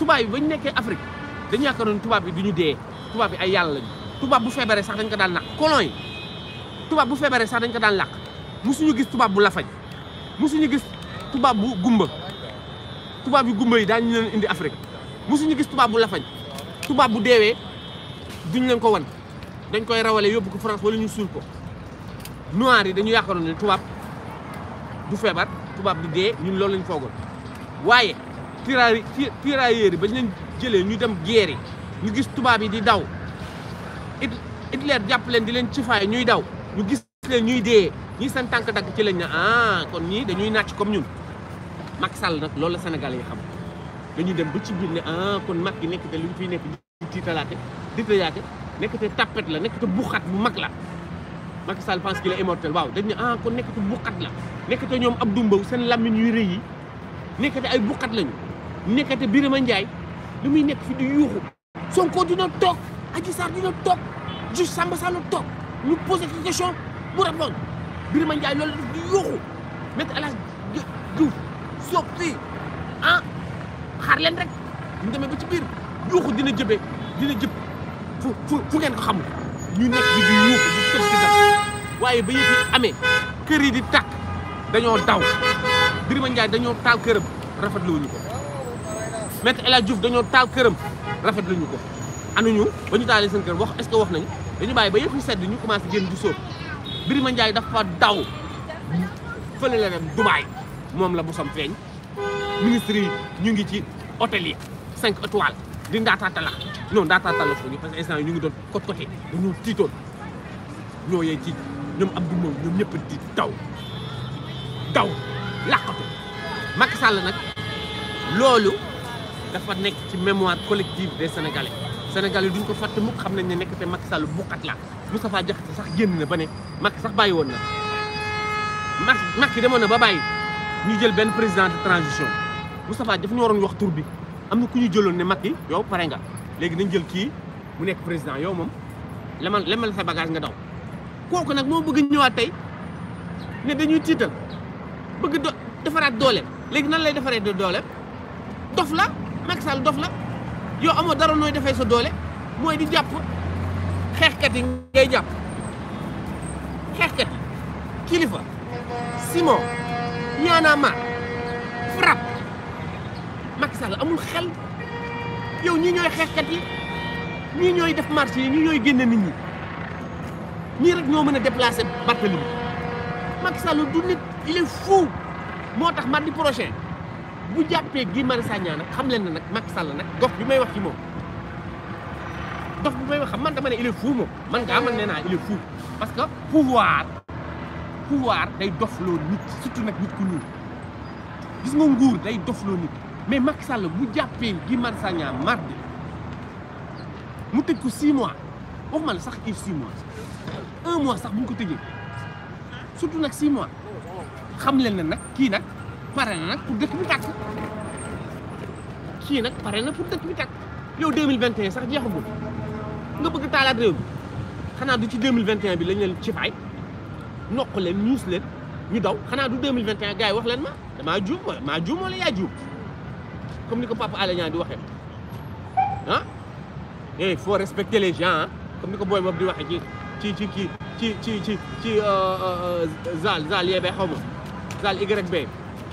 tubaab yi ba ñu nekkee Afrique dañu yaakaaroon tubaab yi du ñu dee tubaab yi ay yàlla lañu tubaab bu feebaree sax dañ ko daan làq colon yi tubaab bu feebaree sax dañ ko daan làq musuñu gis tubaab bu lafañ musuñu gis tubaab bu gumba tubaab yu gumba yi daañu indi Afrique musuñu gis tubaab bu lafañ tubaab bu deewee duñ leen ko wan dañ koy rawale yóbbu ko France walla ñu suul ko noir yi dañu yaakaaroon ne tubaab du feebar tubaab du dee ñu loolu lañ foogoon tirailleurs tirailleurs yi bañ leen jëlee ñu dem guerre ñu gis tubaab yi di daw it Hitler jàpp leen di leen ci faay ñuy daw ñu gis leen ñuy dee ñii seen tànk dagg ci lañ ne ah kon ñii dañuy nàcc comme ñun Macky Sall nag loolu la senegal yi xam dañuy dem ba ci biir ne ah kon Macky nekk te lu mu fi nekk di tiitalaate di tëjaate nekk te la nekk te buxat bu mag la Macky Sall pense qu'il est immortel waaw dañ ne ah kon nekk te buxat la nekk te ñoom ab dumbaw seen làmmiñ yu rëy yi nekk te ay buxat lañu. nekkate Birima Ndiaye li muy nekk fi di yuuxu Sonko dina toog Adji Sarr dina toog juge Samba Sall toog ñu posé ko question mu répondre Birima Ndiaye loolu daf di yuuxu Maître El Hadji Diouf ah xaar leen rek ñu demee ba ci biir yuuxu dina jëbe dina jëb fu fu fu ngeen ko ñu nekk di yuuxu di tëb di dal waaye ba yëf amee kër yi di tàkk dañoo daw Birima Ndiaye dañoo taal këram rafet wuñu ko maître El a Diouf dañoo taal këram rafet lañu ñu ko anuñu ba ñu taalee seen kër wax est ce que wax nañu dañu bàyyi ba yëpp ñu sedd ñu commencé génn di sóob Birima Ndiaye dafa daw fële la dem Dubaay moom la bu bosam feeñ ministre yi ñu ngi ci hôtel yi cinq étoiles di ndaataatala non ndaataatala foofu parce que instant yi ñu ngi doon côte côté dañoo tiitoon ñoo yee ci ñoom Abdou Mbow ñoom ñëpp di daw daw làqatu Macky Sall nag loolu dafa nekk ci mémoire collective des sénégalais sénégalais duñ ko fàtte mukk xam nañ ne nekk te Macky Sall buqat la Moustapha Diakhaté sax génn na ba ne Macky sax bàyyi woon na Macky Macky demoon na ba bàyyi ñu jël benn président de transition Moustapha daf ñu waroon wax tur bi am na ku ñu jëloon ne Macky yow pare nga léegi nañ jël kii mu nekk président yow moom lemal lemal sa bagage nga daw kooku nag moo bëgg ñëwaat tey ne dañuy tiital bëgg do defaraat doole léegi nan lay defaree doole dof la Macky Sall dof la yo amo dara noy defay sa dole moy di jàpp xex kat yi ngay jàpp xex kat kilifa Simon ñana ma frap Macky Sall amul xel yow ñi ñoy xex kat yi ñi ñoy def marché ñi ñoy genn nit ñi ñi rek ñoo mëna déplacer Barthélémy Macky Sall du nit il est fou motax mardi prochain bu jàppee Guy Marius Sagna nag xam leen ne nag Macky Sall nag dof bi may wax ci moom dof bi may wax man dama ne il est fou moom man ngaa parce que pouvoir pouvoir day dofloo nit surtout nag nit ku ñuul gis nga nguur day dofloo nit mais Macky Sall bu jàppee Guy Marius Sagna mardi mu tëj ko 6 mois waxuma sax il 6 mois sax bu ñu ko tëjee surtout nag 6 xam leen ne nag kii nag. pare na nag pour dëkk bi tàkk kii nag pare na pour dëkk bi tàkk yow 2021 sax jeexagul nga bëgg taalaat réew bi xanaa du ci 2021 bi lañ leen ci faay noq leen ñuus leen ñu daw xanaa du 2021 gars yi wax leen ma damaa juum wala maa juum wala yaa juum comme ni ko papa Alé Niang di waxee ah eh faut respecter les gens comme ni ko booy moom di waxee ci ci ci ci ci ci ci ci euh, euh, euh, zaal zaal yee bay xaw ma zaal Y bay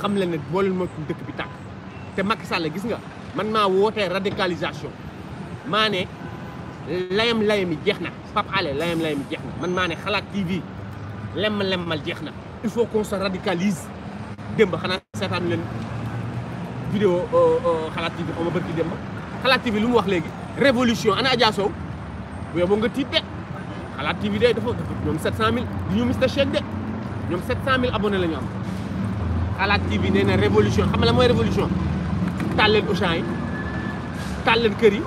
xam leen ne boo ma moytuwul dëkk bi tàkk te Macky Sall gis nga man maa wootee radicalisation maa ne layam layam yi jeex na Pape Alé layam jeex na man maa ne xalaat TV lemma lemmal jeex na il faut qu'on se radicalise démb xanaa seetaanu leen vidéo euh, euh, xalaat TV xaw ma barki démb xalaat TV lu mu wax léegi révolution ana Adja Sow bu yoboo nga tiit de xalaat TV de dafa ñoom 700000 du ñu Mister Shake de ñoom 700000 abonnés la ñu am la TV révolution la révolution talen yi révolution. kër yi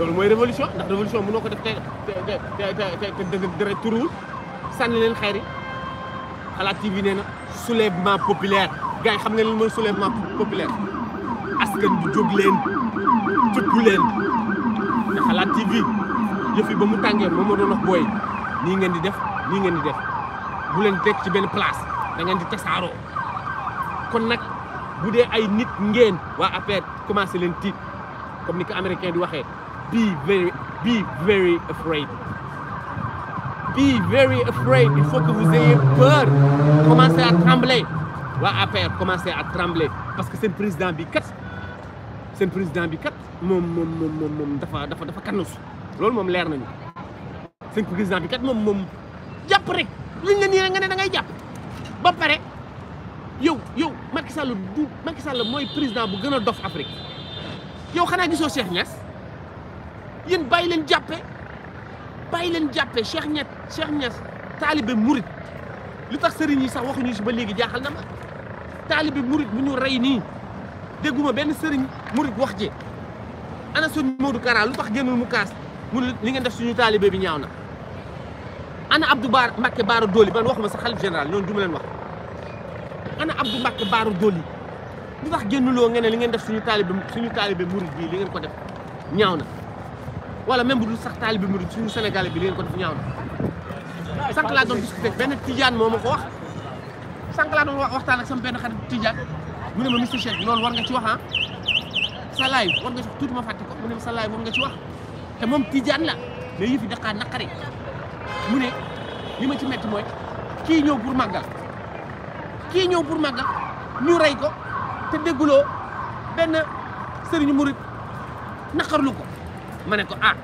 une révolution La révolution def La révolution TV soulèvement populaire Vous savez ce soulèvement populaire askan le TV je suis ngeen def place da kon nak bu ay nit ngén wa APR commencé len tit comme ni américain di waxé be very be very afraid be very afraid il faut que vous ayez peur commencez à trembler wa APR commencez à trembler parce que seen président bi kat seen président bi kat mom mom mom, mom dafa dafa dafa kannus loolu moom leer nañu seen président bi kat mom mom japp rek liñ la ni nga né da ngay japp ba paré yow yow Macky Sall du mooy président bu gën a dof Afrique yow xanaa gisoo Cheikh Niass yéen bàyyi leen jàppe bàyyi leen jàppe Cheikh Niass Cheikh Niass taalibe murit lu tax sëriñ yi sax waxuñu si ba léegi jaaxal na ma taalibe murit bu ñu rey nii dégguma benn sëriñ murit wax ji ana suñ Modou Kara lu tax génnul mu kaas mu li ngeen def suñu taalibe bi ñaaw na ana Abdou Bar Mbacké Bara Dolly man waxuma sa xalif général ñoon du ma leen wax ana Abdou Mbacke Baaru Doli lu tax génnuloo ngeen ne li ngeen def suñu taalibe suñu taalibe murid bii li ngeen ko def ñaaw na wala même bu dul sax taalibe murid suñu sénégalais bi li ngeen ko def ñaaw na sànq laa doon discuter benn tijaan moo ma ko wax sànq laa doon waxtaan ak sama benn xarit tijaan mu ne ma Mister Shake loolu war nga ci wax ah sa live war nga ci tuuti ma fàtte ko mu ne ma moom nga ci wax te moom tijaan la mais yëfi daqaa naqari mu ne li ma ci metti kii ñëw pour màggal kii ñëw pour màggal lu rey ko te dégguloo benn sëriñu murit naqarlu ko ma ne ko ah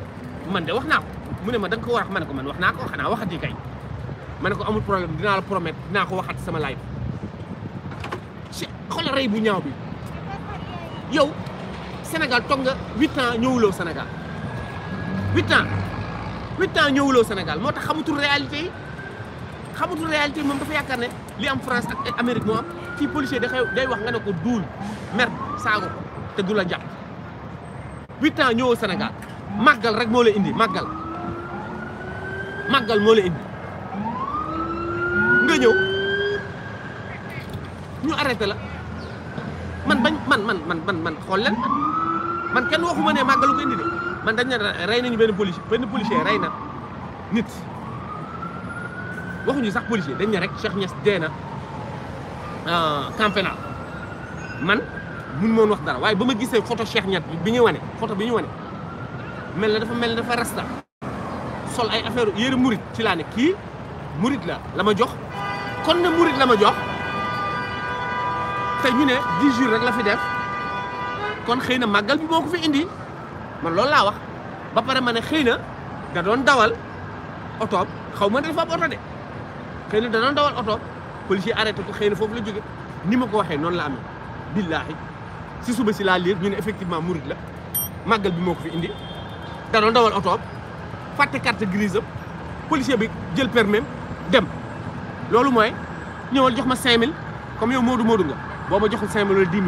man de wax naa ko mu ne ma da ko war a wax ma ne ko man wax naa ko xanaa waxati kay ma ne ko amul problème dinaa la promettre dinaa ko waxati sama laay ci xool rey bu ñaaw bi yow Sénégal toog nga huit ans ñëwuloo Sénégal huit ans huit ans ñëwuloo Sénégal moo tax xamutul réalité yi xamutul réalité yi moom dafa yaakaar ne li am France ak amerique moo am fii policier da xew day wax nga ne ko mer saago te dula japp 8 ans ñëwoo Sénégal Magal rek mo la indi magal magal mo la indi nga ñew ñu arrêté la man bañ man man man man man xol leen man kenn waxuma ne magal ko indi de man dañ na ray nañu ben policier ben policier ray na nit waxuñu sax policier dañ ne rek Cheikh Niass deena euh campena man mun mo wax dara waye bama gisee photo Cheikh Niass bi ñu wane photo bi ñu wane mel na dafa mel na dafa rasta sol ay affaire yére murit ci la ne ki murit la lama jox kon na murit lama jox tay ñu ne 10 jours rek la fi def kon xeyna magal bi boko fi indi man lool la wax ba pare mané xeyna da doon dawal auto xawma dafa am de xëy na dana dawal oto policier arrêté ko xëy na foofu la jóge ni ma ko waxee noonu la amee billaahi si suba si laa liir ñu ne effectivement murid la màggal bi moo ko fi indi danoon dawal otoom fàtte carte grise am policier bi jël permis dem loolu mooy ñëwal jox ma 5000 comme yow Modou Modou nga boo ma joxul 5000 wala 10 000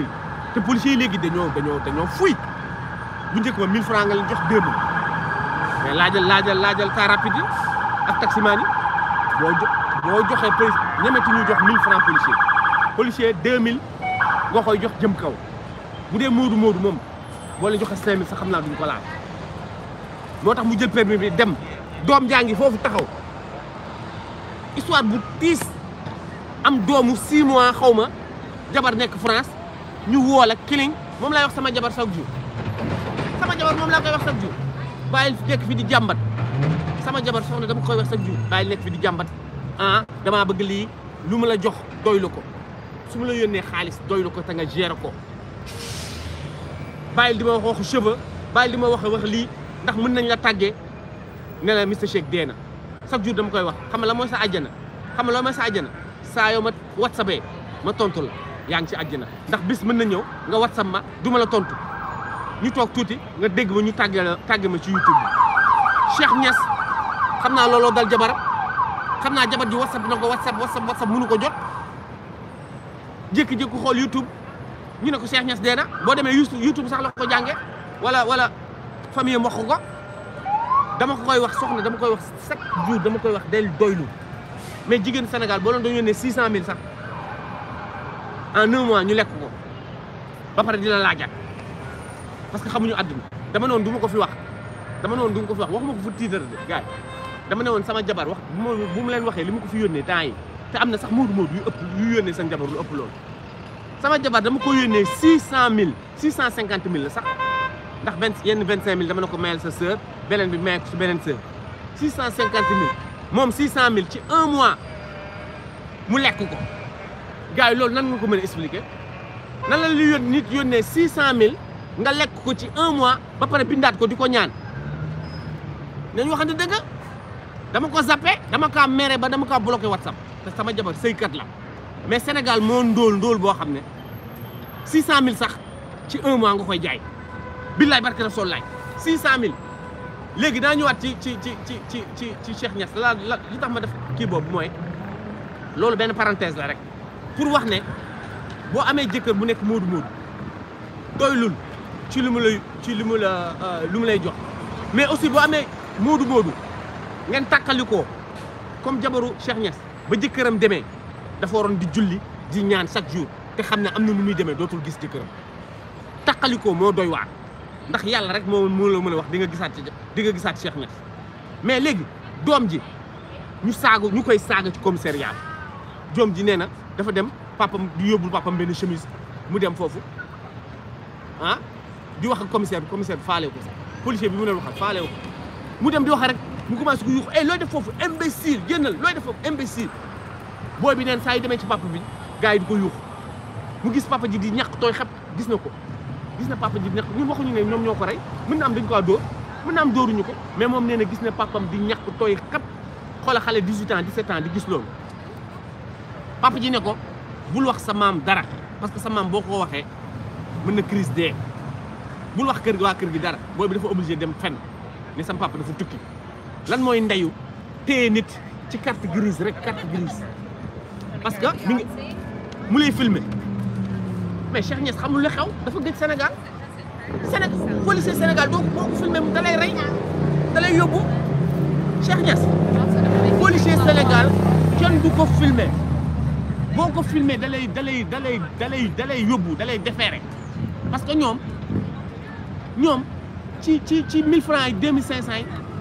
te policier yi léegi dañoo dañoo dañoo fuy bu njëkk ba 1000 francs nga leen jox 2000 mais laajal laajal laajal car rapide yi ak taximaan boo jox ñoo joxe police ñemeti ñu jox 1000 francs policier policier 2000 nga koy jox jëm kaw bu dee moodu moodu moom boo leen joxe sax xam naa duñ ko laal moo tax mu jël permis bi dem doom jaa ngi foofu taxaw histoire bu tiis am doomu 6 mois xaw ma jabar nekk France ñu woo la kiling moom laay wax sama jabar chaque jour sama jabar moom laa koy wax chaque jour bàyyil nekk fi di jàmbat sama jabar soxna dama koy wax chaque jour bàyyil nekk fi di jàmbat. ah damaa bëgg lii lu ma la jox doylu ko su ma la yónnee xaalis doylu ko te nga gérer ko bàyyil di ma wax waxu cheveux bàyyil di ma wax wax lii ndax mën nañ la tàggee ne la Mister Shake dee na chaque jour dama koy wax xam la mooy sa àjjana xam nga la mooy sa àjjana saa yoo ma whatsappee ma tontu la yaa ngi ci àjjana ndax bis mën na ñëw nga whatsapp ma du ma la tontu ñu toog tuuti nga dégg ma ñu tàgge la ma ci YouTube bi Cheikh xam naa looloo dal jabaram xam naa jabar ji whatsapp na ko whatsapp whatsapp whatsapp mënu ko jot jékki-jékki xool youtube ñu ne ko Cheikh Niass dee boo demee youtube sax la ko jànge wala wala famille mokk ko dama ko koy wax soxna dama koy wax chaque jour dama koy wax del doylu mais jigéen Sénégal boo doon dañoo ne six cent mille sax en un ñu lekk ko ba pare dina laajaat parce que xamuñu àdduna dama noonu du ma ko fi wax dama noonu du ma ko fi wax waxuma ko fu tiitar de gars dama ne woon sama jabar wax bu mu leen waxee li ma ko fi yónnee temps te am na sax moodu moodu yu ëpp yu yónnee seen jabar lu ëpp loolu sama jabar dama ko yónnee six cent mille six cent cinquante mille la sax ndax benn yenn vingt cinq mil dama ne ko mayal sa sœur beneen bi mayal ko su beneen sœur six cent cinquante mille moom six cent mille ci un mois mu lekk ko gars yi loolu nan nga ko mën a expliquer nan la lu yónni nit yónnee six cent mille nga lekk ko ci un mois ba pare bindaat ko di ko ñaan nañ waxante dama ko zappé dama kaa mere ba dama kaa bloqué whatsapp te sama jabar sëykat la mais Sénégal moo ndóol ndóol boo xam ne 600000 sax ci un mois nga koy jaay billaay barke na sol laay 600000 léegi daa ñëwaat ci ci ci ci ci ci ci Cheikh Niass la li tax ma def kii boobu mooy loolu benn parenthèse la rek pour wax ne boo amee jëkkër bu nekk moodu moodu doylul ci lu mu lay ci lu mu la euh, lu mu lay jox mais aussi boo amee moodu moodu. ngeen tàkkalikoo comme jabaru Cheikh Niass ba jëkkëram demee dafa waroon di julli di ñaan chaque jour te xam ne am na nu muy demee dootul gis jëkkëram tàkkalikoo moo doy waar ndax yàlla rek moo moo la mën a wax di nga gisaat di nga gisaat Cheikh Niass mais léegi doom ji ñu saagu ñu koy saaga ci commissariat bi doom ji nee na dafa dem papam di yóbbul papam benn chemise mu dem foofu ah di wax ak commissaire bi commissaire bi faale ko sax policier bi mu ne waxal faale ko mu dem di wax rek. mu commencé ko yuux eh looy def foofu imbécile génnal looy def foofu imbécile booy bi neen saa yi demee ci papa bi gars yi di ko yuux mu gis papa ji di ñàkk tooy xep gis na ko gis na papa ji di ñàkk ñun waxuñu ne ñoom ñoo ko rey mën na am dañ ko dóor mën na am ko mais moom nee na gis na papam di ñàkk tooy xep xoola xale 18 ans 17 ans di gis loolu papa ji ne ko bul wax sa maam dara parce que sa maam boo ko waxee mën na crise dee bul wax kër gi waa kër gi dara booy bi dafa obligé dem fenn ne sam papa dafa tukki lan moy ndeyu téye nit ci carte grise rek carte grise parce que mi ngi mu lay filmer mais Cheikh Niass xamul li xew dafa gëj Sénégal Sénégal police Sénégal doo boo ko filmé da lay rey da yóbbu Cheikh Niass police Sénégal ken du ko filmer boko filmer dalay dalay dalay dalay dalay da lay da yóbbu da lay parce que ñom ñom ci ci ci 1000 francs 2500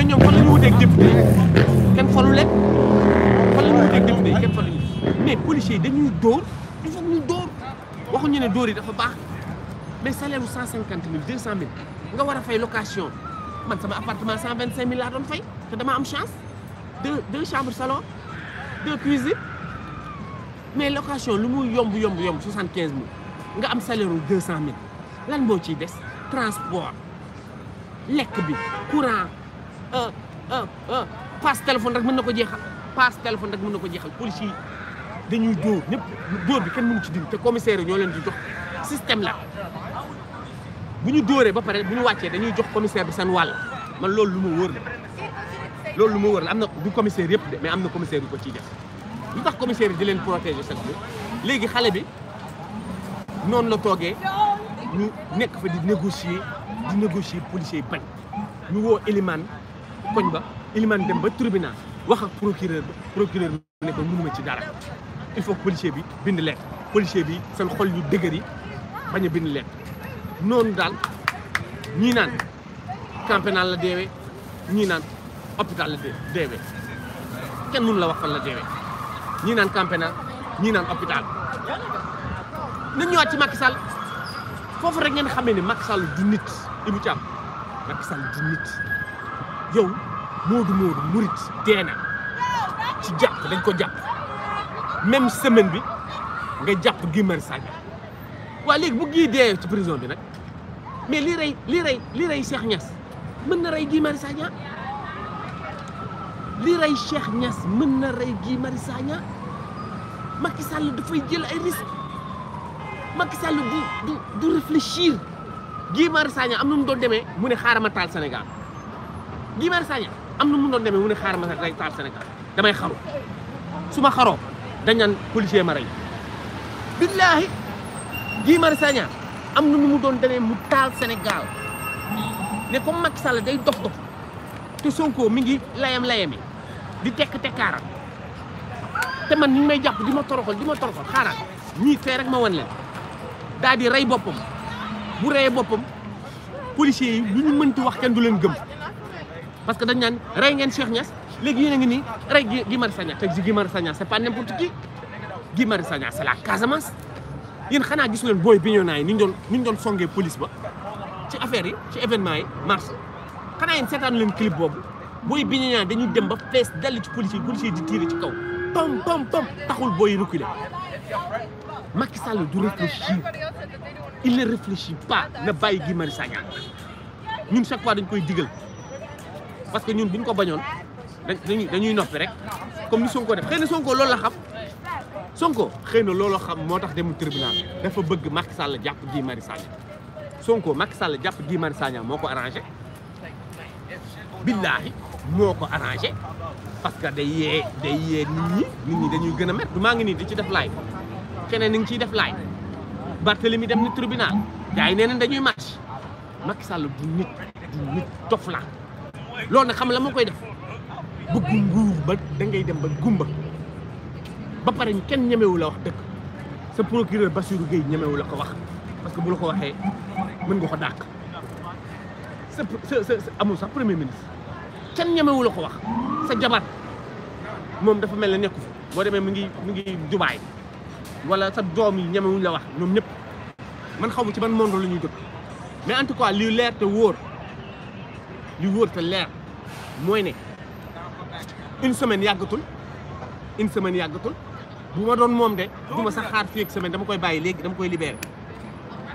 mais ñoom ils la député falu lé député mais policiers dañuy ñu ne yi dafa mais salaire 150 000, 200 000. nga wara fay location man sama appartement de 000 fay dama chance deux deux chambres salon deux cuisines mais location lu muy yomb yomb yomb 75 nga am salaire de 000. lan bo des transport courant. un un un passe téléphone rek mën na ko jeexal passe téléphone rek mën na ko jeexal policiers yi dañuy dóor ñëpp dóor bi kenn mënu ci dindi te commissaire yi ñoo leen di jox système la bu ñu dóoree ba pare bu ñu wàccee dañuy jox commissaire bi seen wàll man loolu lu ma wóor la loolu lu ma wóor la am na du commissaire yëpp de mais am na commissaire yu ko ciy def lu tax commissaire yi di leen protéger sax bi léegi xale bi noonu la toogee ñu nekk fa di négocier di négocier policier yi bañ ñu woo Elimane koñ ba iliman dem ba tribunal wax ak procureur ba procureur bi ci dara il faut que policier bi bind lettre policier bi seen xol yu dëgër yi bañ a bind lettre noonu daal ñii naan camp pénal la deewee ñii naan hôpital la deewee kenn mënu la wax fan la deewee ñii naan camp pénal ñii naan hôpital nañ ñëwaat ci Macky Sall foofu rek ngeen xamee ne Macky Sall du nit Ibou Thiam Macky Sall du nit yow Modou Modou Mourid téna ci japp dañ ko japp même semaine bi nga jàpp Guy Marius Sagna waa léegi bu gii dé ci prison bi nak mais li ray li ray li ray Cheikh Niass mën na rey Guy Marius Sagna li ray Cheikh Niass mën na rey Guy Marius Sagna Macky Sall du fay jël ay risque Macky Sall du du du réfléchir Guy Marius Sagna am na mu doon demee mu Sénégal. Guy Marius Sagna am na mu doon demee mu ne xaar ma rey taal Sénégal damay xaru su ma xaroo dañ naan policier ma rey billaahi Guy Marius Sagna am na nu mu doon demee mu Sénégal ne comme Macky Sall day dof dof te Sonko mi ngi layam layami di tekk tekara te man ñu may di ma toroxal di ma toroxal xaaral ñii fee rek ma wan leen daal di rey boppam bu reyee boppam policiers yi lu ñu mënti wax kenn du gëm. parce que dañ naan rey ngeen Cheikh Niass léegi yéen a ngi nii rey Guy Marius Sagna te Guy Marius Sagna c'est pas n'importe qui Guy Marius Sagna c'est la Casamance yéen xanaa gis ngeen booy bi ñu naan ni ñu doon ni ñu doon songee police ba ci affaire yi ci événement yi marche xanaa yéen seetaan leen clip boobu booy bi ñu naan dañuy dem ba fees dal ci policier policier di tiire ci kaw pam pam pam taxul booy reculer Macky Sall du réfléchir il ne réfléchit pas na bàyyi Guy Marius Sagna ñun chaque fois dañ koy digal. parce que ñun buñ ko bañoon dañuy dañuy noppi rek comme ni Sonko def xëy Sonko loolu la xam Sonko xam tribunal dafa bëgg Macky Sall jàpp Guy Marius Sagna Sonko Macky Sall jàpp Guy Marius Sagna moo ko arrangé billaahi moo parce que day yee day yee nit ñi nit ñi dañuy gën a du ngi di ci def keneen ngi def Barthélemy dem tribunal gars yi dañuy match Macky Sall du nit du nit la loolu na xam la moo koy def bëgg nguur ba da ngay dem ba gumba ba pare kenn ñemewu la wax dëgg sa procureur Bassirou Gueye ñemewu la ko wax parce que bu la ko waxee mën nga ko dàq sa sa sa premier ministre kenn ñemewu la ko wax sa jabar moom dafa mel ne nekku boo demee mu ngi mu ngi Dubaay wala sa doom yi ñemewuñ la wax ñoom ñëpp man xaw ci ban monde la ñuy dëkk mais en tout cas leer te wóor li wóor te leer mooy ne une semaine yàggatul une semaine yagatul buma don mom de buma ma sax xaar fi ak semaine dama koy baye léegi dama koy libérer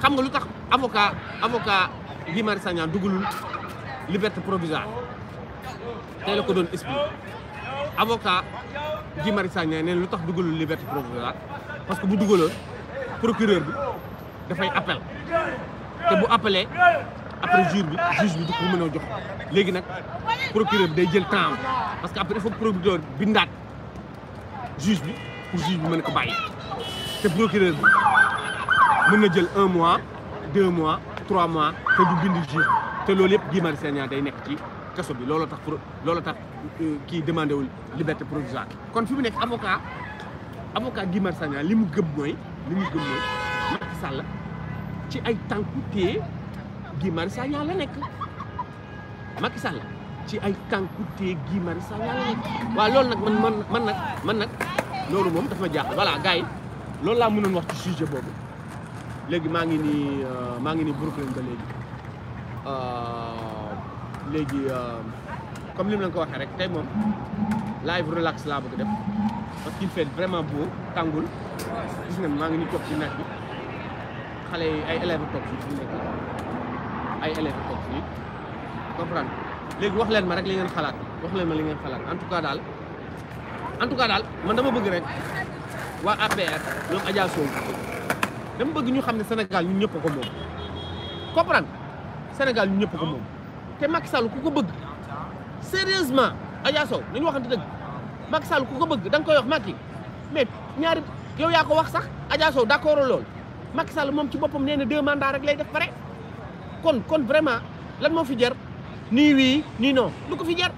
xam nga lutax tax avocat avocat Guy Marius Sagna dugalul liberté provisoire tay la ko doon expliqué avocat bi Marius Sagna nee lu tax liberté provisoire parce que bu dugaloon procureur bi fay appel té bu appelé après juge juge bi du jox procureur day temps parce que après il faut que procureur le juge pour juge bi ko procureur un mois deux mois trois mois té du bind juge té lool day ci bi tax euh, demandé liberté provisoire kon avocat avocat Guy a gëm gëm Sall gi Marsagna la nek ya, Macky Sall ci ay kankute gi Marsagna la nek ya, wa lool nak man man man nak man nak loolu mom dafa jaax voilà gay lool la mënon wax ci sujet bobu légui ma ngi ni eh, ma ngi ni Brooklyn ba légui euh légui comme eh, lim lañ ko waxe rek tay mom live relax la bëgg def parce qu'il fait vraiment beau tangul gis nga ma ngi ni top ci naaj bi xalé ay élèves top ci ay élèves toog fii léegi wax leen ma rek li ngeen xalaat wax leen ma li ngeen xalaat en tout cas daal en tout cas daal man dama bëgg rek waa APR ñoom Adja Sow bëgg ñu xam ne Sénégal ñun ñëpp ko moom comprendre Sénégal ñun ñëpp ko te Macky Sall ku ko bëgg sérieusement Adja Sow nañu waxante dëgg Macky Sall ku ko bëgg da nga koy wax Macky mais ñaari yow yaa ko wax sax Adja Sow lool Macky Sall moom ci boppam nee na deux mandats rek lay def pare kon kon vraiment lan moo fi jar nii wii nii non lu ko fi jar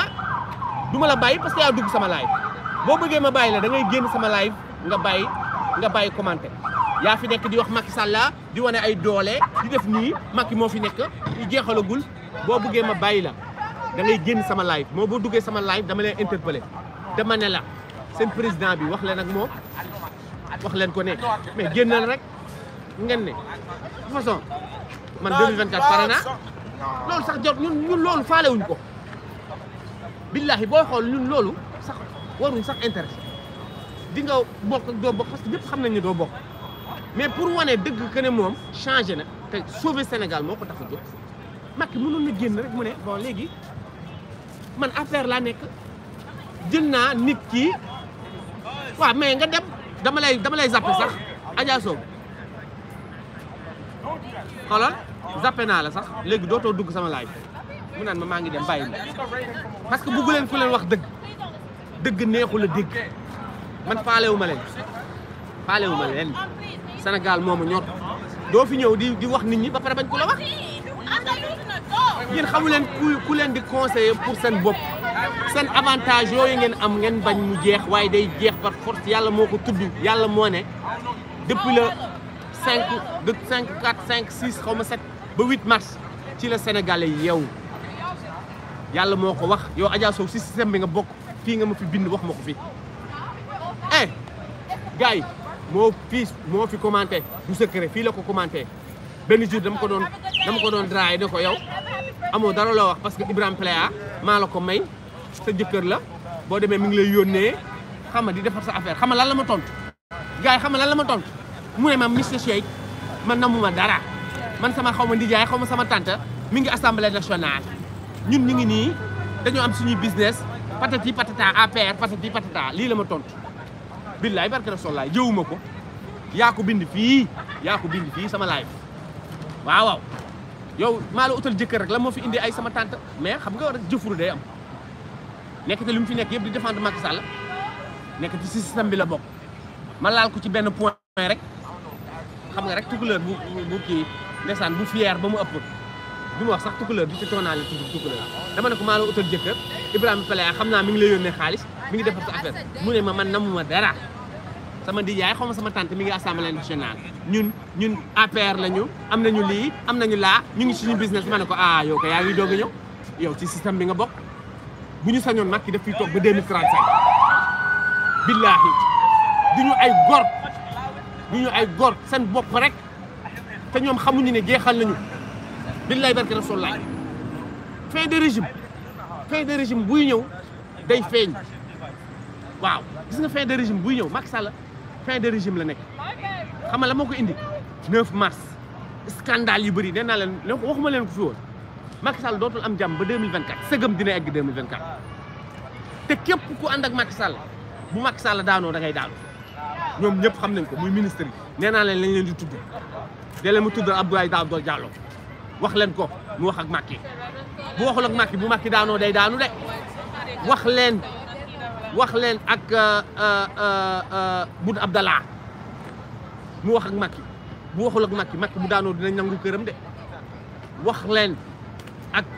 ah du ma la bàyyi parce que yaa dugg sama live boo bëggee ma bàyyi la da génn sama live nga bàyyi nga bàyyi commenté yaa fi nekk di wax Macky Sall di wane ay doole di def nii Macky moo fi nekk jeexalagul boo buggee ma bàyyi la da ngay génn sama live moo boo duggee sama live dama leen interpellé dama ne la seen président bi wax leen ak moo wax leen ko ne mais génn la rek ngeen ne façon man 2024 pare naa loolu sax jot ñun ñun loolu faalewuñ ko billahi booy xool ñun loolu sax waruñ sax intéressé di nga bokk doo bokk parce que ñëpp xam nañ ne doo bokk mais pour wane dëgg que ne moom changé na te sauver Sénégal moo ko tax a jóg Macky mënoon na génn rek mu ne bon léegi man affaire laa nekk jël naa nit ki waaw mais nga dem dama lay dama lay zappe sax Adja Sow xoolal zappe naa la sax léegi dootoo dugg sama live mu naan ma maa ngi dem bàyyi parce que bugg leen ku leen wax dëgg dëgg neexu la dégg man faalewu ma leen faalewu ma leen Sénégal moomu ñor doo fi ñëw di di wax nit ñi ba pare bañ ku la wax yéen xamu leen ku leen di conseiller pour seen bopp seen avantage yooyu ngeen am ngeen bañ mu jeex waaye day jeex par force yàlla moo ko tudd yàlla moo ne depuis le cinq de cinq quatre cinq six xaw ma sept ba huit mars ci la sénégalais yow yàlla moo ko wax yow Adja Sow si système bi nga bokk fii nga ma fi bind wax ma ko fi eh gars yi moo fii moo fi commenté du secret fii la ko commenté benn jour dama ko doon dama ko doon draay ne ko yow amoo dara loo wax parce que Ibrahima Pleya maa la ko may sa jëkkër la boo demee mu ngi lay yónnee xam nga di defar sa affaire xam nga lan la ma tontu gars yi xam nga la ma tontu. mu ne ma monsieur ma man namuma dara man sama xaw ma ndijaay xaw ma sama tante mi ngi assemblée nationale ñun ñu ngi nii dañoo am suñuy business patati patata APR patati patata lii la ma tontu. billaay barke rasulaay jëwuma ko yaa ko bind fii yaa ko bind fii sama laay waaw waaw yow maa la utal jëkkër rek la moo fi indi ay sama tante mais xam nga jëfuru day am nekk te li mu fi nekk yëpp di défendre Macky Sall nekk ci système bi la bokk ma laal ci benn point rek. xam nga rek tukuleur bu bu kii ndeysaan bu fier ba mu ëpp bi mu wax sax tukuleur bi ci tonaale tudd tukuleur dama ne ko maa la utal jëkkër Ibrahima Pelaya xam naa mi ngi lay yónnee xaalis mi ngi def sa affaire mu ne ma man namuma dara sama di yaay xaw ma sama tànt mi ngi assemblée nationale ñun ñun APR lañu am na ñu lii am nañu laa ñu ngi suñu business ma ne ko ah yow ko yaa ngi doog a ñëw yow ci système bi nga bokk bu ñu sañoon nag ki daf fiy toog ba 2035 billaahi duñu ay gor du ñëw ay góor seen bopp rek te ñoom xamuñu ne jeexal nañu billaay barke rasulaay fin de régime fin de régime buy ñëw day feeñ waaw gis nga fin de régime buy ñëw Macky Sall fin de régime la nekk xam nga la moo ko indi 9 mars scandale yu bëri nee naa leen waxuma leen ko fi woon Macky Sall dootul am jàmm ba 2024 sëgëm dina egg 2024 te képp ku ànd ak Macky Sall bu Macky Sall daanoo da ngay daanu ñoom ñëpp xam nañ ko muy ministre yi nee naa leen lañ leen di tudd dee leen mu tudd Abdoulaye Daouda Diallo wax leen ko mu wax ak Macky bu waxul ak Macky bu Macky daanoo day daanu de wax leen wax leen ak euh, euh, euh, Boun Abdallah mu wax ak Macky bu waxul ak Macky daanoo dinañ nangu këram de wax leen ak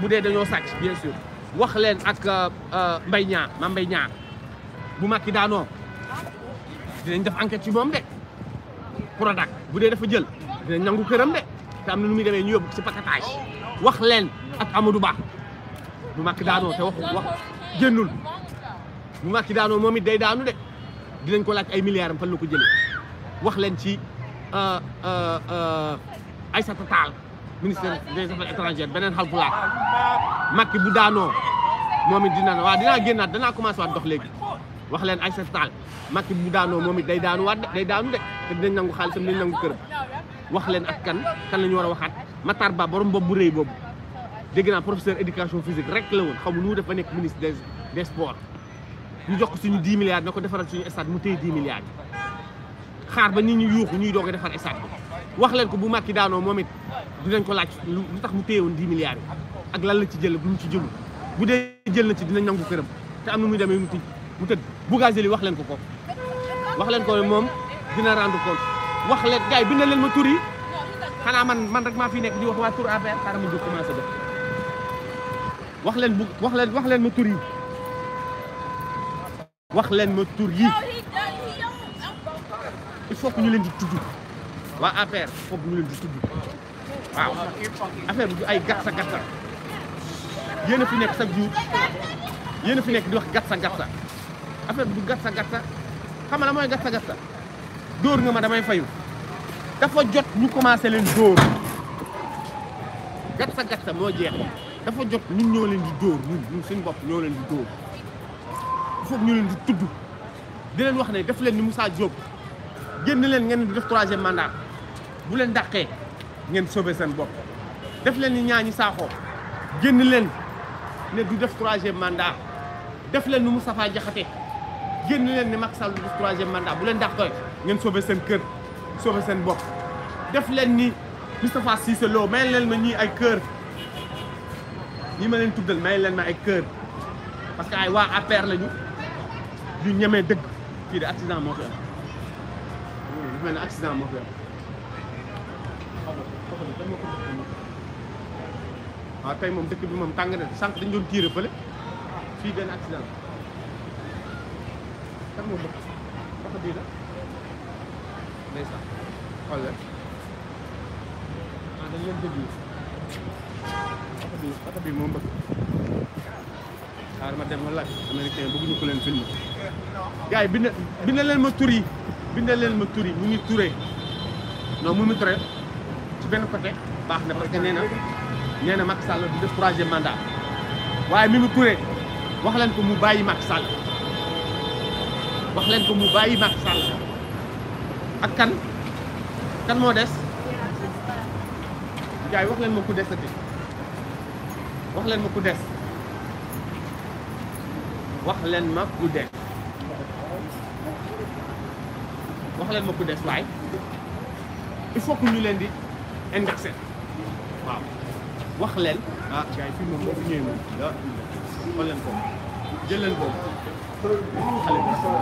bu dee dañoo sàcc bien sûr wax leen ak Mbaye Niang ma Mbaye Niang bu Macky daanoo dinañ def enquête ci moom de Prodac bu dee dafa jël dinañ nangu këram de te am na nu muy demee ñu yóbbu si paquetage wax leen ak Amadou Ba bu Macky daanoo te waxu wax génnul bu Macky daanoo moom it day daanu de dinañ ko laaj ay milliards am fan la ko jëlee wax leen ci euh, euh, euh, Aïssata Tall ministère des affaires étrangères beneen xalpulaar Macky bu daanoo moom it dina ne waaw dinaa génnaat dana commencé waat dox léegi. wax leen ay sef taal Macky bu daanoo moom it day daanu waat day daanu de te dinañ nangu xaalisam dinañ nangu këram wax leen ak kan kan la ñu war a waxaat Matar Ba borom bopp bu rëy boobu dégg naa professeur éducation physique rek la woon xamu nu mu def ba nekk ministre des des ñu jox ko suñu 10 milliards na ko defaral suñu stade mu téye 10 milliards yi xaar ba nit ñi yuuxu ñuy doog a defar stade bi wax leen ko bu Macky daanoo moom it dinañ ko laaj lu tax mu téye woon 10 ak lan la ci jël bu mu ci jëlu bu dee jël na ci dinañ nangu këram te am na muy demee mu tëj mu tëdd Bougazelli wax leen ko ko wax leen ko ne moom dina rendre compte wax leen gars bindal leen ma tur yi xanaa man man rek maa fi nekk di wax waa tur APR xaaral ma jóg commencé def wax leen bu wax leen wax leen ma tur yi wax leen ma tur yi il faut que ñu leen di tudd waa APR il faut que ñu leen di tudd waaw affaire bi ay gàtta gàtta yéen a fi nekk chaque jour yéen a fi nekk di wax gàtta gàtta affaire bu gàtta gàtta xam la mooy gàtta gàtta dóor nga ma damay fayu dafa jot ñu commencé leen dóor gàtta gàtta moo jeex dafa jot ñu ñoo leen di dóor ñun ñun suñu bopp ñoo leen di dóor foofu ñu leen di tudd di leen wax ne def leen ni Moussa Diop génn leen ngeen def troisième mandat bu leen dàqee ngeen sauver seen bopp def leen ni ñaañi saaxoo génn leen ne du def troisième mandat def leen nu Moustapha Diakhaté génn leen ni Macky Sall du def troisième bu leen dàq koy ngeen sauver seen kër sauver seen bopp def leen ni Moustapha Cissé Lo may leen ma ñii ay kër ñi ma leen tuddal may leen ma ay kër parce que ay waa APR lañu ñu ñemee dëgg fii de accident moo fi am mel ne accident moo fi am waaw ah, tey moom dëkk bi moom tàng na sànq dañ doon tiire fële fii benn accident kan moo bëgg wax bii la ndeysaan xool leen ah dañ leen déglu wax bii wax bii moo bëgg xaar ma dem ma laaj américain bëgguñu ko leen filmer gars yi bind bind leen ma tur yi bind leen ma tur non mu ngi turee ci benn côté baax na parce que nee na nee na mandat waaye mi mu turee wax leen ko mu wax leen ko mu bàyyi Macky Sall ak kan kan moo des gars yi wax leen ma ku desati wax leen ma ku des wax ma ku des waxleen ma ku des waaye il faut que ñu leen di indexé waaw wax leen ah gars yi fii moom jël leen ko. xale bi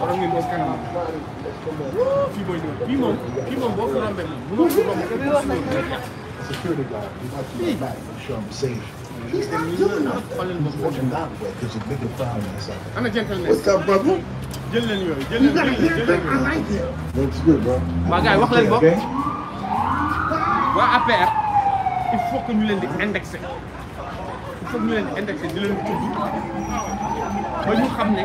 war ngeen gis kanam fii mooy ñëw fii moom fii moom boo ko rombee moom bu ma ko rombee Security guard, do not feel bad. I'm sure I'm safe. He's not good enough. He's working that way. There's a bigger problem inside. I'm a gentleman. What's up, brother? jël leen yooyu jël leen yooyu jël leen yooyu. that's good bro. waa gars yi wax leen bopp waa APR il faut que ñu leen di indexé il faut que ñu leen di indexé di leen tudd ba ñu xam ne.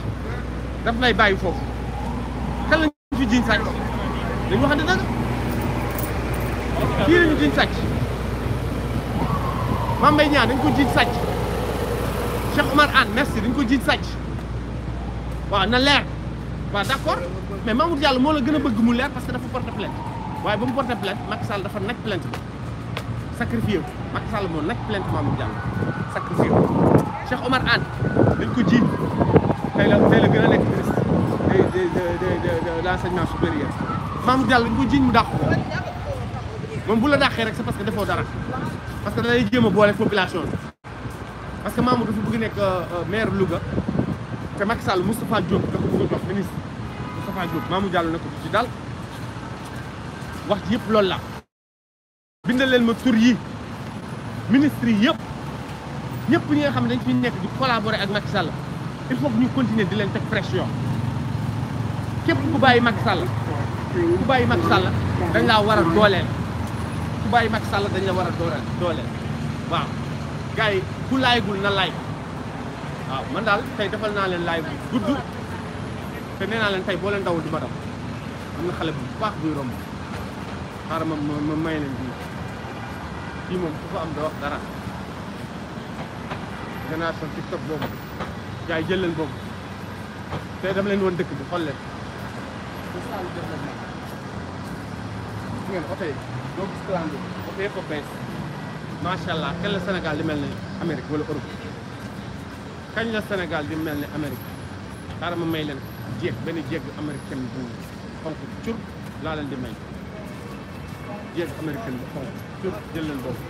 daf lay bàyyi foofu kan lañ fi jiñ sàcc dañu waxante dëgg kii lañu jiñ sàcc Mame dañ ko jiñ sàcc Cheikh Omar Anne merci dañ ko jiñ sàcc waaw na leer waaw d'accord mais Mamour Diallo moo la gën a bëgg mu leer parce que dafa porté plainte waaye ba mu porté plainte Macky Sall dafa nekk plainte bi sacrifié wu Macky moo nekk plainte Mamour Diallo sacrifié wu Omar Anne dañ ko jiiñ tey la tey la gën a nekk ministre de de de de l'enseignement supérieur Mamour Diallo ñu ko jiñ mu dàq ko moom bu la dàqee rek c'est parce que defoo dara parce que da lay jéem a boole population bi parce que Mamour dafa bëgg nekk euh, euh, maire Louga te Macky Sall Moustapha Diop da ko bëgg a jox ministre Moustapha Diop Mamour Diallo ne ko ci dal wax ji yëpp loolu la bindal leen ma tur yi ministre yi yëpp ñëpp ñi nga xam ne dañ fi nekk di collaborer ak Macky Sall il faut que ñu continuer di leen teg pression képp ku bàyyi mag sàll ku bàyyi Macky Sall dañ laa war a dooleel ku bàyyi Macky Sall dañ la war a dooleel dooleel waaw gars ku laayagul na laay waaw man daal tey defal naa leen laay bi gudd te nee naa leen tey boo leen dawul du ma daw am na xale bu baax buy romb xaaral ma ma may leen bii moom ku fa am da wax dara génération TikTok boobu. gars yi jël boobu te dama woon dëkk bi xool leen ngeen kañ la Sénégal di mel ni Amérique wala Europe kañ la Sénégal di mel ni Amérique xaaral ma may leen jéeg benn jéeg américaine bu xonk cur laa leen di may jéeg américaine bu xonk cur jël boobu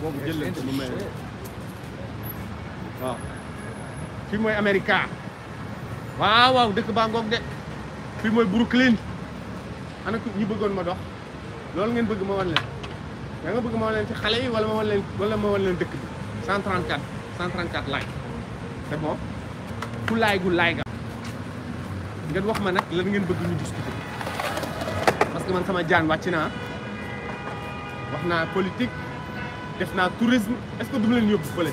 boobu jël leen may leen Film moy America waaw waaw ke Bangkok deh. de fi moy Brooklyn ana ñu bëggoon ma dox lool ngeen bëgg ma wan leen da nga bëgg ma wan leen ci xalé yi wala ma wan leen wala ma wan leen dëkk bi 134 134 like c'est bon ku like gu like ngeen wax ma nak la ngeen bëgg ñu discuter parce que man sama jaan wàcc na wax na politique def na tourisme est-ce que du leen yobbu fele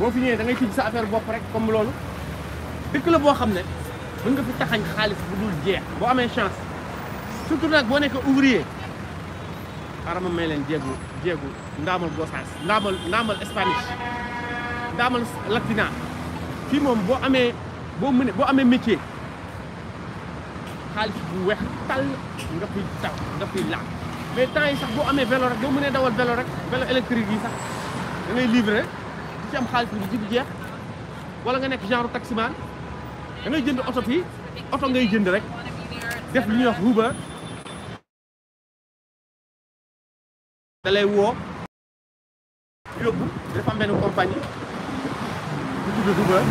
boo fi ñëwee dangay ngay sa affaire bopp rek comme loolu dëkk la boo xam ne mën nga fi taxañ xaalis bu dul jeex boo amee chance surtout nag boo nekk ouvrier xaaral ma may leen jéegu jéegu ndaamal gosaas ndaamal ndaamal spanish ndaamal latina fii moom boo amee boo mënee boo amee métier xaalis bu weex tàll nga fiy taw nga fiy laaj mais temps yi sax boo amee vélo rek boo ne dawal vélo rek vélo électrique yi sax da ngay livré ci am xaalis bi jibu jeex wala nga nekk genre taximan da jënd oto fii oto ngay jënd rek def lu ñuy wax te da lay woo yóbbu dafa am benn compagnie bu tudd Uber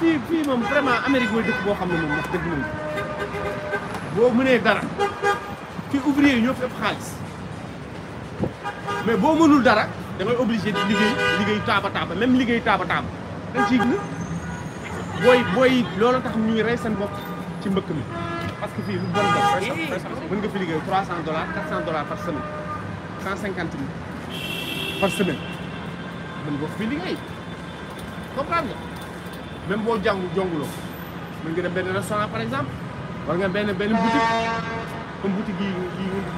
fii fii moom vraiment Amérique mooy dëkk boo xam ne moom wax dëgg moom boo mënee dara fii ouvrier yi ñoo fi xaalis mais boo mënul dara da ngay obligé di liggéey liggéey taaba taaba même liggéey taaba taaba dañ ciy gën booy booy loolu tax ñuy rey seen bopp ci mbëkk mi parce que fii lu bon la par exemple mën nga fi liggéey 300 dollars 400 dollars par semaine 150 mille par semaine mën nga fi liggéey comprendre nga boo jàngu jonguloo mën nga dem benn restaurant par exemple wala nga benn benn boutique comme boutique yi yi nga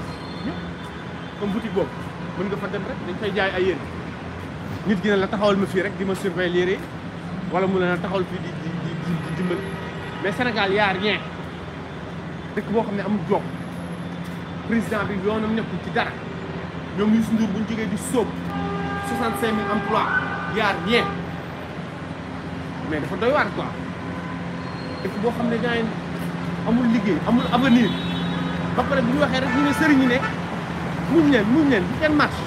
gis comme boutique boobu mën nga fa dem rek dañ fay jaay ay yére nit gi ne la taxawal ma fii rek di ma surveiller yére wala mu ne la taxawal fii di di di dimbali mais Sénégal yaa rien dëkk boo xam ne amul jox président bi yoonam nekkul ci dara ñoom Youssou Ndour buñ jógee di soob sóob 65000 emplois yaa rien mais dafa doy waar quoi dëkk boo xam ne gars yi amul liggéey amul avenir ba pare bu ñu waxee rek ñu ne. mounien mounien muñ leen bu kenn marche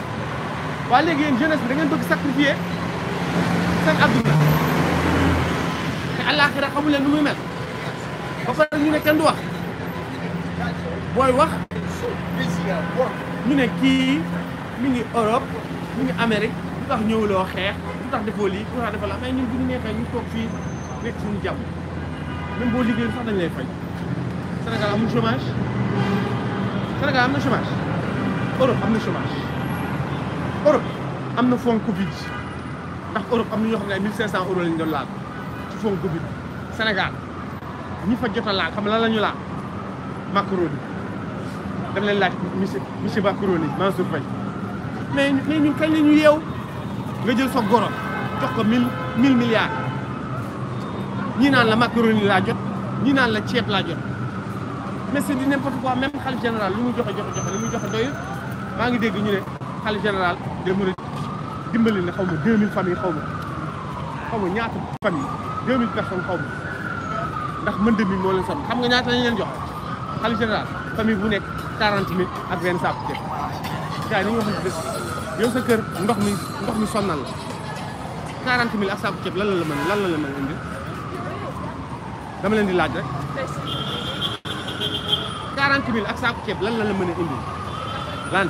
waa léegi yéen jeunesse da ngeen bëgg sacrifier sen adduna ci àllaaxira xamu leen nu muy mel ba pare ñu ne ken du wax boy wax ñu ne ki mi ngi Europe mi ngi amerique lu tax lo xex lu tax defo li lu tax defoo la mais ñun bu ñu nexe ñu tok fi nek suñu jamm même bo liggéeyul sax dañ lay fay Sénégal amul chômage Sénégal amul chômage Europe am chômage Europe fonds Covid Europe am ne 1500 euros lañ Covid Sénégal Ni a laal xam la Macron. macaroni leen laaj monsieur monsieur mais mais ñun quand a nga jël sa mille milliards Ni dans la macron la la mais c'est n'importe quoi même le général joxe joxe maa ngi dégg ñu ne xalif général de mën a dimbali na xaw ma 2000 famille xaw ma xaw ma ñaata famille 2000 personnes xaw ma ndax mënd mi moo leen sonn xam nga ñaata lañ leen jox xalif général famille bu nekk 40 mille ak benn saaku ceeb ndox mi ndox mi sonnal la 40 mille ak ceeb lan la la mën lan la la mën indi leen di laaj rek 40 mille ak saaku ceeb lan la la mën a indi lan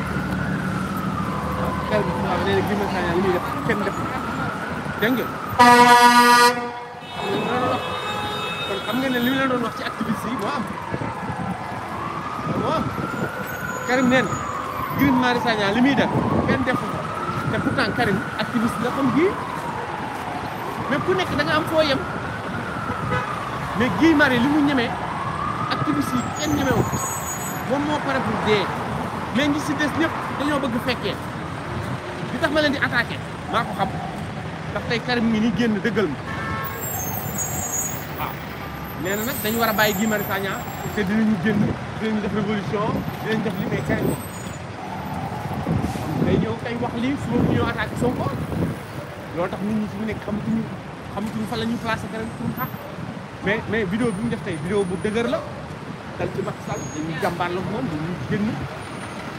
xew bi waaw nee na li muy def kenn def dégg nga kon xam nga ne li mu leen doon ci activiste yi moo li muy def kenn defu te pourtant Karim ku nekk da am foo yem mais Guy Marius li mu ñemee activiste yi kenn ñemewu moom moo pare pour dee mais ñi si des ñëpp dañoo bëgg fekkee tax ma leen di attaqué maa ko xam ndax tey Karim mi génn dëggal ma na dañu war a bàyyi Guy Marius Sagna te dinañu génn dinañu def révolution dinañu def li may Karim wax day ñëw kay wax lii suba bu ñëw attaqué Sonko loolu tax nit ñi fi mu nekk xamatuñu xamatuñu fa la ñu placé Karim mu xaq mais mais vidéo bi mu def tey vidéo bu dëgër la dal ci Macky Sall dañuy jàmbaarloo moom dañuy génn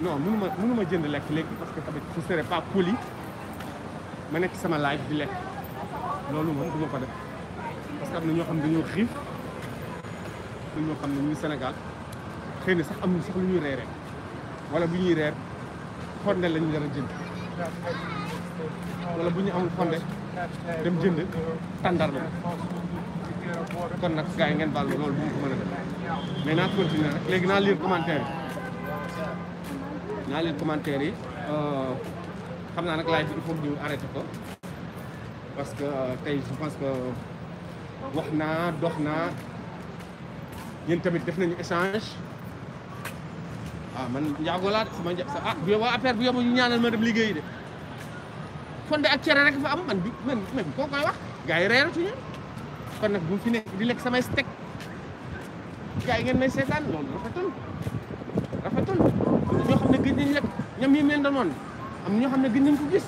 non mënu ma mënu ma jënd lekk léegi parce que tamit ce serait pas poli ma nekk sama live bi lekk loolu moom du ma ko def parce am na ñoo xam ne dañoo xiif am ñoo xam ne ñu ngi Sénégal xëy na sax amuñu sax lu ñuy reeree wala bu ñuy reer fonde lañu ñu dara jënd wala bu ñu amul fonde dem jënd tàndarma kon nag gars yi ngeen baal loolu bu ñu ko mën a def mais naa continuer rek léegi naa lire commentaire naa leen commentaire yi euh, xam naa nag live il faut ñu arrêté ko parce que tey je pense que wax naa dox naa yéen tamit def nañu échange waaw ah, man njaago laa sama nja ah bu yóbboo affaire bu yóbboo ñu ñaanal ma dem liggéeyi de fonde ak cere rek fa am man bi man man koo koy wax gars yi reeratuñu kon nag bu fi nekk di lekk samay steak gars yi ngeen may seetaan loolu rafetul rafetul ñoo xam ne gëj nañ lekk ñam yi mel noonu am ñoo xam ne gëj nañ ko gis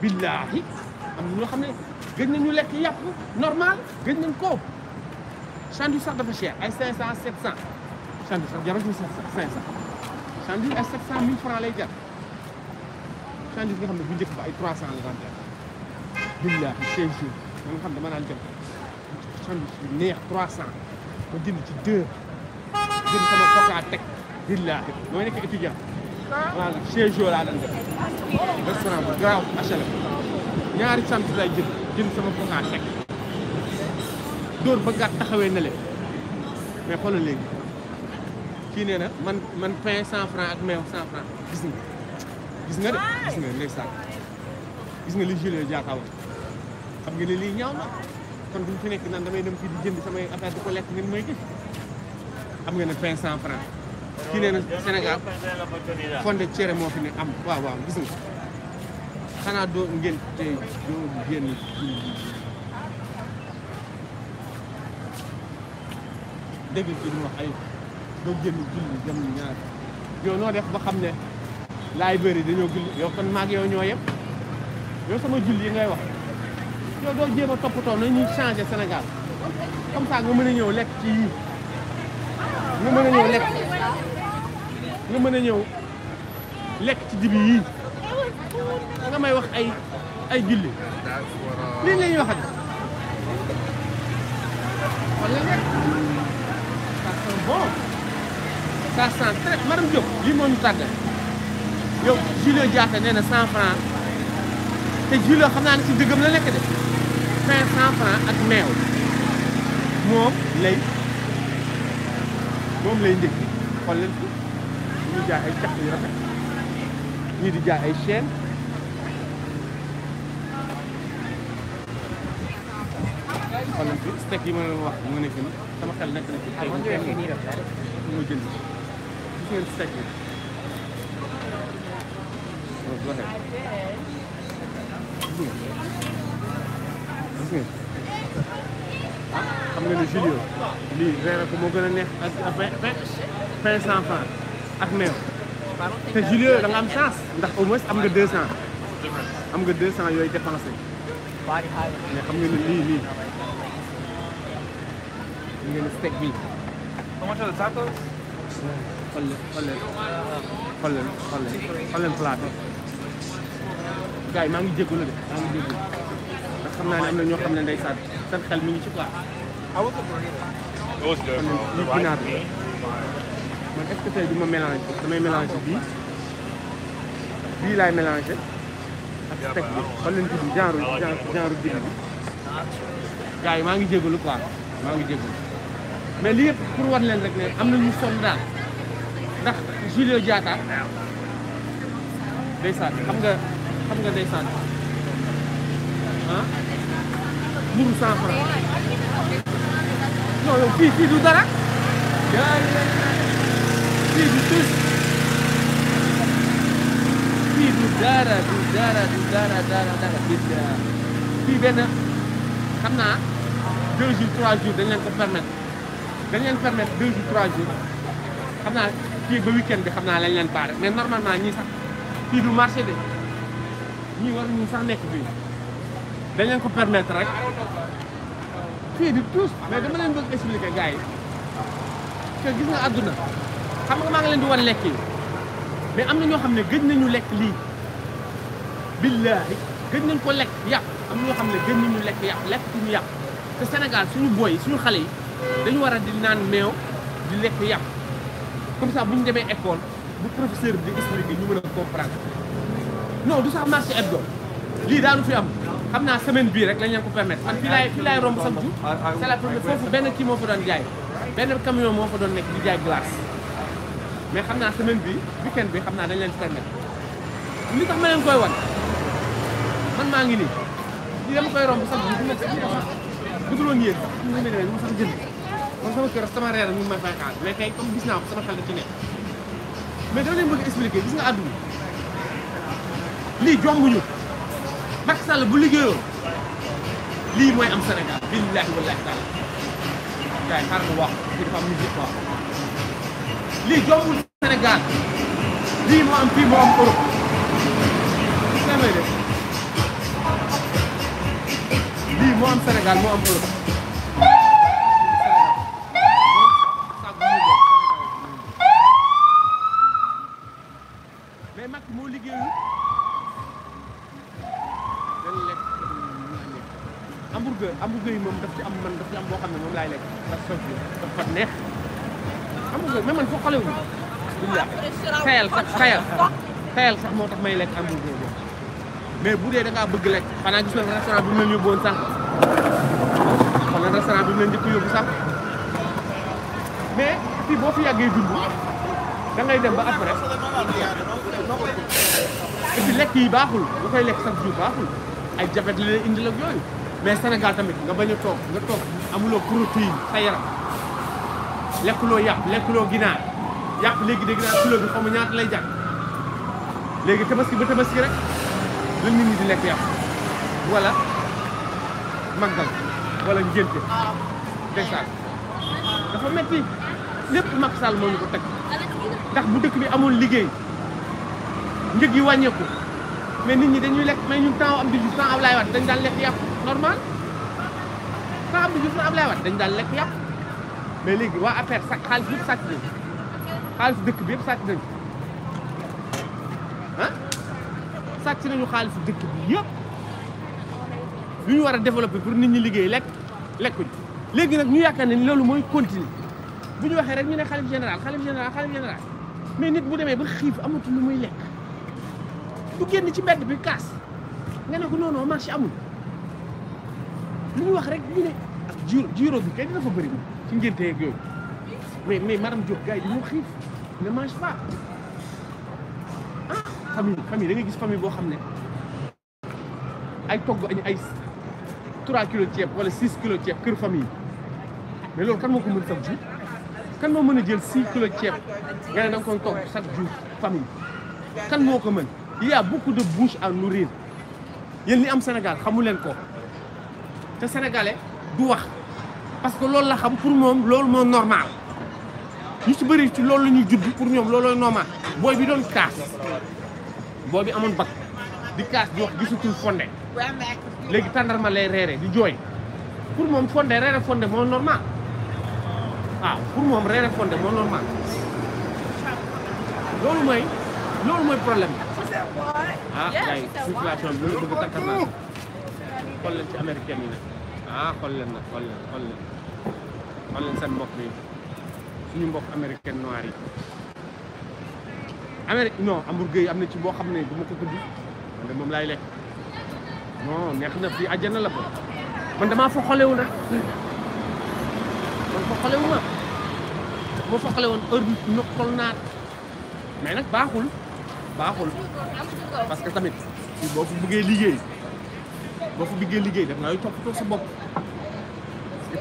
billaahi am ñoo xam ne gëj nañu lekk yàpp normal gëj nañ ko chandu sax dafa cher ay 500 700 chandu sax jarul 500 500 chandu ay 700 mille francs lay jar chandu nga xam ne bu njëkk ba ay 300 la daan jar billaahi 5 jours ma nga xam dama naan jot chandu neex 300 ma jënd ci 2 jënd sama coca teg billahi mooy nekk étudiant waaw chaise jour laa daan def restaurant bu garaaw HLM ñaari sant lay jënd jënd sama foxaa sec dóor ba gàtt taxawee na mais xoolal léegi kii nee na man man pain cent franc ak mais cent franc gis nga gis de gis nga li jule jaakaar wax xam nga ne lii ñaaw na kon bu ñu fi nekk naan damay dem fii di jënd samay affaire di ko lekk ngeen may gis xam nga ne pain cent franc kii nee na Sénégal fonde cere moo fi ne am waaw waaw gis nga xanaa doo ngeen tey doo génn dégg ci ñu wax ay noo def ba xam ne laay bëri dañoo julli yow kon maag yow ñoo yem yow sama julli yi ngay wax yow doo jéem a toppatoo na ñuy changé Sénégal comme ça nga mën a ñëw lekk ci yii nga mën a ñëw lekk nga mën a ñëw lekk ci dibi yii nga may wax ay ay julli lii la ñuy wax wala a ça lii moo ñu yow Julio Diatta nee na 100 te Julio xam naa ne ci dëggam la nekk de 500 francs ak meew moom lay moom lay njëkk. xool leen fi ñu jaay ay caq yu rafet ñii di jaay ay chaîne xool leen fi steak yi ma leen wax moo nekk nii sama xel nekk na ci tey ñu kenn mu jënd gis ngeen steak yi ah, xam nga ne Julio lii reere ko moo gën a neex ak cinq cent francs ak néew te juillet da nga am chance ndax au moins am nga deux cent am nga deux cent yooyu dépensé mais xam nga ne lii lii ñu ngi ne steak bi xolle xolle xolle xolle xolle plat gars yi maa ngi jégalu de maa ngi jégalu ndax xam naa ne am na ñoo xam ne ndeysaan seen xel mi ngi ci quoi. awa ko. lii ginaar bi. man est-ce que tey du ma mélange damay mélange bii bii laay mélangé ak steak bi fan lañ tudd genre genre bi yi maa ngi jégalu quoi maa ngi jégalu mais li yëpp pour war leen rek ne am na ñu sonn daal ndax Julio Diatta ndeysaan xam nga xam nga ndeysaan ah mburu cent franc non yow fii fii du dara Ih, putus. Ih, dudara, dudara, dudara, darah, darah, beda. beda. Karena 2 jours, 3 jours dañ leen ko permettre. Dañ leen permettre 2 jours, 3 jours. Xam naa fii ba week-end bi xam naa lañ leen baare. Mais normalement ñii sax fii du marché de. Ñii war ñu sax nekk fii. Dañ leen ko permettre rek. Fii di tous. Mais dama leen bëgg expliquer gars yi. gis nga àdduna. xam nga maa ngi leen di wan lekk yi mais am na ñoo xam ne gëj nañu lekk lii billaahi gëj nañ ko lekk yàpp am ñoo xam ne gëj nañu lekk yàpp lekk ñu yàpp te Sénégal suñu booy suñu xale yi dañu war a di naan meew di lekk yàpp comme sax bu ñu demee école bu professeur bi di expliquer ñu mën a comprendre non du sax marché hebdo lii daanu fi am xam naa semaine bii rek lañ leen ko permettre man fii laay fii laay romb samedi c'est foofu benn kii moo fa doon jaay benn camion moo fa doon nekk di jaay glace mais xam naa semaine bi weekend bi xam naa dañ leen si permettre li tax ma leen koy wan man maa ngi nii di dama koy romb sax bu nekk si ko sax bu dul woon yéen ñu ngi mel ma sax jënd kon sama kër sama reer ñu ngi may fay xaar mais tey comme gis naa ko sama xel da ci nekk mais dama leen bëgg expliquer gis nga àdduna lii ñu Macky Sall bu liggéeyoon lii mooy am Sénégal billahi wallahi taala gars yi xaaral ma wax ci dafa am musique quoi lii jombul Sénégal lii moo am fii moo am Europe lii moo am Sénégal moo am Europe tayal sax tayal tayal sax moo tax may lekk hamburger boobu mais bu dee da bëgg lekk xanaa gis nga restaurant bi mu leen yóbbuwoon sax xanaa restaurant bi mu leen njëkk yóbbu sax mais fii boo fi yàggee dund da ngay dem ba après et puis lekk yi baaxul nga koy lekk sax jour baaxul ay jabet la indi la yooyu mais Sénégal tamit nga bañ a toog nga toog amuloo protéine sa yaram lekkuloo yàpp lekkuloo ginaar. yàpp léegi dégg naa kilo bi xaw ma ñaata lay jàpp léegi tabaski ba tabaski rek la nit ñi di lekk yàpp wala màggal wala ngénte ndeysaan dafa metti lépp Macky Sall moo ñu ko teg ndax bu dëkk bi amoon liggéey njëg yi wàññeeku mais nit ñi dañuy lekk mais ñun temps am di Diouf temps Ablaye Wade dañ daan lekk yàpp normal temps am di Diouf temps Ablaye Wade dañ daal lekk yàpp mais léegi waa affaire sax xaalis yëpp sàcc خالص دكبي بصح تدن ها صات سينا نيو خالص دكبي ييب ني وارا ديفلوبي بور نيت ني ليغي لك لكوج ليغي نك نيو ياكان ني لولو موي كونتيني بو ني واخي رك ني خالص جنرال خالص جنرال خالص جنرال مي نيت بو ديمي با خيف اموت لو موي لك دو генي سي بيد بي كاس نانو كو نونو مارشي امول ني واخ رك ني جيرو جيرو بي كاي دا فا بري سي نغي تي اك يوي mais mais madame Diop gars yi dañoo ne mange pas ah famille famille da ngay gis famille boo xam ne ay togg ay 3 kilos ceeb wala 6 kilos ceeb kër famille mais loolu kan moo ko mën chaque jour kan moo mën jël 6 kilos ceeb nga ne da nga chaque jour famille kan moo ko mën il y a beaucoup de bouches à nourrir yéen li am Sénégal xamu leen ko te sénégalais du wax parce que loolu la xam pour moom loolu moo normal ñu ci bari ci loolu la ñuy judd pour ñoom loolooy normal boy bi doon kaas boy bi amoon bak di kaas di wax gisutul fondé légui tandarma lay réré di joy pour mom fondé réré fondé mo normal ah pour mom réré fondé mo normal loolu may loolu mooy problème ah ay situation bi loolu takkar na xol leen ci américain yi nag ah xol leen nag xol leen xol leen xol leen sen mbokk yi ñu mbokk américaine noir yi amérique non hamburger géey am na ci boo xam ne du ma ko tudd man de moom laay lekk non neex na fii àjjana la ko man damaa fa xolewu rek man fa xolewu ma moo fa xole woon bi nokkal naat mais nag baaxul baaxul parce que tamit boo fa bëggee liggéey boo fa bëggee liggéey daf ngay toppatoo sa bopp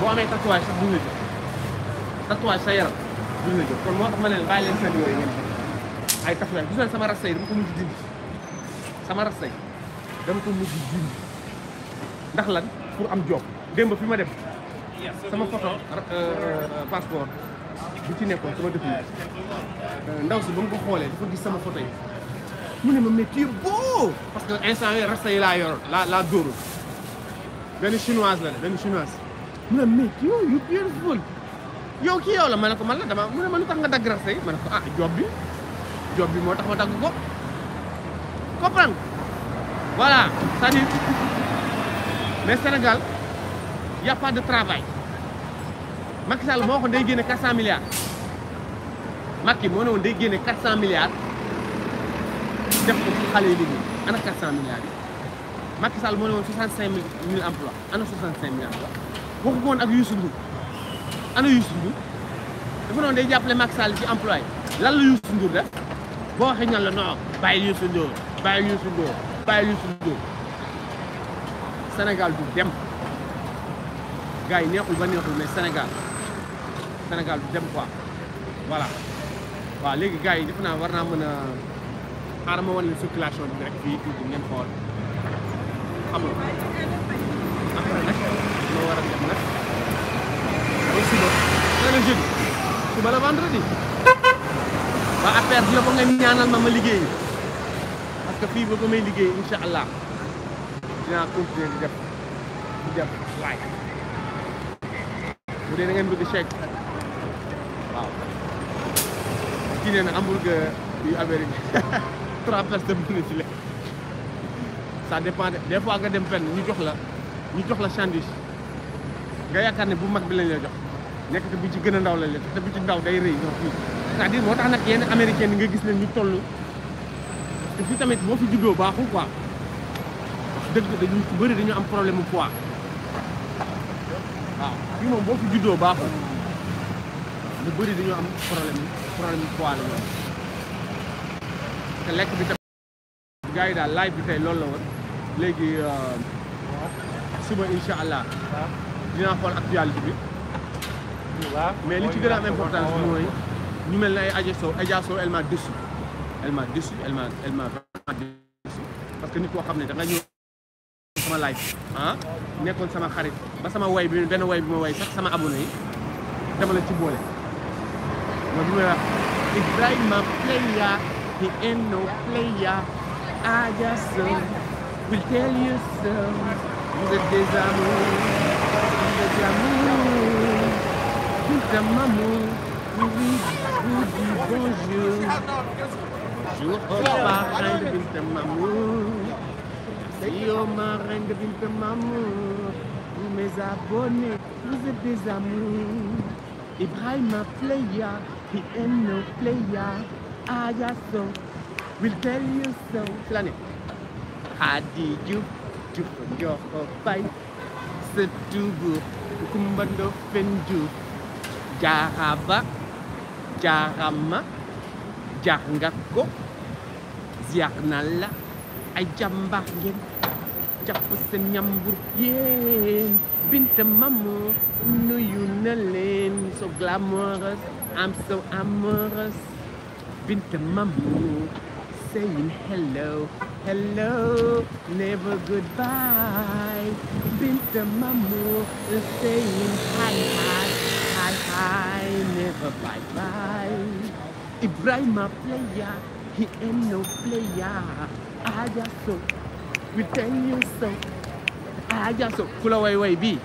boo amee tatouage sax duñ la jox tatouage sa yaram duñ la jox kon moo tax ma leen bàyyi leen seen yooyu ngeen ay tatouage gis nga sama rasta yi dama ko mujj dindi sama rasta yi dama ko mujj dindi ndax lan pour am job démb fi ma dem sama photo euh, passeport bu ci nekkoon sama dëkk yi euh, ndaw si ba mu ko xoolee dafa gis sama photo yi mu ne ma mais tu es beau parce que instant yii rasta yi laa yor laa laa dóorul benn chinoise la ne benn chinoise. mana ne you you beautiful yo ki yo la mana ko mala dama mu ne ma lu tax nga dagg rasta yi ko ah job bi job bi moo tax ma dagg ko comprendre voilà ça dit mais Sénégal y a pas de travail Macky Sall moko day guéné 400 milliards Macky mo ne woon day guéné 400 milliards def ko ci xalé yi ni ana 400 milliards Macky Sall mo ne woon 65 emplois ana 65000 emplois boo ko woon ak Youssou Ndour ana Youssou Ndour dafa noonu day jàppale Macky Sall ci emploi lan la Youssou Ndour def boo waxee ñan la non bàyyi Youssou Ndour bàyyi bàyyi Youssou Ndour Sénégal du dem gars yi neexul ba neexul mais Sénégal Sénégal du dem quoi voilà waaw léegi gars yi defe naa war mën a xaaral ma wan leen circulation bi rek fii tuuti ngeen xool loo war a dem bos, ba jadi, nee na jeudi suba la vendredi waa affaire bi nga ñaanal ma ma liggéey parce allah jangan continuer di oh, eh, def di def laaj bu dee da ngeen bëgg chèque waaw kii nee na hamburger yu Amérique trois personnes mën na ci lekk ça lah des sandwich nga yaakaar ne bu mag bi lañ la jox nekk te bu ci gën a ndaw lañ la jox te bu ci ndaw day rëy ñoo moo tax nag yenn américain yi nga gis leen ñu toll te fii tamit boo fi juddoo baaxul quoi dëgg dañu dañu am problème mu poids waaw fii moom boo lu bëri dañu am problème problème mu lekk bi tamit daal live bi tey loolu léegi euh, suba incha allah dinaa xool actualité bi. mais li ci gën a am importance moy ñu mel ne ay Adja Sow Adja Sow elle m'a déçu elle m'a déçu elle m'a elle m'a vraiment déçu parce que nit ko xamné da nga ñëw sama live hein ah, nekkoon sama xarit ba sama way bi ben way bi ma way sax sama abonné yi dama la ci bolé mooy bi may wax Ibrahima player he ain't no player Adja Sow will tell you so vous êtes des amours avec l'amour, tout comme maman, oui, vous dit bonjour. Jour au parrain de Binte Mamour, si au marin de Binte Mamour, vous mes abonnés, vous êtes des amours. Ibrahima Playa, he ain't no playa, I so, will tell you so. Planet, how did you do from your fight? setubu kumbando fenju jaraba jarama jarngako ziarnala ajambargen japusen yamburgen binta mamo nuyu na leen so glamorous I'm so amorous binta saying hello Hello, never goodbye. Bintamamu is saying hi, hi, hi, hi, never bye bye. Ibrahim a player, he ain't no player. I just so, we tell you so. I just so. Kula way way bi,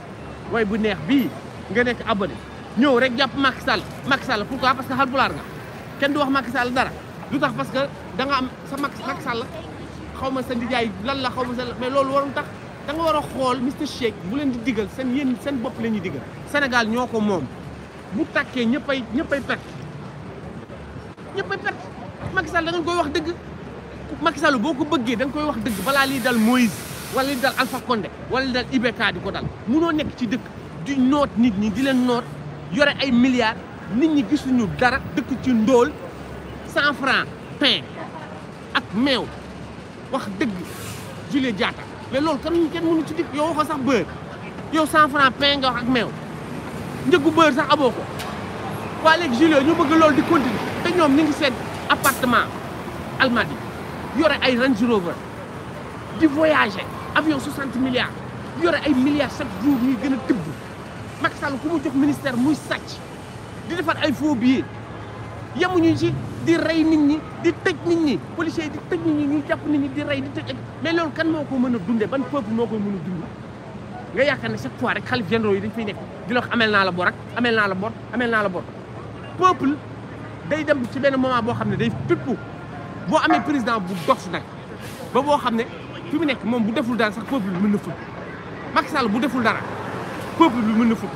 way bu neex bi, nga nek abonné. ñëw rek jàpp Macky Sall Macky Sall pourquoi parce que xalpulaar nga kenn du wax Macky Sall dara lu parce que da nga am sa Macky Sall xaw ma sa nijaay lan la xaw ma sa mais loolu waroon tax danga war a xool Mister Shake bu leen di diggal seen yéen seen bopp la ñuy digal senegal ñoo ko moom bu tàkkee ñëppay ñëppay perte ñëppay perte Macky Sall da nga koy wax dëgg Macky Sall boo ko bëggee da koy wax dëgg balaa liy dal Moïse wala liy dal Alpha Condé wala liy dal IBK di ko dal munoo nekk ci dëkk di noot nit ñi di leen noot yore ay milliards nit ñi gisuñu dara dëkk ci ndóol cent franc pain ak meew wax dëgg Julien Diatta mais loolu kan kenn mënu ci dikk yow waxoo sax beurre yow 100 francs pain wax ak meew njëggu beurre sax aboo ko waa léegi Julien ñu bëgg loolu di continuer te ñoom ñu ngi seen Almadi yore ay Range Rover di voyager avion 60 milliards yore ay milliards chaque jour ñuy gën a tibb Macky Sall ku jox ministère muy sàcc di defar ay faux billets yemuñu ci. di rey nit ñi di tëj nit ñi policiers yi di tëj nit ñi ñuy jàpp nit ñi di rey di tëj mais kan moo ko mën a dundee ban peuple moo ko mën a dund nga yaakaar ne chaque fois rek xalif généraux yi dañ fay nekk di amee wax amel naa la bor ak amel naa la bor amel day dem ci benn moment boo xam ne day pippu boo amee président bu dox nag ba boo xam ne fi mu nekk moom bu deful dara sax peuple bi mën na fut Macky bu deful dara peuple bi mën na fut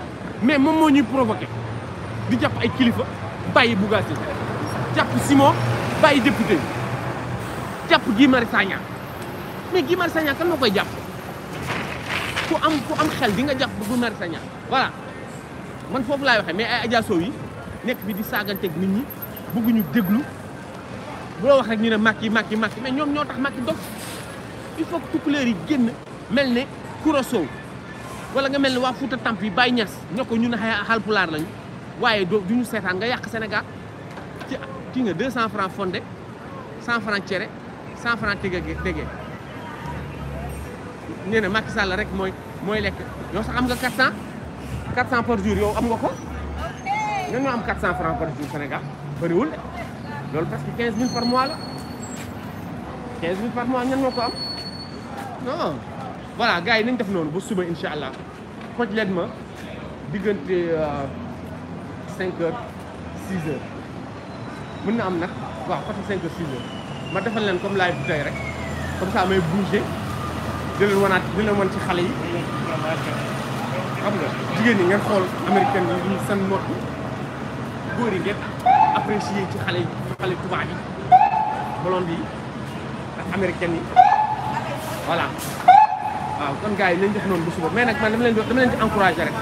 mais moom moo ñuy provoqué di jàpp ay kilifa bàyyi bugaati jàpp Simon baye député bi jàpp Guy Sagna mais Guy Marius Sagna kan moo koy ko am ko am xel di nga jàpp Guy Marius Sagna voilà man fofu lay waxe mais ay adiaso yi nek bi di saaganteeg nit ñi bëggu ñu dégglu bu lo wax rek ñu ne makki makki makki mais ñom ñoo tax Macky dof il faut que tukkuleer yi génn mel ne wala nga melni wa waa Tamp yi Baye ñass ñoko ñu ñun xal pular lañ waye duñu ñu nga yak Sénégal ci 200 francs fondés, 100 francs tirés, 100 francs tégé tege nee Macky Sall rek moi, 400 400 par jour yow am 400 francs par jour au Sénégal Nous de presque presque 000 par mois 15 000 par mois nous avons ko non voilà gars nous nañ def noonu Inch'Allah. suba incha 5 euh, heures 6 heures. mën na am nag waaw côté 5 heures ma defal leen comme live bu tey rek comme ça may bouger di leen wanaat di leen wan ci xale yi xam nga jigéen ñi ngeen xool américain yi seen nopp góor yi ngeen apprécier ci xale yi xale tubaab yi blonde yi ak américain yi voilà waaw kon gars yi nañ def noonu bu suba mais nag man dama leen di dama leen di encouragé rek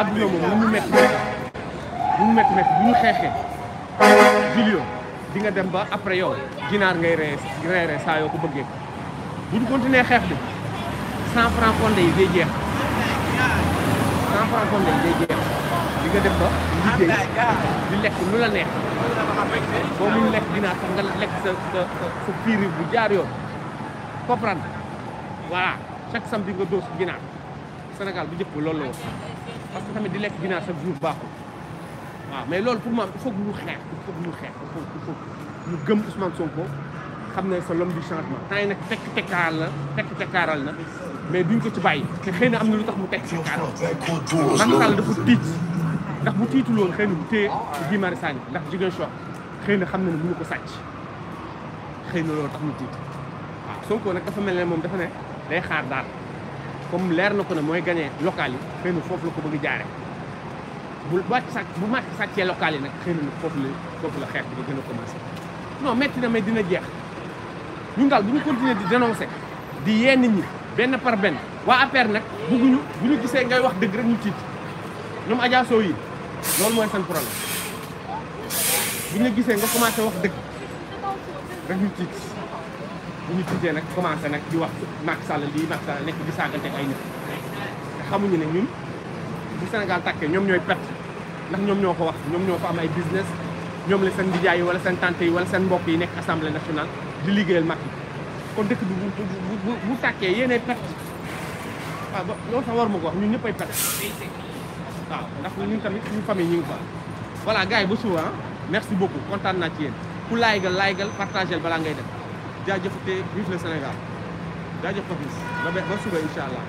adduna moom lu mu métti métti lu mu métti métti bu ñu xeexee Julio, di nga dem ba après yow ginar ngay ree reere sa yo ko bëggé bu ñu continuer xeex bi 100 francs fondé yi day jéx 100 francs fondé yi day jéx di nga dem ba liggéey di lekk lu la neex bo muy lekk dina tax nga lekk sa sa sa bu jaar yo comprendre voilà chaque samedi nga dos ginar Sénégal bu jëpp loolu la parce que tamit di lekk ginar chaque jour baaxul waaw mais loolu pour moi il faut lu ñu xeex il faut que ñu xeex il faut il faut ñu gëm Ousmane Sonko xam ne sa l'homme du changement temps yi nag tekk tekkaaral la tekk tekkaaral na mais ñu ko ci bàyyi te xëy na am na lu tax mu tekk tekkaaral Macky Sall dafa tiit ndax bu tiitul woon xëy na bu téye Guy Marius Sagna ndax jigéen choc xëy na xam na ne mënu ko sàcc xëy na loolu tax mu tiit Sonko nag dafa mel ne moom dafa ne day xaar daal comme leer na ko ne mooy ganee local yi xëy foofu la ko bëgg jaare bu sa bu màcc sàccee locales yi nag xëy na la foofu la xeex bi di gën a commencé non métti na mais dina jeex ñun daal bu continuer di dénoncer di yee nit ñi benn par benn waa APR nag bugguñu bu ñu gisee ngay wax dëgg rek ñu tiit ñoom Adja Sow yi loolu mooy seen problème bu ñu gisee nga commencé wax dëgg rek ñu tiit bu ñu tiitee nag commencé nag di wax Macky Sall lii Macky Sall nekk di saagante ay nit xamuñu ne ñun. di Sénégal tàkkee ñoom ñooy perte ndax ñoom ñoo ko wax ñoom ñoo ko am ay business ñoom la seen nijaay yi wala seen tante yi wala seen mbokk yi nekk assemblée nationale di liggéeyal Macky kon dëkk bi bu bu bu takkee yéenay perte waaw ba loolu sax war ma ko wax ñun ñëpp ay perte waaw ndax ñun tamit suñu famille ñu ngi fa voilà gars yi ba suba ah merci beaucoup kontaan naa ci yéen ku laayigal laayigal partagel balaa ngay dem jaajëfute vive le Sénégal jaajëf Papis ba ba suba